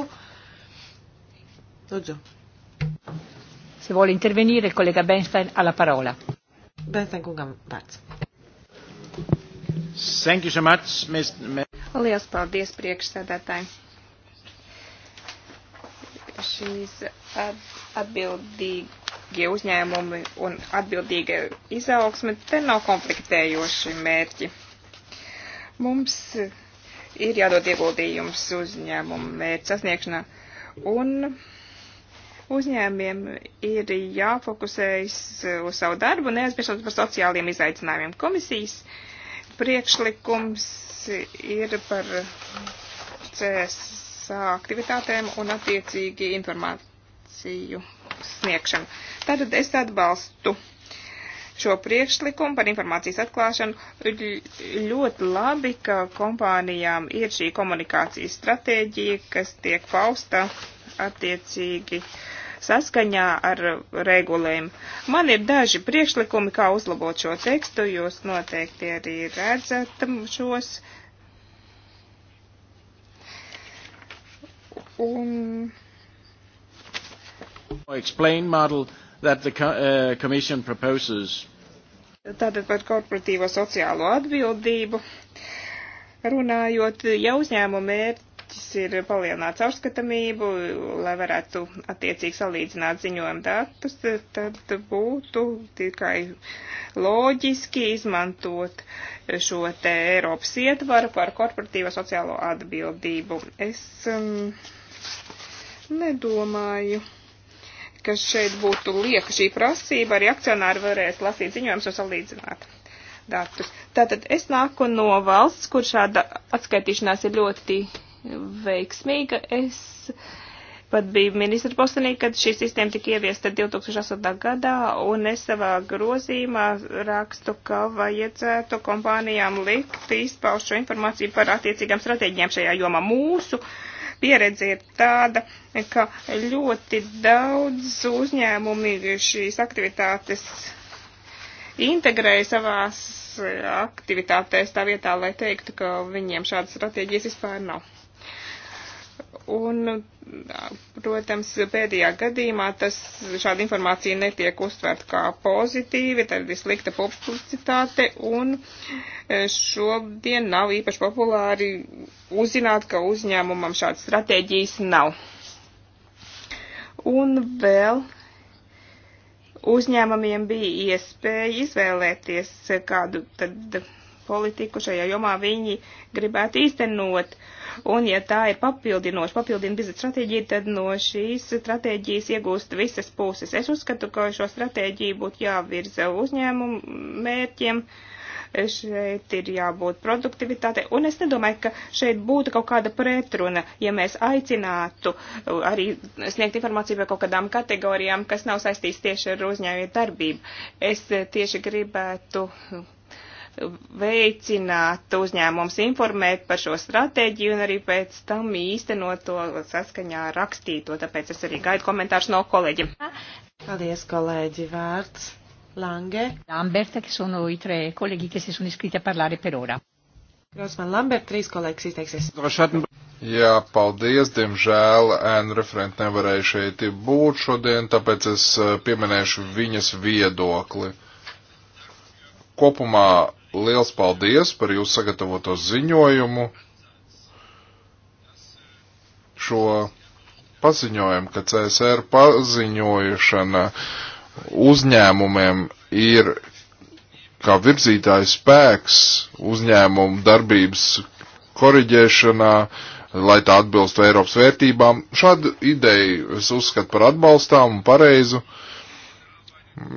Lūdzu. Se vuole intervenire il collega Benstein ha la parola. Benstein kungam vārds. Thank you so much, Ms. Lielas paldies priekšsēdētāji. Šīs atbildīgi strateģiskie uzņēmumi un atbildīga izaugsme, te nav konfliktējoši mērķi. Mums ir jādod ieguldījums uzņēmumu mērķu sasniegšanā, un uzņēmiem ir jāfokusējas uz savu darbu, neaizmirstot par sociāliem izaicinājumiem. Komisijas priekšlikums ir par CS aktivitātēm un attiecīgi informāciju sniegšanu. Tātad es atbalstu šo priekšlikumu par informācijas atklāšanu. Ļoti labi, ka kompānijām ir šī komunikācijas stratēģija, kas tiek pausta attiecīgi saskaņā ar regulējumu. Man ir daži priekšlikumi, kā uzlabot šo tekstu, jūs noteikti arī redzat šos. Un Explain model that the uh, Commission proposes. Tātad par korporatīvo sociālo atbildību. Runājot, ja uzņēmuma mērķis ir palielināt caurskatamību, lai varētu attiecīgi salīdzināt ziņojumu datus, tad būtu tikai loģiski izmantot šo te Eiropas ietvaru par korporatīvo sociālo atbildību. Es um, nedomāju ka šeit būtu lieka šī prasība, arī akcionāri varēs lasīt ziņojumus un salīdzināt datus. Tātad es nāku no valsts, kur šāda atskaitīšanās ir ļoti veiksmīga. Es pat biju ministra postenī, kad šī sistēma tika ieviesta 2008. gadā, un es savā grozīmā rakstu, ka vajadzētu kompānijām likt izpaušu informāciju par attiecīgām stratēģijām šajā jomā mūsu. Uh, pieredze ir tāda, ka ļoti daudz uzņēmumi šīs aktivitātes integrēja savās aktivitātēs tā vietā, lai teiktu, ka viņiem šādas stratēģijas vispār nav. Un, protams, pēdējā gadījumā tas, šāda informācija netiek uztverta kā pozitīvi, tad ir slikta publicitāte, un e, šodien nav īpaši populāri uzzināt, ka uzņēmumam šādas stratēģijas nav. Un vēl uzņēmumiem bija iespēja izvēlēties e, kādu tad politiku šajā jomā viņi gribētu īstenot. Un ja tā ir papildinoša, papildina biznesa stratēģija, tad no šīs stratēģijas iegūst visas puses. Es uzskatu, ka šo stratēģiju būtu jāvirza uzņēmumu mērķiem. Šeit ir jābūt produktivitātei, un es nedomāju, ka šeit būtu kaut kāda pretruna, ja mēs aicinātu arī sniegt informāciju par kaut kādām kategorijām, kas nav saistīts tieši ar uzņēmēju darbību. Es tieši gribētu veicināt uzņēmums informēt par šo stratēģiju un arī pēc tam īstenot to saskaņā rakstīto, tāpēc es arī gaidu komentārus no kolēģiem. Paldies, kolēģi, vārds. Lange. Lambert, che sono i tre colleghi che si sono iscritti a parlare per ora. Grossman Lambert, trīs kolēģis izteiksies. Jā, paldies. Diemžēl Anne referent nevarēja šeit būt šodien, tāpēc es eh, pieminēšu viņas viedokli. Kopumā Liels paldies par jūsu sagatavoto ziņojumu. Šo paziņojumu, ka CSR paziņojušana uzņēmumiem ir kā virzītājs spēks uzņēmumu darbības koriģēšanā, lai tā atbilstu Eiropas vērtībām. Šādu ideju es uzskatu par atbalstām un pareizu.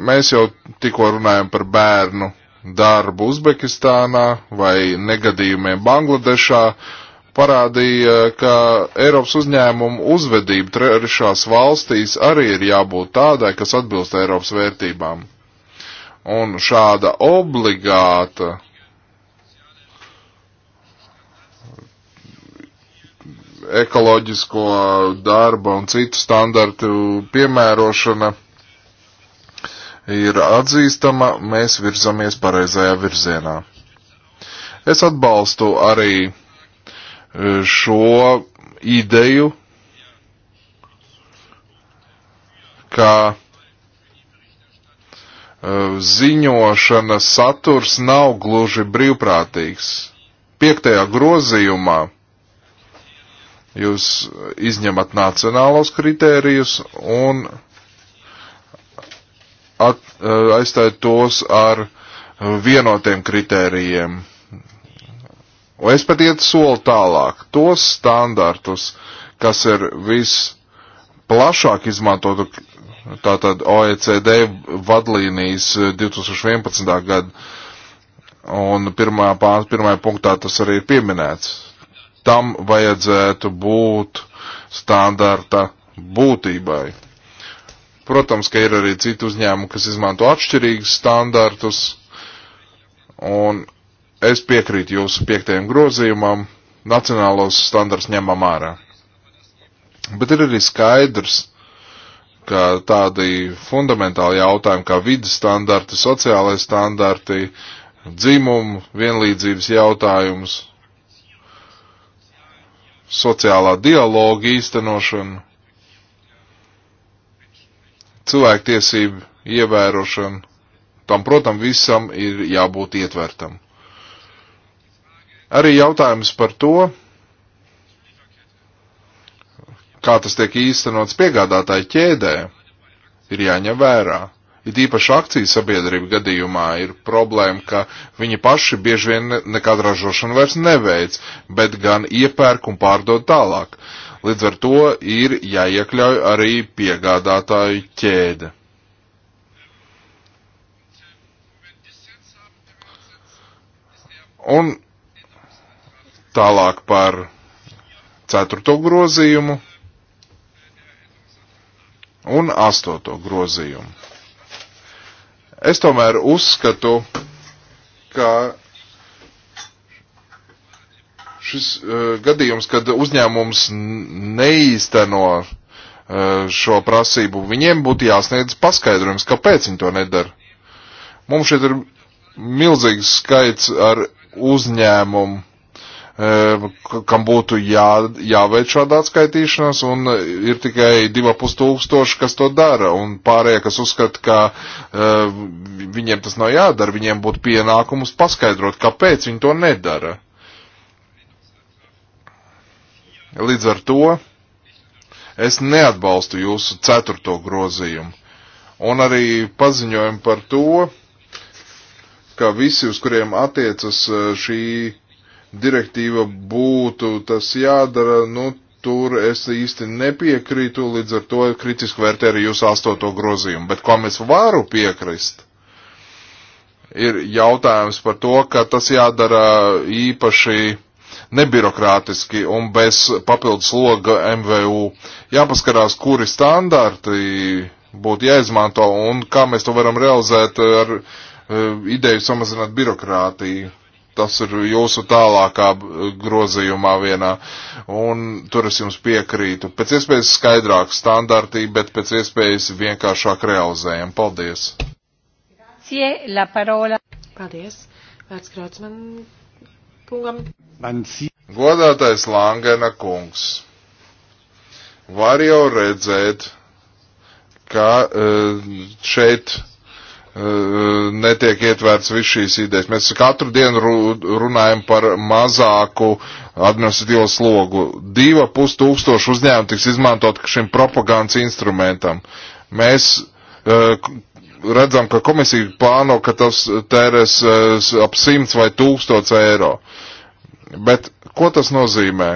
Mēs jau tikko runājam par bērnu darbu Uzbekistānā vai negadījumiem Bangladešā parādīja, ka Eiropas uzņēmumu uzvedība trešās valstīs arī ir jābūt tādai, kas atbilst Eiropas vērtībām. Un šāda obligāta ekoloģisko darba un citu standartu piemērošana ir atzīstama, mēs virzamies pareizajā virzienā. Es atbalstu arī e, šo ideju, ka e, ziņošana saturs nav gluži brīvprātīgs. Piektajā grozījumā jūs izņemat nacionālos kritērijus un at, eh, aizstāt tos ar eh, vienotiem kritērijiem. Un es pat iet soli tālāk. Tos standartus, kas ir visplašāk izmantotu, tātad OECD vadlīnijas 2011. Eh, gada, un pirmā, pāns, pirmajā punktā tas arī ir pieminēts. Tam vajadzētu būt standarta būtībai. Protams, ka ir arī citu uzņēmumu, kas izmanto atšķirīgus standartus, un es piekrītu jūsu piektajam grozījumam, nacionālos standarts ņemam ārā. Bet ir arī skaidrs, ka tādi fundamentāli jautājumi kā vidas standarti, sociālai standarti, dzimumu, vienlīdzības jautājums, sociālā dialoga īstenošana, cilvēktiesību ievērošana, tam, protams, visam ir jābūt ietvertam. Arī jautājums par to, kā tas tiek īstenots piegādātāju ķēdē, ir jāņem vērā it īpaši akciju sabiedrību gadījumā ir problēma, ka viņi paši bieži vien nekādu ražošanu vairs neveic, bet gan iepērk un pārdod tālāk. Līdz ar to ir jāiekļauj arī piegādātāju ķēde. Un tālāk par ceturto grozījumu un astoto grozījumu. Es tomēr uzskatu, ka šis uh, gadījums, kad uzņēmums neīsteno uh, šo prasību, viņiem būtu jāsniedz paskaidrojums, kāpēc viņi to nedara. Mums šeit ir milzīgs skaits ar uzņēmumu Ehm, kam būtu jā, jāveic šāda atskaitīšanās, un eh, ir tikai 2,5 tūkstoši, kas to dara, un pārējie, kas uzskata, ka uh, viņiem tas nav jādara, viņiem būtu pienākums paskaidrot, kāpēc viņi to nedara. Līdz ar to es neatbalstu jūsu ceturto grozījumu, un arī paziņojumu par to, ka visi, uz kuriem attiecas eh, šī direktīva būtu tas jādara, nu, tur es īsti nepiekrītu, līdz ar to kritiski vērtē arī jūsu astoto grozījumu. Bet ko mēs varu piekrist? Ir jautājums par to, ka tas jādara īpaši nebirokrātiski un bez papildus loga MVU. Jāpaskarās, kuri standarti būtu jāizmanto un kā mēs to varam realizēt ar uh, ideju samazināt birokrātiju tas ir jūsu tālākā grozījumā vienā, un tur es jums piekrītu. Pēc iespējas skaidrāk standartī, bet pēc iespējas vienkāršāk realizējam. Paldies! Paldies! Vērts krauts man kungam. Godātais Langena kungs, var jau redzēt, ka eh, šeit. Uh, netiek ietverts viss šīs idejas. Mēs katru dienu runājam par mazāku administratīvo slogu. Diva pus tūkstoši uzņēmumu tiks izmantot šim propagandas instrumentam. Mēs redzam, ka komisija plāno, ka tas tērēs ap simts vai tūkstots eiro. Bet ko tas nozīmē?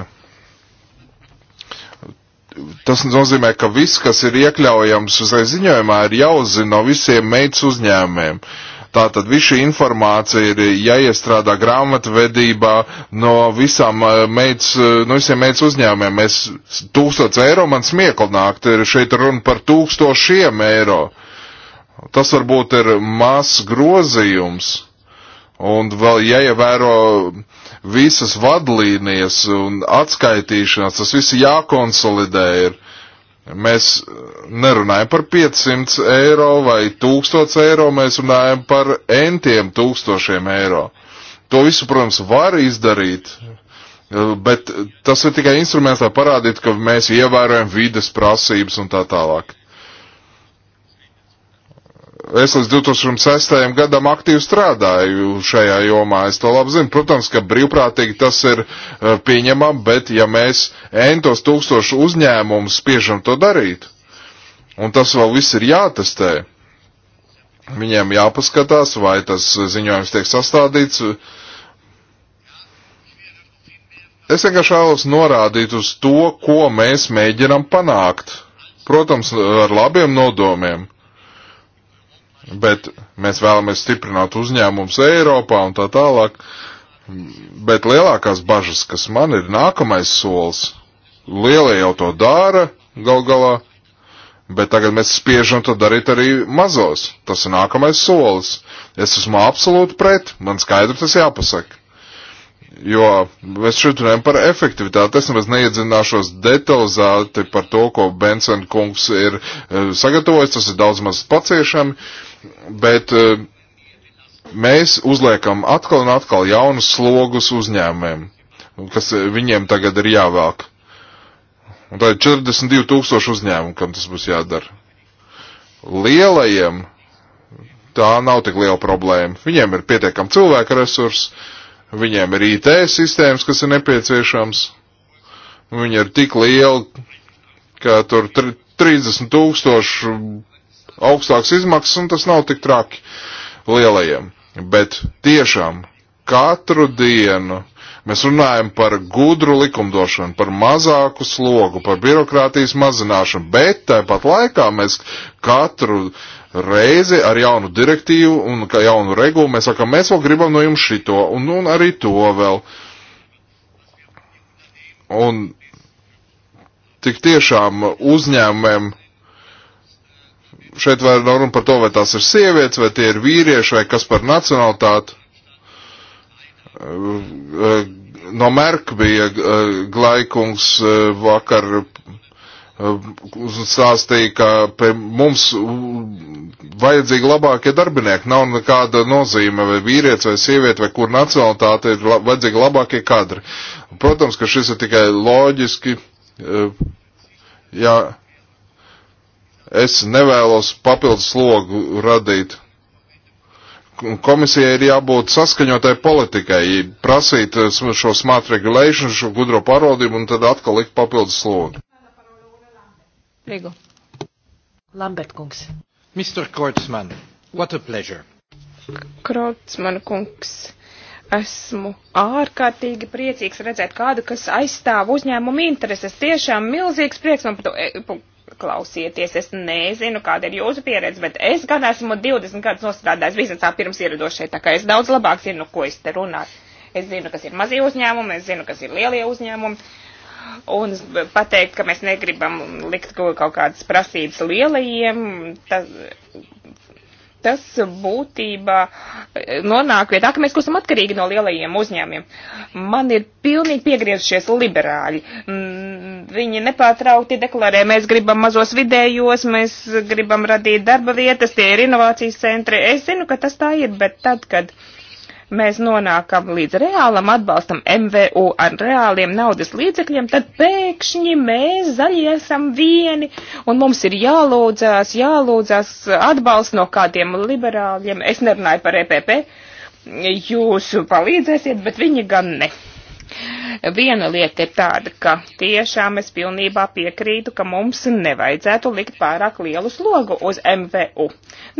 tas nozīmē, ka viss, kas ir iekļaujams šai ziņojumā, ir jāuzzina no visiem meitas uzņēmumiem. Tātad visu informācija ir jāiestrādā grāmatvedībā no visām eh, meitas, eh, no visiem meitas uzņēmumiem. Mēs tūkstots eiro man smieklnāk, ir šeit runa par tūkstošiem eiro. Tas varbūt ir mazs grozījums. Un vēl jāievēro. Ja visas vadlīnijas un atskaitīšanās, tas viss jākonsolidē ir. Mēs nerunājam par 500 eiro vai 1000 eiro, mēs runājam par entiem tūkstošiem eiro. To visu, protams, var izdarīt, bet tas ir tikai instruments, lai parādītu, ka mēs ievērojam vides prasības un tā tālāk es līdz 2006. gadam aktīvi strādāju šajā jomā, es to labi zinu. Protams, ka brīvprātīgi tas ir eh, pieņemam, bet ja mēs entos tūkstošu uzņēmumus spiežam to darīt, un tas vēl viss ir jātestē, viņiem jāpaskatās, vai tas ziņojums tiek sastādīts. Es vienkārši vēlos norādīt uz to, ko mēs mēģinam panākt. Protams, ar labiem nodomiem bet mēs vēlamies stiprināt uzņēmumus Eiropā un tā tālāk. Bet lielākās bažas, kas man ir nākamais solis, lielie jau to dara gal galā, bet tagad mēs spiežam to darīt arī mazos. Tas ir nākamais solis. Es esmu absolūti pret, man skaidri tas jāpasaka. Jo mēs šeit runājam par efektivitāti. Es nemaz neiedzināšos detalizēti par to, ko Benson kungs ir eh, sagatavojis. Tas ir daudz maz paciešami. Uh, bet eh, mēs uzliekam atkal un atkal jaunus slogus uzņēmēm, kas eh, viņiem tagad ir jāvāk. Un tā ir 42 tūkstoši uzņēmumu, kam tas būs jādara. Lielajiem tā nav tik liela problēma. Viņiem ir pietiekami cilvēku resursi, viņiem ir IT sistēmas, kas ir nepieciešams. Viņi ir tik lieli, ka tur 30 tūkstoši augstāks izmaksas un tas nav tik traki lielajiem. Bet tiešām katru dienu mēs runājam par gudru likumdošanu, par mazāku slogu, par birokrātijas mazināšanu, bet tāpat laikā mēs katru reizi ar jaunu direktīvu un jaunu regulu mēs sakam, mēs vēl gribam no jums šito un, un arī to vēl. Un tik tiešām uzņēmumiem šeit vēl nav runa par to, vai tās ir sievietes, vai tie ir vīrieši, vai kas par nacionalitāti. Eh, no Merka bija eh, Glaikungs eh, vakar stāstīja, ka pie mums vajadzīgi labākie darbinieki. Nav nekāda nozīme, vai vīrietis, vai sieviete, vai kur nacionalitāte ir vajadzīgi labākie kadri. Protams, ka šis ir tikai loģiski. Jā, Es nevēlos papildus slogu radīt. Komisijai ir jābūt saskaņotai politikai, prasīt eh, šo smart regulation, šo gudro pārvaldību un tad atkal likt papildus slogu. Rigo. Lambert kungs. Mr. Kortsman, what a pleasure. Kortsman kungs esmu ārkārtīgi priecīgs redzēt kādu, kas aizstāv uzņēmumu intereses. Tiešām milzīgs prieks man par to, e, klausieties, es nezinu, kāda ir jūsu pieredze, bet es gan esmu 20 gadus nostrādājis biznesā pirms ieradošai, tā kā es daudz labāk zinu, ko es te runāju. Es zinu, kas ir mazie uzņēmumi, es zinu, kas ir lielie uzņēmumi. Un pateikt, ka mēs negribam likt kaut kādas prasības lielajiem, tas, tas būtībā eh, nonāk pie tā, ka mēs kļūstam atkarīgi no lielajiem uzņēmiem. Man ir pilnīgi piegriezušies liberāļi. Mm, viņi nepārtraukti deklarē, mēs gribam mazos vidējos, mēs gribam radīt darba vietas, tie ir inovācijas centri. Es zinu, ka tas tā ir, bet tad, kad. Uh, mēs nonākam līdz reālam atbalstam MVU ar reāliem naudas līdzekļiem, tad pēkšņi mēs zaļie esam vieni un mums ir jālūdzās, jālūdzās atbalsts no kādiem liberāļiem. Es nerunāju par EPP, jūs palīdzēsiet, bet viņi gan ne. Viena lieta ir tāda, ka tiešām es pilnībā piekrītu, ka mums nevajadzētu likt pārāk lielu slogu uz MVU.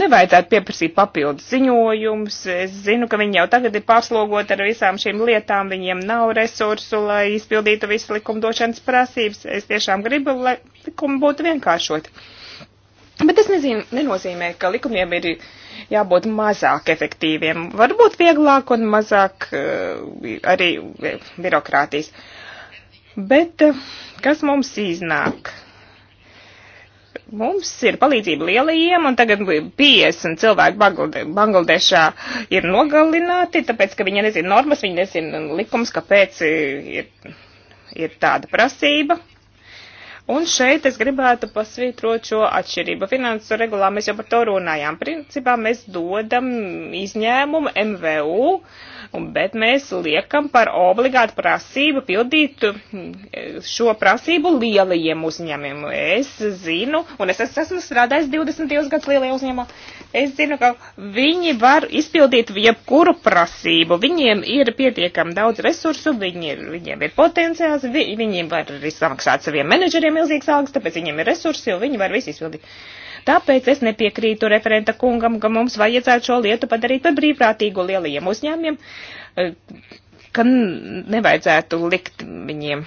Nevajadzētu pieprasīt papildus ziņojumus. Es zinu, ka viņi jau tagad ir pārslogoti ar visām šīm lietām, viņiem nav resursu, lai izpildītu visu likumdošanas prasības. Es tiešām gribu, lai likumi būtu vienkāršoti. Bet tas nezinu, nenozīmē, ka likumiem ir jābūt mazāk efektīviem. Varbūt vieglāk un mazāk eh, arī birokrātijas. Bet eh, kas mums iznāk? Mums ir palīdzība lielajiem, un tagad 50 cilvēki Bangladešā ir nogalināti, tāpēc, ka viņi nezina normas, viņi nezina likums, kāpēc eh, ir, ir tāda prasība. Un šeit es gribētu pasvītrot šo atšķirību. Finansu regulā mēs jau par to runājām. Principā mēs dodam izņēmumu MVU. Uh, bet mēs liekam par obligātu prasību pildīt mm, šo prasību lielajiem uzņēmumiem. Es zinu, un es esmu strādājis 20. gads lielajā uzņēmumā, es zinu, ka viņi var izpildīt jebkuru prasību. Viņiem ir pietiekami daudz resursu, viņi ir, viņiem ir potenciāls, vi, viņiem var arī samaksāt saviem menedžeriem milzīgas algas, tāpēc viņiem ir resursi, jo viņi var visu izpildīt. Tāpēc es nepiekrītu referenta kungam, ka mums vajadzētu šo lietu padarīt par brīvprātīgu lielajiem uzņēmiem, eh, ka nevajadzētu likt viņiem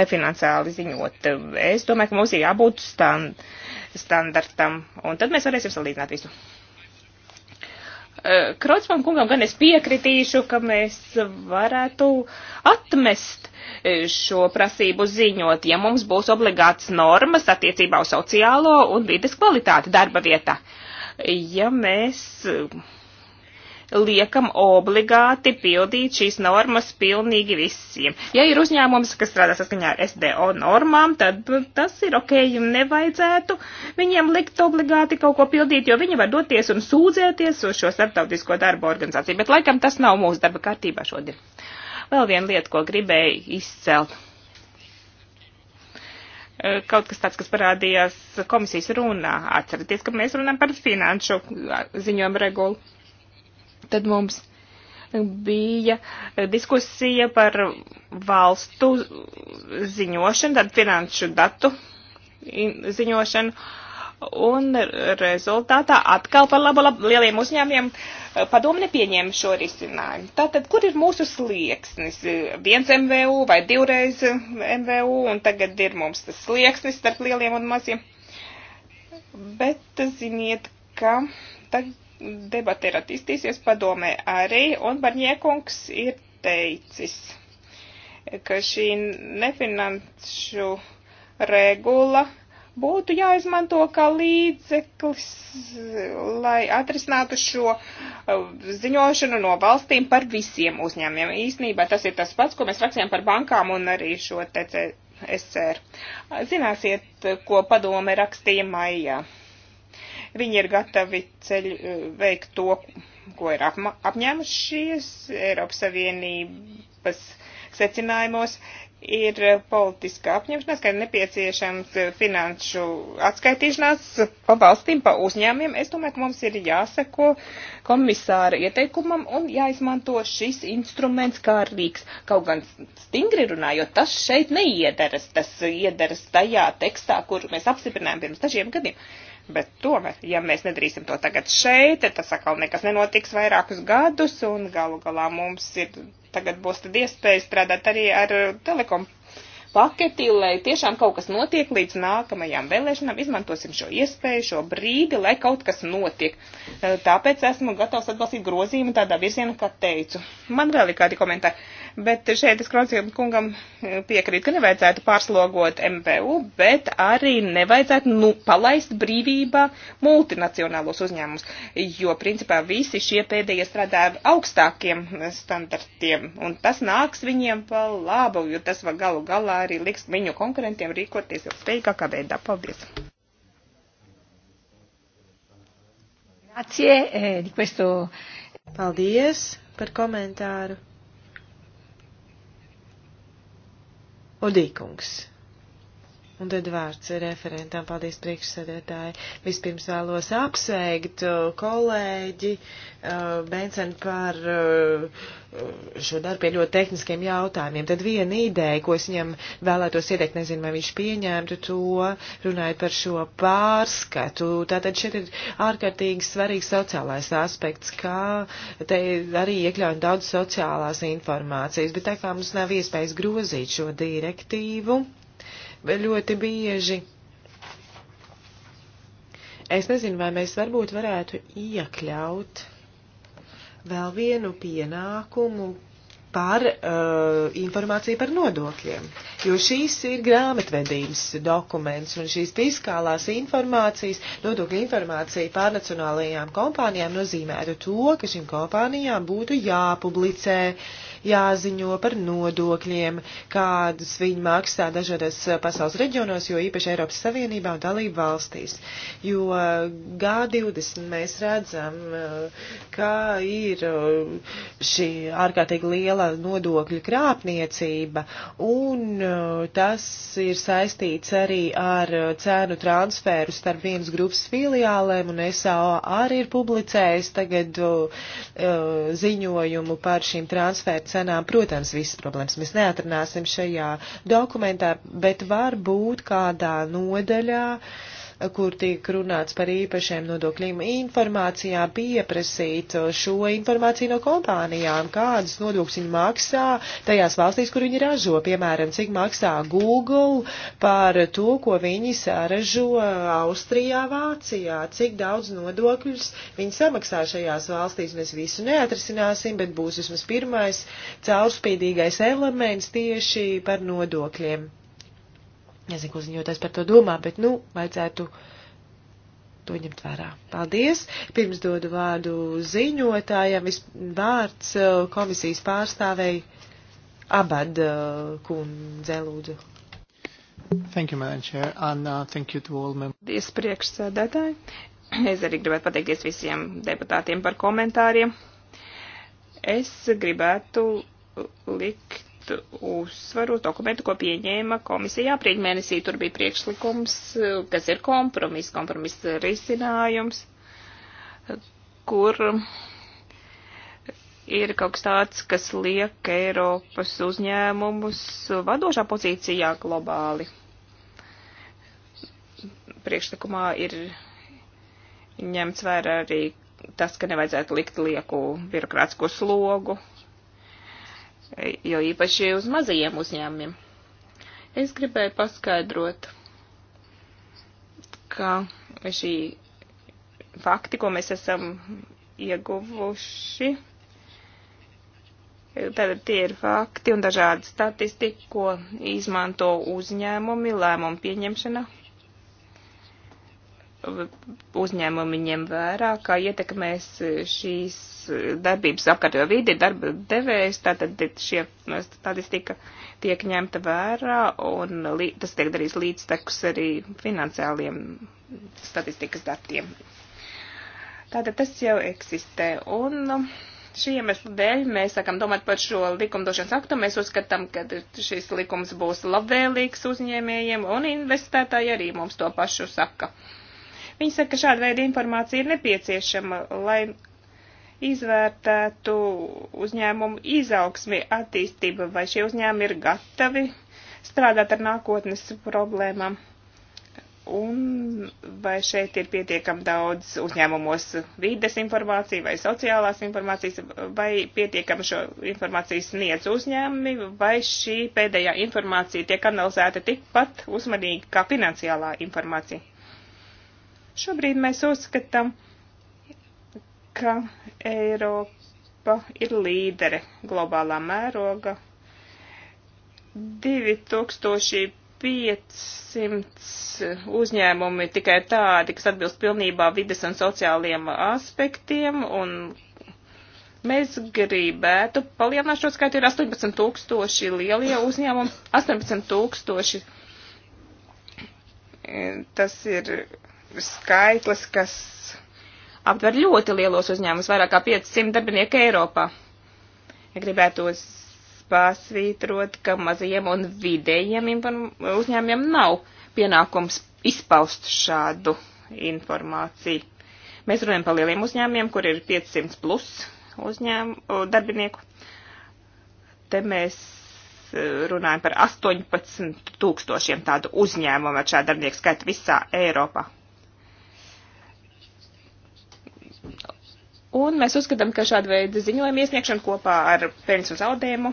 nefinanciāli ziņot. Es domāju, ka mums ir jābūt stand, standartam, un tad mēs varēsim salīdzināt visu. Eh, Krocman kungam gan es piekritīšu, ka mēs varētu atmest eh, šo prasību ziņot, ja mums būs obligāts normas attiecībā uz sociālo un vides kvalitāti darba vietā. Ja mēs liekam obligāti pildīt šīs normas pilnīgi visiem. Ja ir uzņēmums, kas strādā saskaņā ar SDO normām, tad tas ir ok, jums nevajadzētu viņiem likt obligāti kaut ko pildīt, jo viņi var doties un sūdzēties uz šo starptautisko darba organizāciju, bet laikam tas nav mūsu darba kārtībā šodien. Vēl viena lieta, ko gribēju izcelt e, kaut kas tāds, kas parādījās komisijas runā. Atcerieties, ka mēs runājam par finanšu ziņojumu regulu. Tad mums bija diskusija par valstu ziņošanu, tad finanšu datu ziņošanu. Un rezultātā atkal par labu lab, lieliem uzņēmiem eh, padomu nepieņēma šo risinājumu. Tātad, kur ir mūsu slieksnis? Viens MVU vai divreiz MVU, un tagad ir mums tas slieksnis starp lieliem un maziem. Bet ziniet, ka tagad debata ir attīstīsies padomē arī, un Barņiekungs ir teicis, ka šī nefinanšu regula būtu jāizmanto kā līdzeklis, lai atrisinātu šo uh, ziņošanu no valstīm par visiem uzņēmiem. Īsnībā tas ir tas pats, ko mēs rakstījām par bankām un arī šo TCSR. Zināsiet, ko padome rakstīja maijā. Ja Viņi ir gatavi ceļu, eh, veikt to, ko ir apma, apņēmušies Eiropas Savienības secinājumos. Ir politiska apņemšanās, ka ir nepieciešams finanšu atskaitīšanās pa valstīm, pa uzņēmiem. Es domāju, ka mums ir jāseko komisāra ieteikumam un jāizmanto šis instruments kā rīks. Kaut gan stingri runājot, tas šeit neiedaras. Tas iedaras tajā tekstā, kur mēs apstiprinājām pirms dažiem gadiem. Uh, Bet tomēr, ja mēs nedarīsim to tagad šeit, tad tas atkal nekas nenotiks vairākus gadus, un galu galā mums ir tagad būs tad iespēja strādāt arī ar telekom paketi, lai tiešām kaut kas notiek līdz nākamajām vēlēšanām. Izmantosim šo iespēju, šo brīdi, lai kaut kas notiek. Tāpēc esmu gatavs atbalstīt grozījumu tādā virzienā, kā teicu. Man vēl ir kādi komentāri. Bet šeit es Kronciem kungam e, piekrītu, ka nevajadzētu pārslogot MVU, bet arī nevajadzētu nu, palaist brīvībā multinacionālos uzņēmumus, jo principā visi šie pēdējie strādā ar augstākiem standartiem, un tas nāks viņiem pa labu, jo tas var galu galā arī liks viņu konkurentiem rīkoties ilgspējīgākā veidā. Paldies! Grazie, eh, di questo... Paldies par komentāru. Odīkungs. Un tad vārds referentam. Paldies, priekšsēdētāji. Vispirms vēlos apsveikt uh, kolēģi uh, Bensen par uh, šo darbu pie ļoti tehniskiem jautājumiem. Tad viena ideja, ko es viņam vēlētos ieteikt, nezinu, vai viņš pieņēmtu to, runājot par šo pārskatu. Tātad šeit ir ārkārtīgi svarīgs sociālais aspekts, kā te arī iekļaujam daudz sociālās informācijas, bet tā kā mums nav iespējas grozīt šo direktīvu Vai ļoti bieži. Es nezinu, vai mēs varbūt varētu iekļaut vēl vienu pienākumu par uh, informāciju par nodokļiem, jo šīs ir grāmatvedības dokuments un šīs fiskālās informācijas, nodokļu informācija pārnacionālajām kompānijām nozīmētu to, ka šīm kompānijām būtu jāpublicē uh, jāziņo par nodokļiem, kādus viņi maksā dažādos eh, pasaules reģionos, jo īpaši Eiropas Savienībā un dalību valstīs. Jo G20 mēs redzam, eh, ka ir eh, šī ārkārtīgi liela nodokļu krāpniecība, un tas ir saistīts arī ar cēnu transferu starp vienas grupas filiālēm, un SAO arī ir publicējis tagad uh, ziņojumu par šīm transferu cenām. Protams, visas problēmas mēs neatrunāsim šajā dokumentā, bet varbūt kādā nodaļā uh, kur tiek runāts par īpašiem nodokļiem informācijā, pieprasīt šo informāciju no kompānijām, kādas nodokļus viņi maksā tajās valstīs, kur viņi ražo, piemēram, cik maksā Google par to, ko viņi saražo Austrijā, Vācijā, cik daudz nodokļus viņi samaksā šajās valstīs. Mēs visu neatrisināsim, bet būs vismaz pirmais caurspīdīgais elements tieši par nodokļiem. Nezinu, ko ziņotājs par to domā, bet, nu, vajadzētu to ņemt vērā. Paldies! Pirms dodu vārdu ziņotājam, vārds uh, komisijas pārstāvēji Abad uh, kundze lūdzu. Thank you, Madam Chair, and uh, thank you to all members. Paldies, priekšsēdētāji. Es arī gribētu pateikties visiem deputātiem par komentāriem. Es gribētu likt likt uzsvaru uz dokumentu, ko pieņēma komisija aprīļ mēnesī. Tur bija priekšlikums, kas ir kompromiss, kompromiss risinājums, kur ir kaut kas tāds, kas liek Eiropas uzņēmumus vadošā pozīcijā globāli. Priekšlikumā ir ņemts vērā arī tas, ka nevajadzētu likt lieku birokrātsko slogu jo īpaši uz mazajiem uzņēmumiem. Es gribēju paskaidrot, ka šī fakti, ko mēs esam ieguvuši, Tātad tie ir fakti un dažādi statistika, ko izmanto uzņēmumi lēmumu pieņemšanā uzņēmumi ņem vērā, kā ietekmēs šīs darbības apkārtējo vidi, darba devējs, tātad šie nu, statistika tiek ņemta vērā un tas tiek darīts līdztekus arī finansiāliem statistikas datiem. Tātad tas jau eksistē un nu, šī iemesla dēļ mēs sākam domāt par šo likumdošanas aktu. Mēs uzskatām, ka šis likums būs labvēlīgs uzņēmējiem un investētāji arī mums to pašu saka. Uh, Viņi saka, ka šāda veida informācija ir nepieciešama, lai izvērtētu uzņēmumu izaugsmi, attīstību, vai šie uzņēmumi ir gatavi strādāt ar nākotnes problēmām. Un vai šeit ir pietiekam daudz uzņēmumos vides informācija vai sociālās informācijas, vai pietiekam šo informāciju sniedz uzņēmumi, vai šī pēdējā informācija tiek analizēta tikpat uzmanīgi kā finansiālā informācija? Šobrīd mēs uzskatām, ka Eiropa ir līdere globālā mēroga. 2500 uzņēmumi tikai tādi, kas atbilst pilnībā vides un sociāliem aspektiem, un mēs gribētu palielināt šo skaitu, ir 18 tūkstoši lielie uzņēmumi, 18 tūkstoši. Tas ir skaitlis, kas aptver ļoti lielos uzņēmumus, vairāk kā 500 darbinieku Eiropā. Ja gribētos pasvītrot, ka mazajiem un vidējiem uzņēmumiem nav pienākums izpaust šādu informāciju. Mēs runājam par lieliem uzņēmumiem, kur ir 500 plus uzņēm, darbinieku. Te mēs eh, runājam par 18 tūkstošiem tādu uzņēmumu ar šādu darbinieku skaitu visā Eiropā. Un mēs uzskatām, ka šāda veida ziņojuma iesniegšana kopā ar peļņas un zaudējumu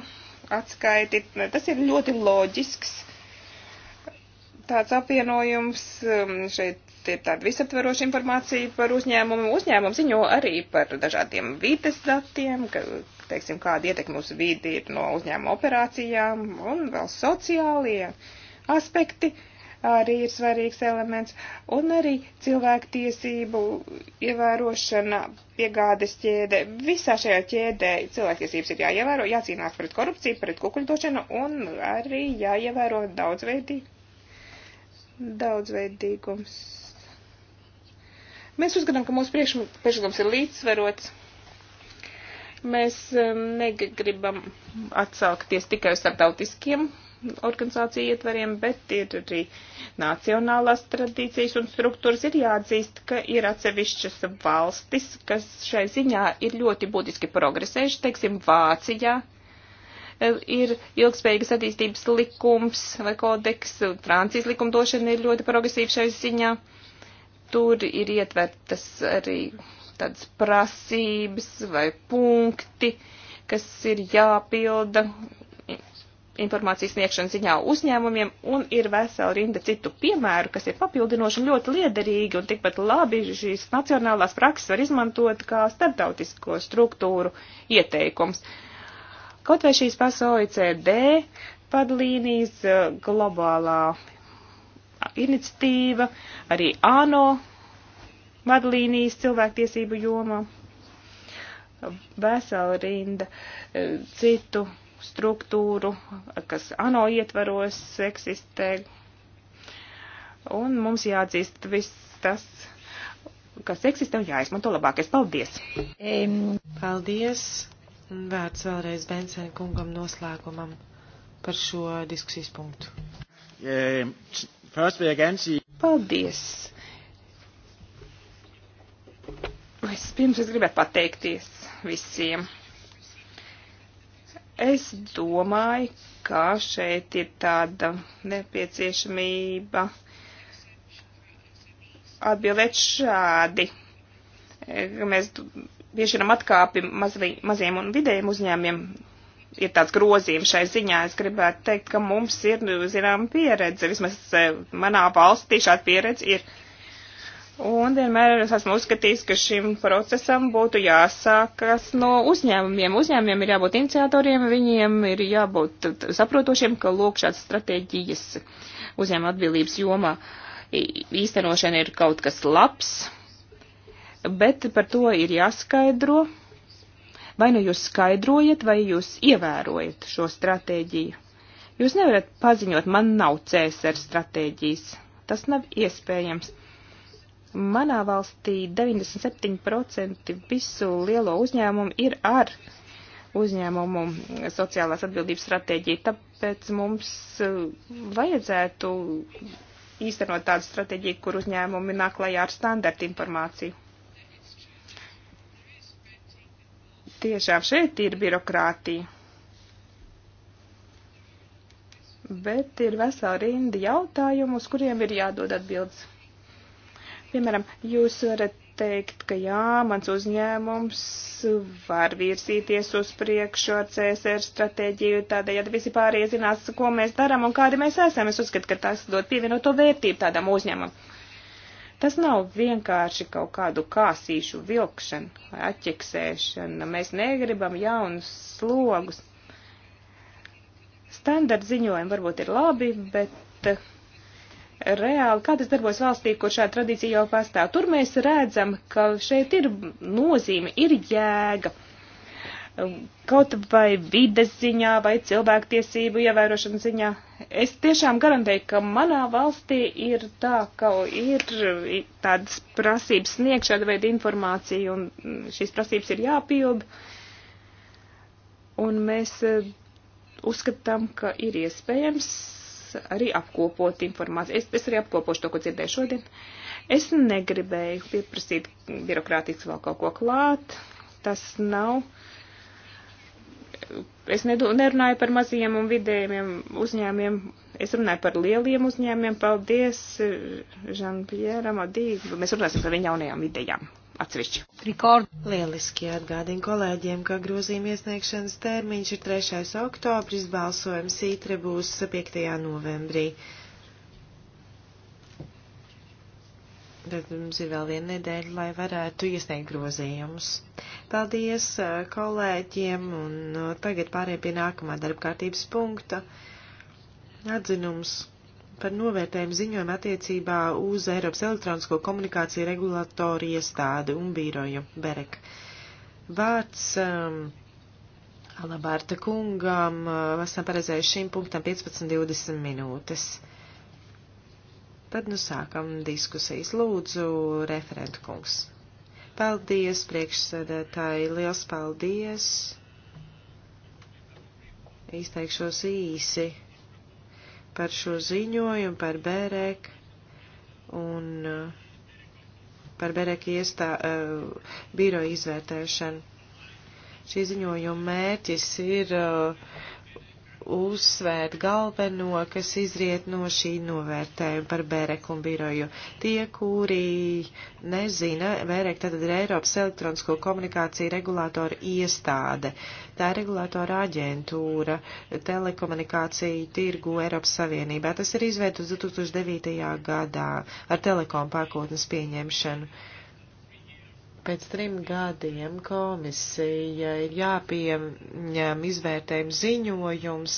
atskaiti, tas ir ļoti loģisks tāds apvienojums. Um, šeit ir tāda visaptveroša informācija par uzņēmumu. Uzņēmumu ziņo arī par dažādiem vides datiem, ka, teiksim, kāda ietekme uz vidi ir no uzņēmuma operācijām un vēl sociālie aspekti. Uh, arī ir svarīgs elements, un arī cilvēktiesību ievērošana piegādes ķēdē. Visā šajā ķēdē cilvēktiesības ir jāievēro, jācīnās pret korupciju, pret kukuļdošanu, un arī jāievēro daudzveidī, daudzveidīgums. Mēs uzskatām, ka mūsu priekšlikums ir līdzsvarots mēs um, negribam atsaukties tikai uz starptautiskiem organizāciju ietvariem, bet ir arī nacionālās tradīcijas un struktūras. Ir jāatzīst, ka ir atsevišķas valstis, kas šai ziņā ir ļoti būtiski progresējuši, teiksim, Vācijā. E, ir ilgspējīgas attīstības likums vai kodeks, Francijas likumdošana ir ļoti progresīva šai ziņā. Tur ir ietvertas arī tādas prasības vai punkti, kas ir jāpilda informācijas sniegšanu ziņā uzņēmumiem, un ir vesela rinda citu piemēru, kas ir papildinoši un ļoti liederīgi, un tikpat labi šīs nacionālās prakses var izmantot kā starptautisko struktūru ieteikums. Kaut vai šīs pats OECD padlīnijas eh, globālā iniciatīva, arī ANO vadlīnijas cilvēktiesību jomā, vesela rinda eh, citu struktūru, kas ANO ietvaros eksistē. Un mums jāatzīst viss tas, kas eksistē un jāizmanto labākais. Paldies! Paldies! Un vērts vēlreiz Bensēna kungam noslēgumam par šo diskusijas punktu. Paldies! Es pirms es gribētu pateikties visiem. Es domāju, ka šeit ir tāda nepieciešamība atbildēt šādi. Mēs piešķiram atkāpi mazli, maziem un vidējiem uzņēmiem. Ir tāds grozījums šai ziņā. Es gribētu teikt, ka mums ir, nu, zinām, pieredze. Vismaz eh, manā valstī šāda pieredze ir. Un vienmēr es esmu uzskatījis, ka šim procesam būtu jāsākas no uzņēmumiem. Uzņēmumiem ir jābūt iniciatoriem, viņiem ir jābūt saprotošiem, ka lūk šāds stratēģijas uzņēmuma atbildības jomā īstenošana ir kaut kas labs, bet par to ir jāskaidro, vai nu jūs skaidrojat, vai jūs ievērojat šo stratēģiju. Jūs nevarat paziņot, man nav cēsar stratēģijas. Tas nav iespējams Manā valstī 97% visu lielo uzņēmumu ir ar uzņēmumu sociālās atbildības stratēģiju, tāpēc mums eh, vajadzētu īstenot tādu stratēģiju, kur uzņēmumi nāk klajā ar standarta informāciju. Tiešām šeit ir birokrātija. Bet ir vesela rinda jautājumu, uz kuriem ir jādod atbildes. Piemēram, jūs varat teikt, ka jā, mans uzņēmums var virzīties uz priekšu ar CSR stratēģiju, tādējādi visi pārējie zinās, ko mēs darām un kādi mēs esam. Es uzskatu, ka tas dod pievienoto vērtību tādam uzņēmumam. Tas nav vienkārši kaut kādu kāsīšu vilkšana vai atķeksēšana. Mēs negribam jaunus slogus. Standarta ziņojumi varbūt ir labi, bet reāli, kā tas darbojas valstī, kur šāda tradīcija jau pastāv. Tur mēs redzam, ka šeit ir nozīme, ir jēga. Um, kaut vai vides ziņā, vai cilvēktiesību ievērošanas ziņā. Es tiešām garantēju, ka manā valstī ir tā, ka ir tādas prasības sniegt šāda veida informāciju, un mm, šīs prasības ir jāpilda. Un mēs eh, uzskatām, ka ir iespējams arī apkopot informāciju. Es, es arī apkopošu to, ko dzirdēju šodien. Es negribēju pieprasīt birokrātiski vēl kaut ko klāt. Tas nav. Es nedu, nerunāju par mazajiem un vidējiem uzņēmiem. Es runāju par lieliem uzņēmiem. Paldies Žanpjeram eh, Adī. Mēs runāsim par viņa jaunajām idejām atsevišķi. Rekord. Lieliski atgādina kolēģiem, ka grozījuma iesniegšanas termiņš ir 3. oktobris, balsojums ītre būs 5. novembrī. Tad mums ir vēl viena nedēļa, lai varētu iesniegt grozījumus. Paldies kolēģiem, un tagad pārējiem pie nākamā darba kārtības punkta. Atzinums par novērtējumu ziņojumu attiecībā uz Eiropas elektronisko komunikāciju regulatoru iestādi un bīroju Berek. Vārds um, Alabārta kungam, uh, esam paredzējuši šim punktam 15-20 minūtes. Tad nu sākam diskusijas. Lūdzu, referentu kungs. Paldies, priekšsēdētāji, liels paldies. Izteikšos īsi par šo ziņojumu, par Bērēku un eh, par Bērēku iestā uh, eh, biro izvērtēšanu. Šī ziņojuma mērķis ir uh, uzsvērt galveno, kas izriet no šī novērtējuma par Bēreku un biroju. Tie, kuri nezina, Bērek tad ir Eiropas elektronisko komunikāciju regulātora iestāde. Tā ir regulātora aģentūra telekomunikāciju tirgu Eiropas Savienībā. Tas ir izveidots 2009. gadā ar telekom pakotnes pieņemšanu pēc trim gadiem komisija ir jāpieņem izvērtējums ziņojums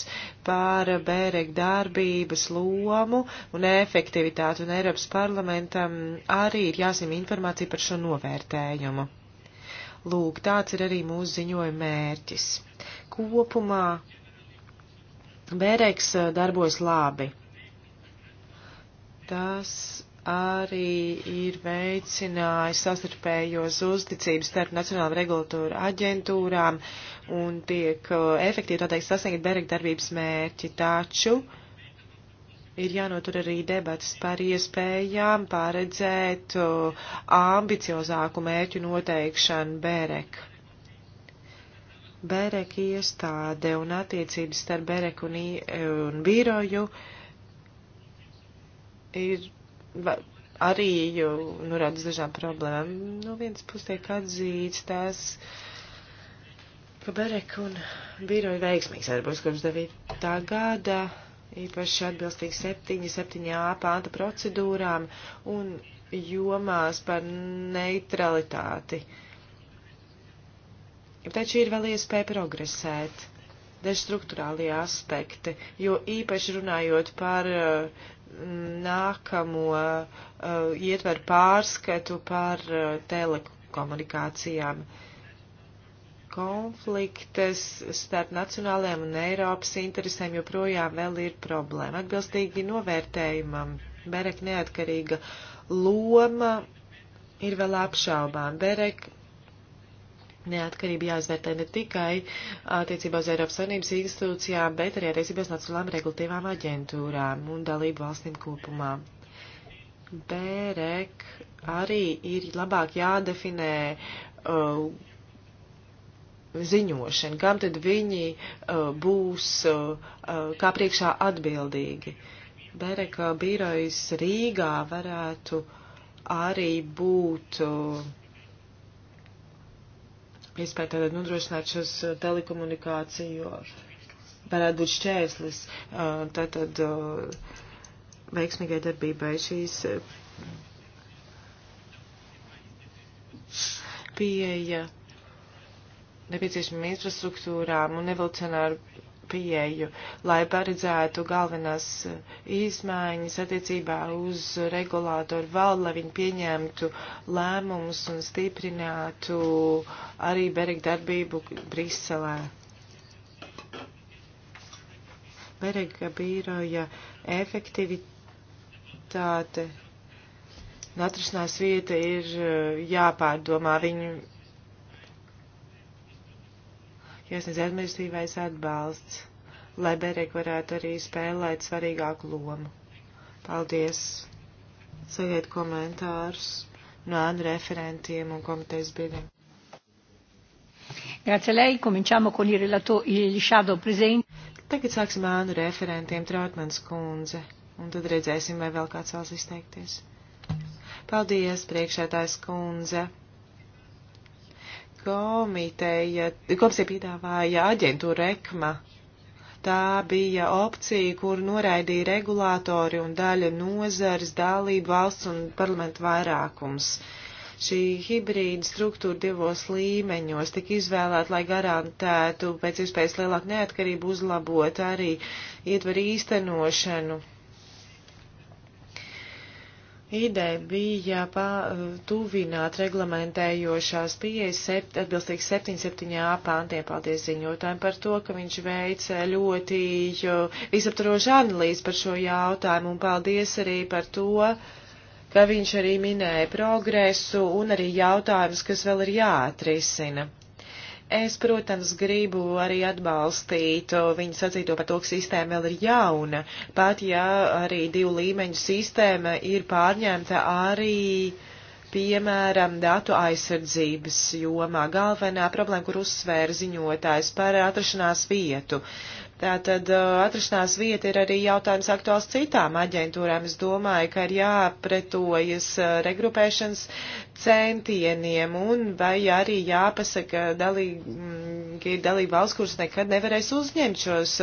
par bērek darbības lomu un efektivitāti, un Eiropas parlamentam arī ir jāsim informācija par šo novērtējumu. Lūk, tāds ir arī mūsu ziņojuma mērķis. Kopumā bēreks darbojas labi. Tas arī ir veicinājis sastarpējos uzticības starp Nacionālām regulatūra aģentūrām un tiek uh, efektīvi, tā teikt, sasniegt bereg darbības mērķi. Taču ir jānotur arī debats par iespējām paredzēt uh, ambiciozāku mērķu noteikšanu bereg. Berek iestāde un attiecības starp Berek un, un biroju ir arī norāda nu, uz dažām problēmām. No vienas puses tiek atzīts tās, ka Bereka un biroja veiksmīgs darbos kopš 9. gada, īpaši atbilstīgi 7, 7a pānta procedūrām un jomās par neutralitāti. Taču ir vēl iespēja progresēt daži struktūrālie aspekti, jo īpaši runājot par uh, nākamo uh, eh, ietver pārskatu par uh, telekomunikācijām. Konfliktes starp nacionālajiem un Eiropas interesēm joprojām vēl ir problēma. Atbilstīgi novērtējumam Berek neatkarīga loma ir vēl apšaubām. Berek Neatkarība jāizvērtē ne tikai attiecībā uz Eiropas Savienības institūcijām, bet arī attiecībā uz nacionālām regulatīvām aģentūrām un dalību valstīm kopumā. Bērek arī ir labāk jādefinē uh, ziņošana, kam tad viņi uh, būs uh, uh kā priekšā atbildīgi. Bereka birojas Rīgā varētu arī būt. Uh, iespēja tātad nodrošināt šos eh, telekomunikāciju, jo varētu būt šķērslis eh, tātad eh, veiksmīgai darbībai šīs pieeja nepieciešamām infrastruktūrām un evolucionāru pieeju, lai paredzētu galvenās eh, izmaiņas attiecībā uz regulātoru valdu, lai viņi pieņemtu lēmumus un stiprinātu arī Berek darbību Briselē. Bereka bīroja efektivitāte un atrašanās vieta ir eh, jāpārdomā viņu jāsniedz administratīvais atbalsts, lai Berek varētu arī spēlēt svarīgāku lomu. Paldies! Sajiet komentārus no referentiem un komitejas biedriem. Grazie a lei, cominciamo con il relato, il shadow present. Tagad sāksim ānu referentiem Trautmans kundze, un tad redzēsim, vai vēl kāds vēlas izteikties. Paldies, priekšētājs kundze komiteja, komisija piedāvāja aģentūru EKMA. Tā bija opcija, kur noraidīja regulātori un daļa nozares dalību valsts un parlamentu vairākums. Šī hibrīda struktūra divos līmeņos tika izvēlēta, lai garantētu pēc iespējas lielāku neatkarību uzlabot arī ietver īstenošanu Ideja bija tuvināt reglamentējošās pieejas sept, atbilstīgi 77a pāntiem. Paldies ziņotājiem par to, ka viņš veic ļoti visaptarošu analīzi par šo jautājumu un paldies arī par to, ka viņš arī minēja progresu un arī jautājumus, kas vēl ir jāatrisina. Es, protams, gribu arī atbalstīt viņu sacīto par to, ka sistēma vēl ir jauna, pat ja arī divu līmeņu sistēma ir pārņemta arī, piemēram, datu aizsardzības jomā. Galvenā problēma, kur uzsvēra ziņotājs par atrašanās vietu. Uh, Tātad atrašanās vieta ir arī jautājums aktuāls citām aģentūrām. Es domāju, ka ir jāpretojas regrupēšanas centieniem un vai arī jāpasaka, dalī, mm, ka ir dalība valsts, kuras nekad nevarēs uzņemt šos,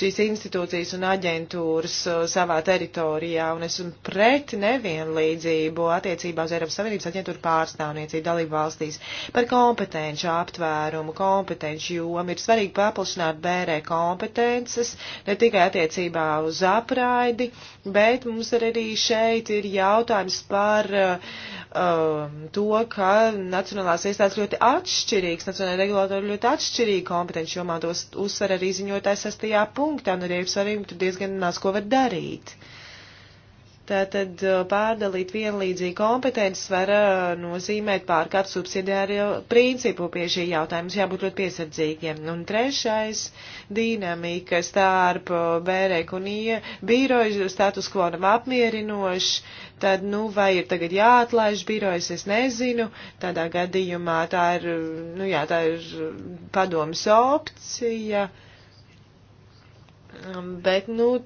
šīs institūcijas un aģentūras savā teritorijā. Un esmu pret nevienlīdzību attiecībā uz Eiropas Savienības aģentūru pārstāvniecību dalību valstīs par kompetenci aptvērumu, kompetenci jomu. Ir svarīgi paplašināt bērē e kompetenci kompetences, ne tikai attiecībā uz apraidi, bet mums arī šeit ir jautājums par uh, um, to, ka nacionālās iestādes ļoti atšķirīgs, nacionālai regulātori ļoti atšķirīgi kompetenci jomā tos uzsver arī ziņotājs sastajā punktā, un arī ir svarīgi, tur diezgan maz ko var darīt. Uh, Tātad uh, pārdalīt vienlīdzīgi kompetences var uh, nozīmēt pārkāpt subsidiārio principu pie šī jautājums, jābūt ļoti piesardzīgiem. Un trešais - dinamika starp uh, Bērēku un Ija biroju status quo nav apmierinošs, tad, nu, vai ir tagad jāatlaiž birojas, es nezinu, tādā gadījumā tā ir, nu jā, tā ir padomas opcija, um, bet, nu,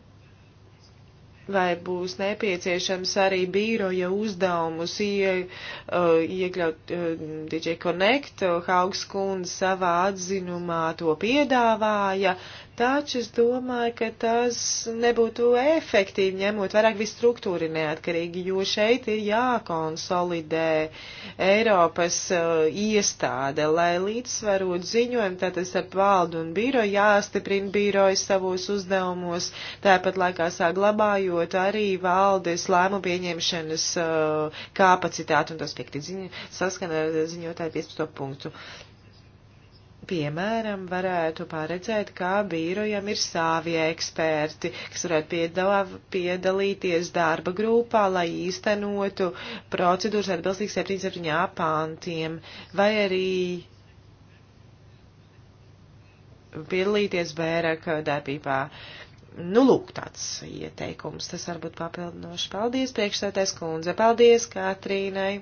vai būs nepieciešams arī bīroja uzdevumus ie, uh, iekļaut uh, DJ Connect, uh, Haugs kundze savā atzinumā to piedāvāja, Taču es domāju, ka tas nebūtu efektīvi ņemot vairāk visu struktūri neatkarīgi, jo šeit ir jākonsolidē Eiropas uh, iestāde, lai līdzsvarot ziņojumu, tātad starp valdu un biroju jāstiprina biroju savos uzdevumos, tāpat laikā saglabājot arī valdes lēmu pieņemšanas uh, kapacitāti, un tas piekti ziņo, saskana ar ziņotāju 15. punktu. Piemēram, varētu paredzēt, kā bīrojam ir sāvi eksperti, kas varētu piedalā, piedalīties darba grupā, lai īstenotu procedūras atbilstīgi 77 pāntiem, vai arī piedalīties bēraka darbībā. Nu, lūk, tāds ieteikums. Tas varbūt papildinoši. Paldies, priekšsētais kundze. Paldies, Katrīnai.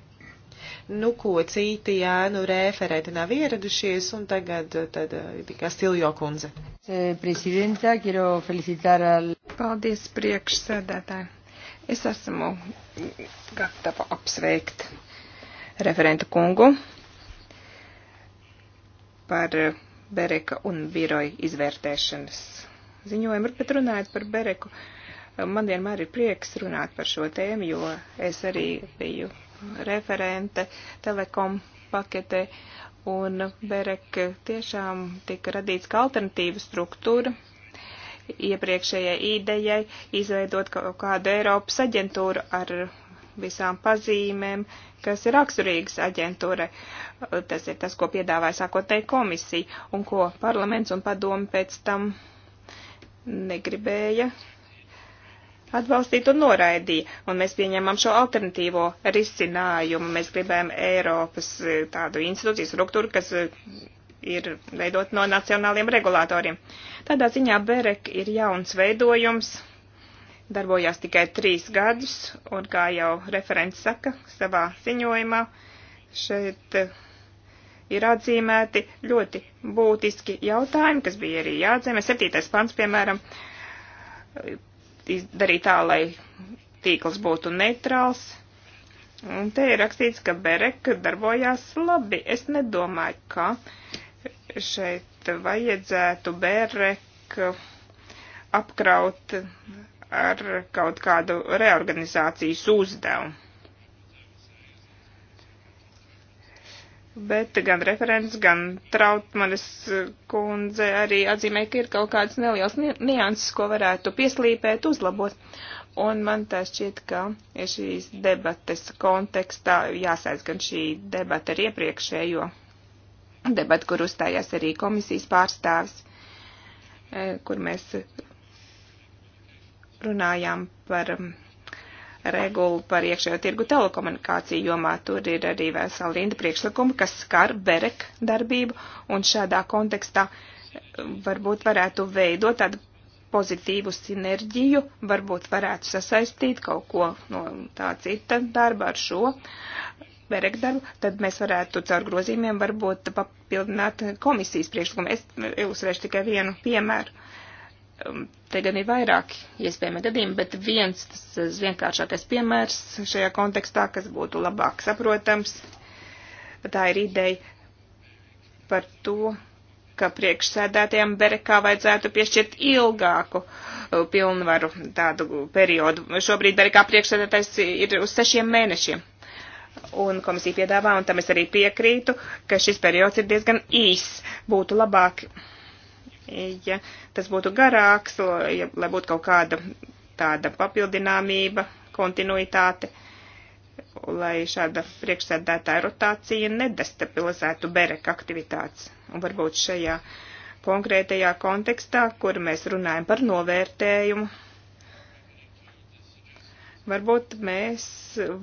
Nu, ko citi ēnu referēti nav ieradušies, un tagad eh, tad eh, tikai Stiljo kundze. Paldies priekšsēdētāji. Es esmu gatava apsveikt referentu kungu par Bereka un biroja izvērtēšanas ziņojumu, bet runājot par Bereku, man vienmēr ir prieks runāt par šo tēmu, jo es arī biju referente telekom paketē, un Berek tiešām tika radīts kā alternatīva struktūra iepriekšējai idejai izveidot kaut kādu Eiropas aģentūru ar visām pazīmēm, kas ir raksturīgas aģentūrai. Tas ir tas, ko piedāvāja sākotnēji komisija un ko parlaments un padomi pēc tam negribēja atbalstīt un noraidīja, un mēs pieņēmām šo alternatīvo risinājumu. Mēs gribējām Eiropas e, tādu institūciju struktūru, kas e, ir veidot no nacionāliem regulātoriem. Tādā ziņā Berek ir jauns veidojums, darbojās tikai trīs gadus, un kā jau referents saka savā ziņojumā, šeit e, ir atzīmēti ļoti būtiski jautājumi, kas bija arī jāatzīmē. Septītais pants, piemēram, darīt tā, lai tīkls būtu neitrāls. Un te ir rakstīts, ka Berek darbojās labi. Es nedomāju, ka šeit vajadzētu Berek apkraut ar kaut kādu reorganizācijas uzdevumu. Bet gan referents, gan Trautmanis eh, kundze arī atzīmē, ka ir kaut kāds neliels nianses, ko varētu pieslīpēt, uzlabot. Un man tā šķiet, ka šīs debates kontekstā jāsēdz gan šī debata ar iepriekšējo debatu, kur uzstājās arī komisijas pārstāvis, eh, kur mēs runājām par mm, regulu par iekšējo tirgu telekomunikāciju jomā. Tur ir arī vesela rinda priekšlikumu, kas skar berek darbību, un šādā kontekstā eh, varbūt varētu veidot tādu pozitīvu sinerģiju, varbūt varētu sasaistīt kaut ko no tā cita darba ar šo berek darbu, tad mēs varētu caur grozījumiem varbūt papildināt komisijas priekšlikumu. Es ilustrēšu tikai vienu piemēru Um, te gan ir vairāki iespējami gadījumi, bet viens tas uh, vienkāršākais piemērs šajā kontekstā, kas būtu labāk saprotams, tā ir ideja par to, ka priekšsēdētajam Berekā vajadzētu piešķirt ilgāku uh, pilnvaru tādu periodu. Šobrīd Berekā priekšsēdētājs ir uz sešiem mēnešiem. Un komisija piedāvā, un tam es arī piekrītu, ka šis periods ir diezgan īs. Būtu labāk ja tas būtu garāks, ja, lai būtu kaut kāda tāda papildināmība, kontinuitāte, lai šāda priekšsēdētāja rotācija nedestabilizētu bereka aktivitātes. Un varbūt šajā konkrētajā kontekstā, kur mēs runājam par novērtējumu, varbūt mēs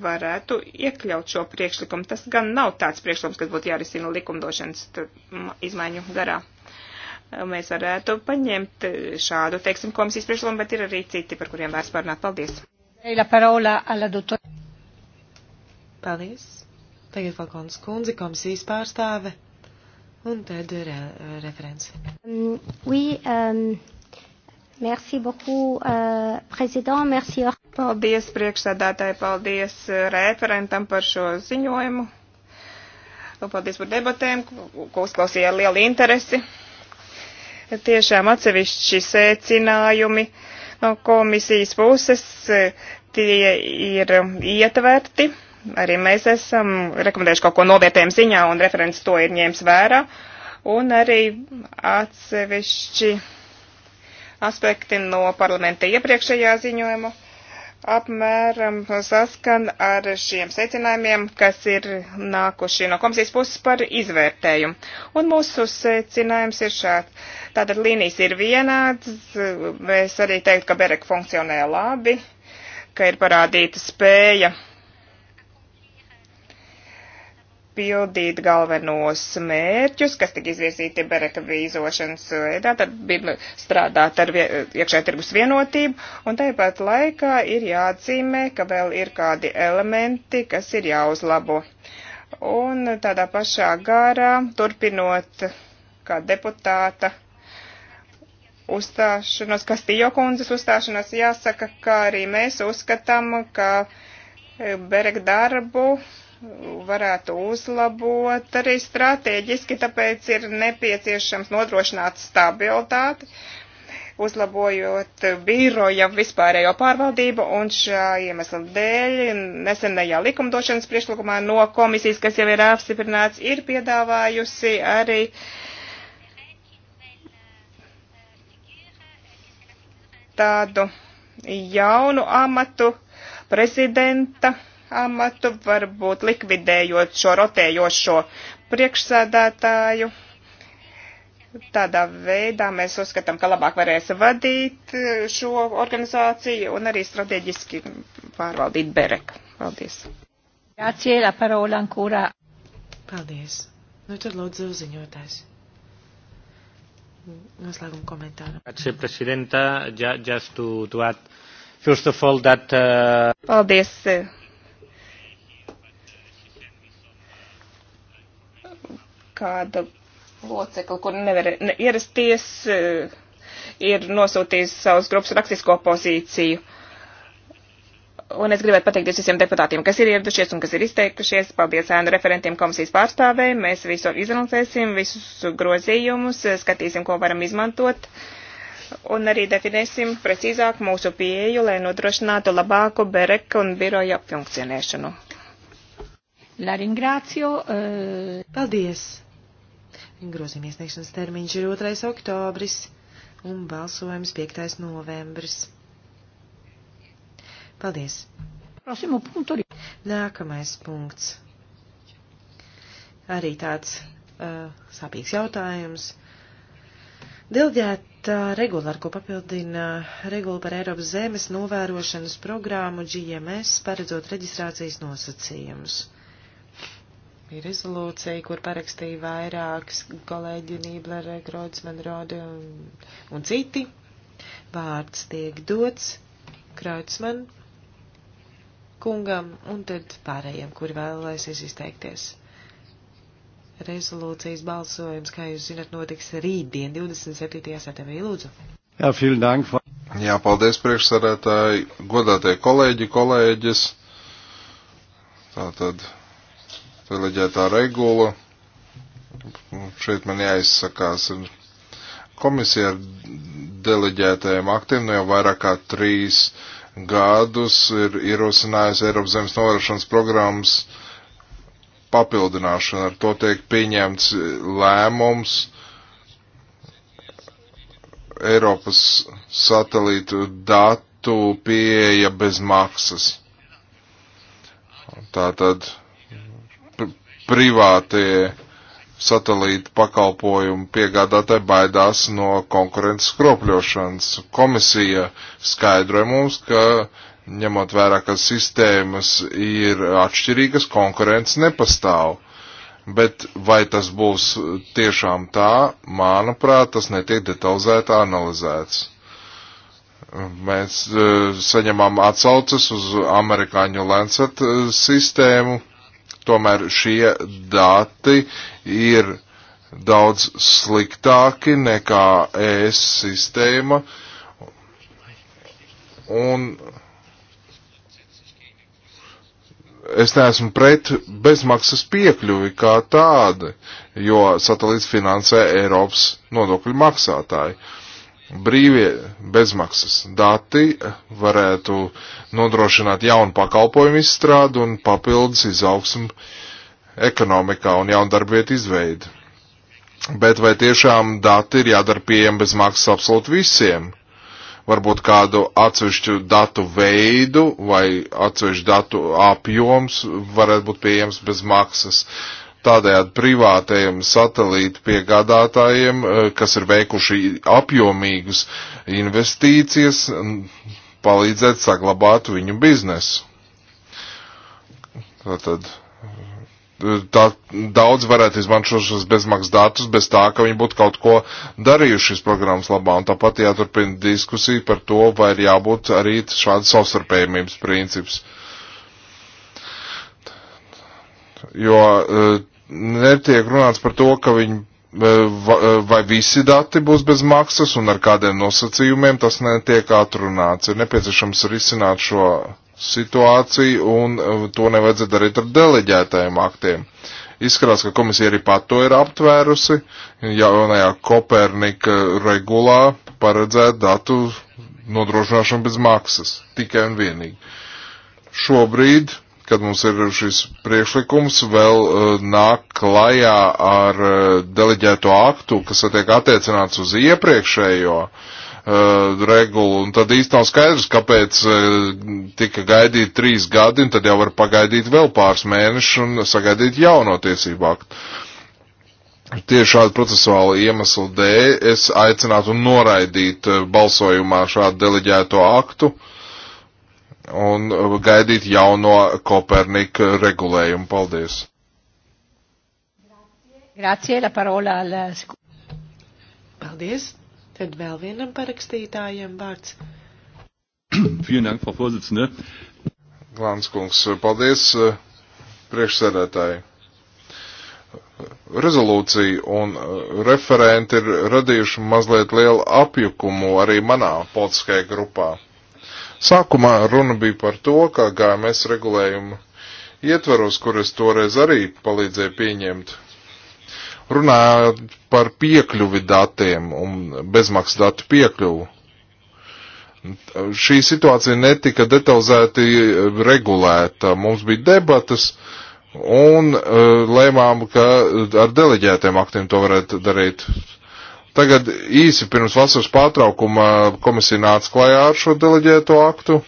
varētu iekļaut šo priekšlikumu. Tas gan nav tāds priekšlikums, kas būtu jārisina likumdošanas izmaiņu garā mēs varētu paņemt šādu, teiksim, komisijas priekšlikumu, bet ir arī citi, par kuriem vērts pārnāt. Paldies! Paldies! Tagad Falkons kundze, komisijas pārstāve, un tad re referenci. Um, oui, um, merci beaucoup, uh, prezident, merci. Paldies priekšsēdētāji, paldies uh, referentam par šo ziņojumu. Paldies par debatēm, ko uzklausīja liela interesi tiešām atsevišķi sēcinājumi no komisijas puses, tie ir ietverti. Arī mēs esam rekomendējuši kaut ko novērtējumu ziņā, un referents to ir ņēmis vērā. Un arī atsevišķi aspekti no parlamenta iepriekšējā ziņojuma. Uh, apmēram saskan ar šiem secinājumiem, kas ir nākuši no komisijas puses par izvērtējumu. Un mūsu secinājums ir šāds. Tātad līnijas ir vienādas, mēs arī teikt, ka Berek funkcionē labi, ka ir parādīta spēja pildīt galvenos mērķus, kas tika izvirzīti Bereka vīzošanas veidā, tad bija strādāt ar iekšē tirgus vienotību, un tāpat laikā ir jāatzīmē, ka vēl ir kādi elementi, kas ir jāuzlabo. Un tādā pašā garā, turpinot kā deputāta uzstāšanos, Kastījo kundzes uzstāšanos, jāsaka, ka arī mēs uzskatām, ka Bereka darbu varētu uzlabot arī strateģiski, tāpēc ir nepieciešams nodrošināt stabilitāti, uzlabojot biroja vispārējo pārvaldību, un šā iemesla dēļ nesenajā likumdošanas priekšlikumā no komisijas, kas jau ir apstiprināts, ir piedāvājusi arī tādu jaunu amatu prezidenta amatu, varbūt likvidējot šo rotējošo priekšsēdētāju. Tādā veidā mēs uzskatām, ka labāk varēs vadīt šo organizāciju un arī strateģiski pārvaldīt Bereka. Paldies. Grazie, la parola ancora. Paldies. Nu tad lūdzu ziņotājs. Noslēguma komentāru. Grazie, prezidenta. Just to, to add, first of all, that. Uh... Paldies kāda locekla, kur nevar ne, ierasties, eh, ir nosūtījis savus grupas rakstisko pozīciju. Un es gribētu pateikties visiem deputātiem, kas ir ieradušies un kas ir izteikušies. Paldies ēnu referentiem komisijas pārstāvēm. Mēs visu izanalizēsim, visus grozījumus, skatīsim, ko varam izmantot. Un arī definēsim precīzāk mūsu pieeju, lai nodrošinātu labāku bereka un biroja funkcionēšanu. La ringrazio. Uh... Paldies! Grozījuma iesniegšanas termiņš ir 2. oktobris un balsojums 5. novembris. Paldies! Nākamais punkts. Arī tāds uh, sāpīgs jautājums. Dilģēta regula, ar ko papildina regula par Eiropas zemes novērošanas programmu GMS, paredzot reģistrācijas nosacījumus. Uh, bija rezolūcija, kur parakstīja vairākas kolēģi Nīblere, Kreutzmann, Rode un, un citi. Vārds tiek dots Kreutzmann kungam un tad pārējiem, kuri vēlēsies izteikties. Rezolūcijas balsojums, kā jūs zinat, notiks rītdien, 27. septembrī. Lūdzu. Jā, dank. Jā, paldies priekšsarētāji, godātie kolēģi, kolēģis. Tātad Deleģētā regula. Šeit man jāizsakās komisija ar deleģētajiem aktiem no nu jau vairāk kā trīs gadus ir ierosinājusi Eiropas zemes novērošanas programmas papildināšanu. Ar to tiek pieņemts lēmums Eiropas satelītu datu pieeja bez maksas. Tātad privātie satelīta pakalpojumu piegādātāji baidās no konkurences skropļošanas. Komisija skaidroja mums, ka ņemot vērā, ka sistēmas ir atšķirīgas, konkurence nepastāv. Bet vai tas būs tiešām tā, manuprāt, tas netiek detalizēti analizēts. Mēs e, saņemam atsauces uz amerikāņu Lancet eh, sistēmu, Tomēr šie dati ir daudz sliktāki nekā ES sistēma. Un es neesmu pret bezmaksas piekļuvi kā tādi, jo satelīts finansē Eiropas nodokļu maksātāji. Uh, Brīvie bezmaksas dati varētu nodrošināt jaunu pakalpojumu izstrādu un papildus izaugsmu ekonomikā un jaunu darbvietu izveidi. Bet vai tiešām dati ir jādara pieejami bez maksas absolūti visiem? varbūt kādu atsevišķu datu veidu vai atsevišķu datu apjoms varētu būt pieejams bez maksas tādējādi privātajiem satelītu piegādātājiem, eh, kas ir veikuši apjomīgas investīcijas, palīdzēt saglabāt viņu biznesu. Tātad eh, tā, daudz varētu izmantot šos bezmaksas datus bez tā, ka viņi būtu kaut ko darījuši šīs programmas labā. Un tāpat jāturpina diskusija par to, vai ir jābūt arī šāds savstarpējumības princips. Jo eh, netiek runāts par to, ka viņi e, e, vai visi dati būs bez maksas un ar kādiem nosacījumiem, tas netiek atrunāts. Ir nepieciešams risināt šo situāciju un e, to nevajadzētu darīt ar deleģētajiem aktiem. Izskatās, ka komisija arī pat to ir aptvērusi. Jaunajā Kopernika regulā paredzēt datu nodrošināšanu bez maksas. Tikai un vienīgi. Šobrīd kad mums ir šis priekšlikums, vēl uh, nāk klajā ar uh, deleģēto aktu, kas tiek attiecināts uz iepriekšējo uh, regulu, un tad īsti nav skaidrs, kāpēc tika gaidīt trīs gadi, un tad jau var pagaidīt vēl pāris mēnešus un sagaidīt jauno tiesību aktu. Tieši šādu procesuālu iemeslu dēļ es aicinātu noraidīt balsojumā šādu deleģēto aktu. Uh, un uh, gaidīt jauno Kopernika regulējumu. Paldies! Grazie, la parola al... Paldies! Tad vēl vienam parakstītājam vārds. Vielen Dank, Frau Vorsitzende. Glānskungs, paldies uh, priekšsēdētāji. Rezolūcija un uh, referenti ir radījuši mazliet lielu apjukumu arī manā politiskajā grupā Sākumā runa bija par to, kā GMS regulējumu ietvaros, kur es toreiz arī palīdzēju pieņemt. Runājot par piekļuvi datiem un bezmaksas datu piekļuvu. Šī situācija netika detalizēti regulēta. Mums bija debatas, un uh, lēmām, ka ar deleģētiem aktiem to varētu darīt. Tagad īsi pirms vasaras pārtraukuma komisija nāca klajā ar šo deleģēto aktu,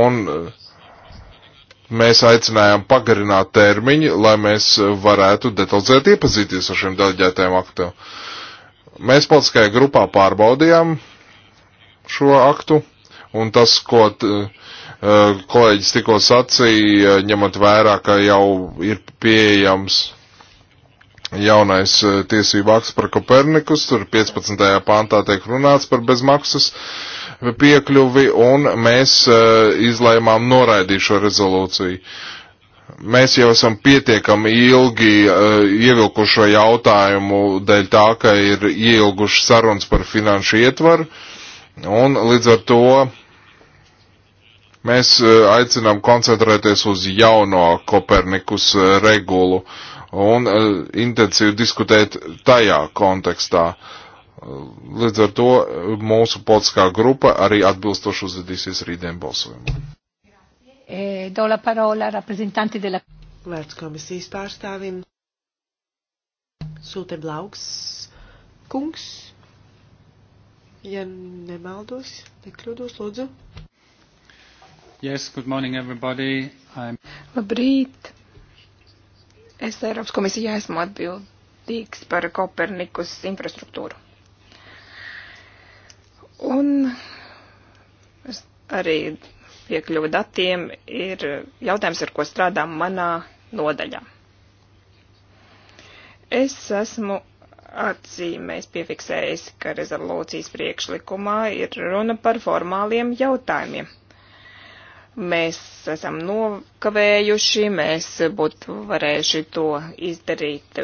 un eh, mēs aicinājām pagarināt termiņu, lai mēs varētu detalizēt iepazīties ar šiem deleģētajiem aktiem. Mēs politiskajā grupā pārbaudījām šo aktu, un tas, ko eh, kolēģis tikko sacīja, ņemot vērā, ka jau ir pieejams jaunais eh, tiesību akts par Kopernikus, tur 15. pāntā tiek runāts par bezmaksas piekļuvi, un mēs eh, izlēmām noraidīt šo rezolūciju. Mēs jau esam pietiekami ilgi eh, ievilkušo jautājumu dēļ tā, ka ir ieilguši sarunas par finanšu ietvaru, un līdz ar to mēs aicinām koncentrēties uz jauno Kopernikus regulu. Uh, un uh, intensīvi diskutēt tajā kontekstā. E, līdz ar to e, mūsu politiskā grupa arī atbilstoši uzvedīsies rītdien balsojumā. Vērts komisijas pārstāvim Sūte Blauks kungs, ja nemaldos, nekļūdos, lūdzu. Yes, good morning everybody. I'm... Labrīt. Es Eiropas komisijā esmu atbildīgs par Kopernikus infrastruktūru. Un arī piekļuva datiem ir jautājums, ar ko strādā manā nodaļā. Es esmu atzīmēs piefiksējis, ka rezolūcijas priekšlikumā ir runa par formāliem jautājumiem mēs esam nokavējuši, mēs būtu varējuši to izdarīt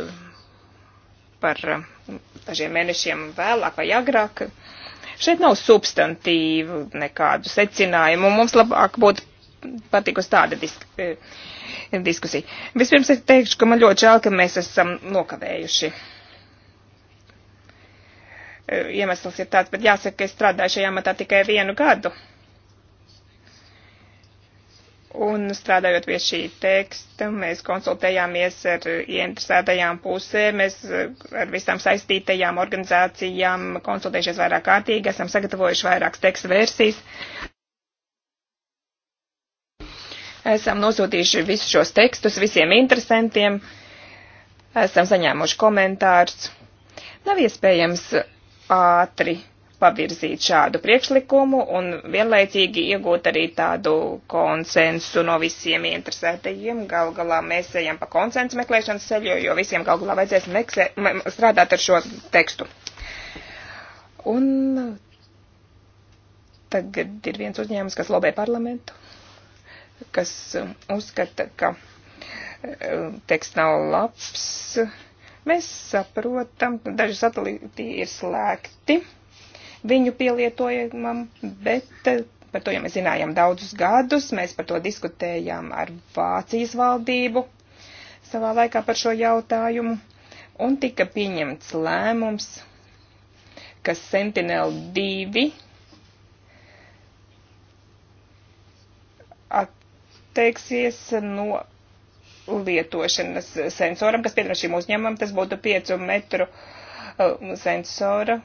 par dažiem mēnešiem vēlāk vai agrāk. Šeit nav substantīvu nekādu secinājumu, mums labāk būtu patīkus tāda disk, eh, diskusija. Vispirms es teikšu, ka man ļoti žēl, ka mēs esam nokavējuši eh, iemesls ir tāds, bet jāsaka, ka es strādāju šajā matā tikai vienu gadu. Un strādājot pie šī teksta, mēs konsultējāmies ar ieinteresētajām pusēm, mēs ar visām saistītajām organizācijām konsultējušies vairāk kārtīgi, esam sagatavojuši vairākas teksta versijas. Esam nosūtījuši visus šos tekstus visiem interesantiem, esam saņēmuši komentārus. Nav iespējams ātri pavirzīt šādu priekšlikumu un vienlaicīgi iegūt arī tādu konsensu no visiem interesētajiem. Gal galā mēs ejam pa konsensu meklēšanas ceļu, jo visiem gal galā vajadzēs meksē, strādāt ar šo tekstu. Un tagad ir viens uzņēmums, kas lobē parlamentu, kas uzskata, ka e, teksts nav labs. Mēs saprotam, daži satelīti ir slēgti viņu pielietojumam, bet eh, par to jau mēs zinājām daudzus gadus, mēs par to diskutējām ar Vācijas valdību savā laikā par šo jautājumu, un tika pieņemts lēmums, ka Sentinel 2 atteiksies no lietošanas sensoram, kas pieder šim uzņēmumam, tas būtu 5 metru uh, Um, sensora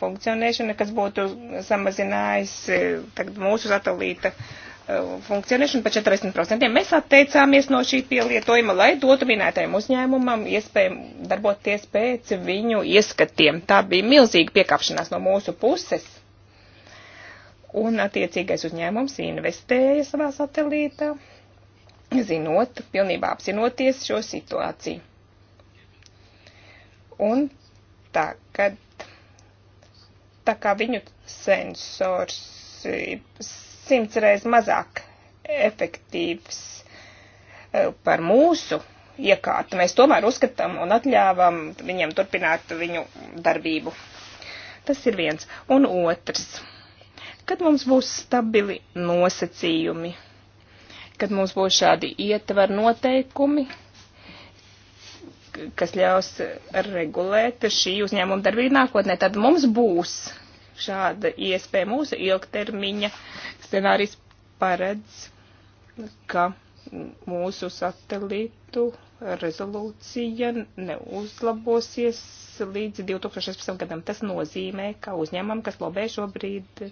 funkcionēšana, kas būtu samazinājis e, tagad mūsu satelīta e, funkcionēšanu par 40%. Mēs atteicāmies no šī pielietojuma, lai dotu minētajam uzņēmumam iespēju darboties pēc viņu ieskatiem. Tā bija milzīga piekāpšanās no mūsu puses. Un attiecīgais uzņēmums investēja savā satelītā, zinot, pilnībā apzinoties šo situāciju. Un Tagad, tā kā viņu sensors ir simts reizes mazāk efektīvs eh, par mūsu iekārtu, mēs tomēr uzskatām un atļāvām viņiem turpināt viņu darbību. Tas ir viens. Un otrs. Kad mums būs stabili nosacījumi, kad mums būs šādi ietver noteikumi, kas ļaus regulēt šī uzņēmuma darbību nākotnē, tad mums būs šāda iespēja. Mūsu ilgtermiņa scenārijs paredz, ka mūsu satelītu rezolūcija neuzlabosies līdz 2016. gadam. Tas nozīmē, ka uzņēmumam, kas lobē šobrīd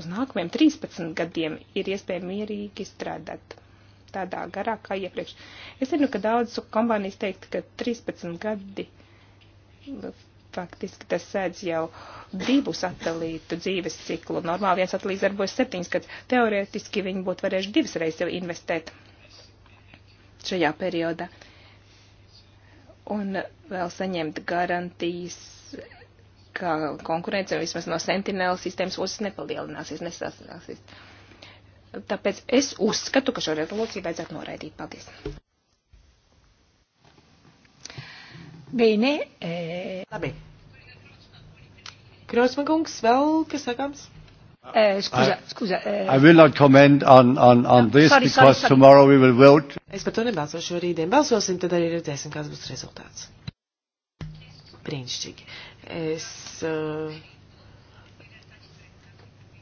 uz nākamajiem 13 gadiem, ir iespēja mierīgi strādāt tādā garā kā iepriekš. Es zinu, ka daudz kompānijas teikt, ka 13 gadi nu, faktiski tas sēdz jau divu satelītu dzīves ciklu. Normāli viens satelīts darbojas septiņas gadus. Teorētiski viņi būtu varējuši divas reizes jau investēt šajā periodā. Un vēl saņemt garantijas, ka konkurence vismaz no Sentinel sistēmas puses nepalielināsies, nesasināsies. Uh, Tāpēc es uzskatu, ka šo rezolūciju vajadzētu noraidīt. Paldies. Bīnē. E... Labi. Krosmakungs, vēl kas sakāms? Uh, scusa, I, scusa. Uh, I will not comment on, on, on no, this sorry, because sorry, tomorrow we will vote. Es par to nebalsošu rītdien. Balsosim, tad arī redzēsim, kāds būs rezultāts. Brīnišķīgi. Es uh,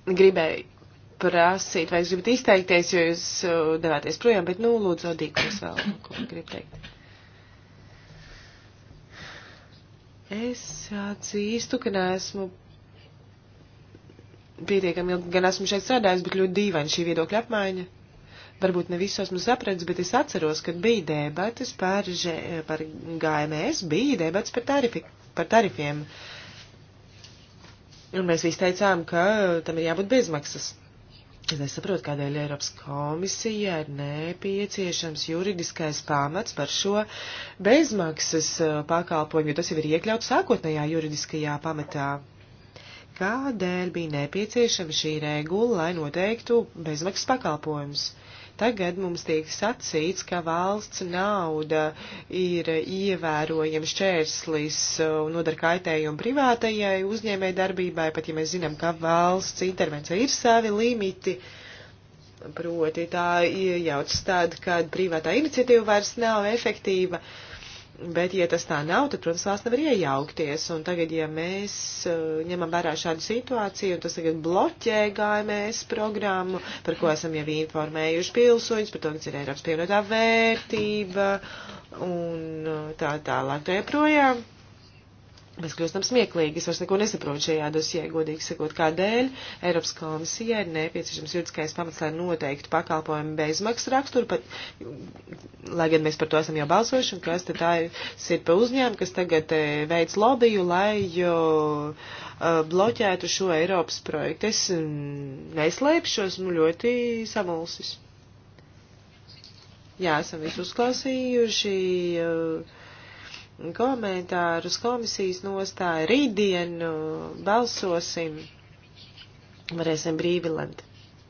gribēju prasīt, vai jūs gribat izteikties, jo jūs uh, devāties projām, bet, nu, lūdzu, Odīkums vēl, ko grib teikt. Es atzīstu, ka neesmu pietiekami ilgi, gan esmu šeit strādājis, bet ļoti dīvaini šī viedokļa apmaiņa. Varbūt ne visu esmu sapratis, bet es atceros, kad bija debatas par, par GMS, bija debatas par, tarifi, par tarifiem. Un mēs visi teicām, ka tam ir jābūt bezmaksas. Es nesaprotu, kādēļ Eiropas komisija ir nepieciešams juridiskais pamats par šo bezmaksas uh, pakalpojumu, jo tas jau ir iekļauts sākotnējā juridiskajā pamatā. Kādēļ bija nepieciešama šī regula, lai noteiktu bezmaksas pakalpojumus? Uh, Tagad mums tiek sacīts, ka valsts nauda ir ievērojams čērslis un nodara kaitējumu privātajai uzņēmēji darbībai, pat ja mēs zinām, ka valsts intervencija ir savi limiti. Proti tā iejauc tad, kad privātā iniciatīva vairs nav efektīva. Uh, Bet, ja tas tā nav, tad, protams, valsts nevar iejaukties. Un tagad, ja mēs uh, ņemam vērā šādu situāciju, un tas tagad bloķē GMS programmu, par ko esam jau informējuši pilsoņus, par to, kas ir Eiropas pievienotā vērtība, un eh, tā tālāk, tā joprojām. Tā Mēs kļūstam smieklīgi, es vairs neko nesaprotu šajā dosijā, godīgi sakot, kādēļ Eiropas komisijai ir nepieciešams juridiskais pamats, lai noteiktu pakalpojumu bezmaksas raksturu, pat, lai gan mēs par to esam jau balsojuši, un kas tad tā ir pa uzņēmumu, kas tagad e, veids lobiju, lai jo, e, bloķētu šo Eiropas projektu. Es mm, neslēpšos, nu ļoti samulsis. Jā, esam visu uzklausījuši. E, komentārus komisijas nostāja. Rītdien nu, balsosim, varēsim brīvi lemt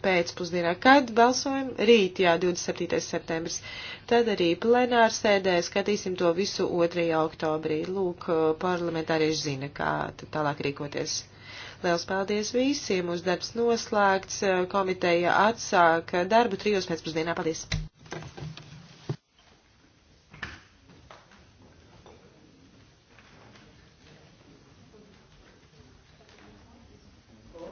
pēcpusdienā, kad balsojam rīt, jā, 27. septembris. Tad arī plenāra sēdē skatīsim to visu 2. oktobrī. Lūk, parlamentārieši zina, kā tālāk rīkoties. Liels paldies visiem, mūsu darbs noslēgts, komiteja atsāk darbu trijos pēcpusdienā. Paldies!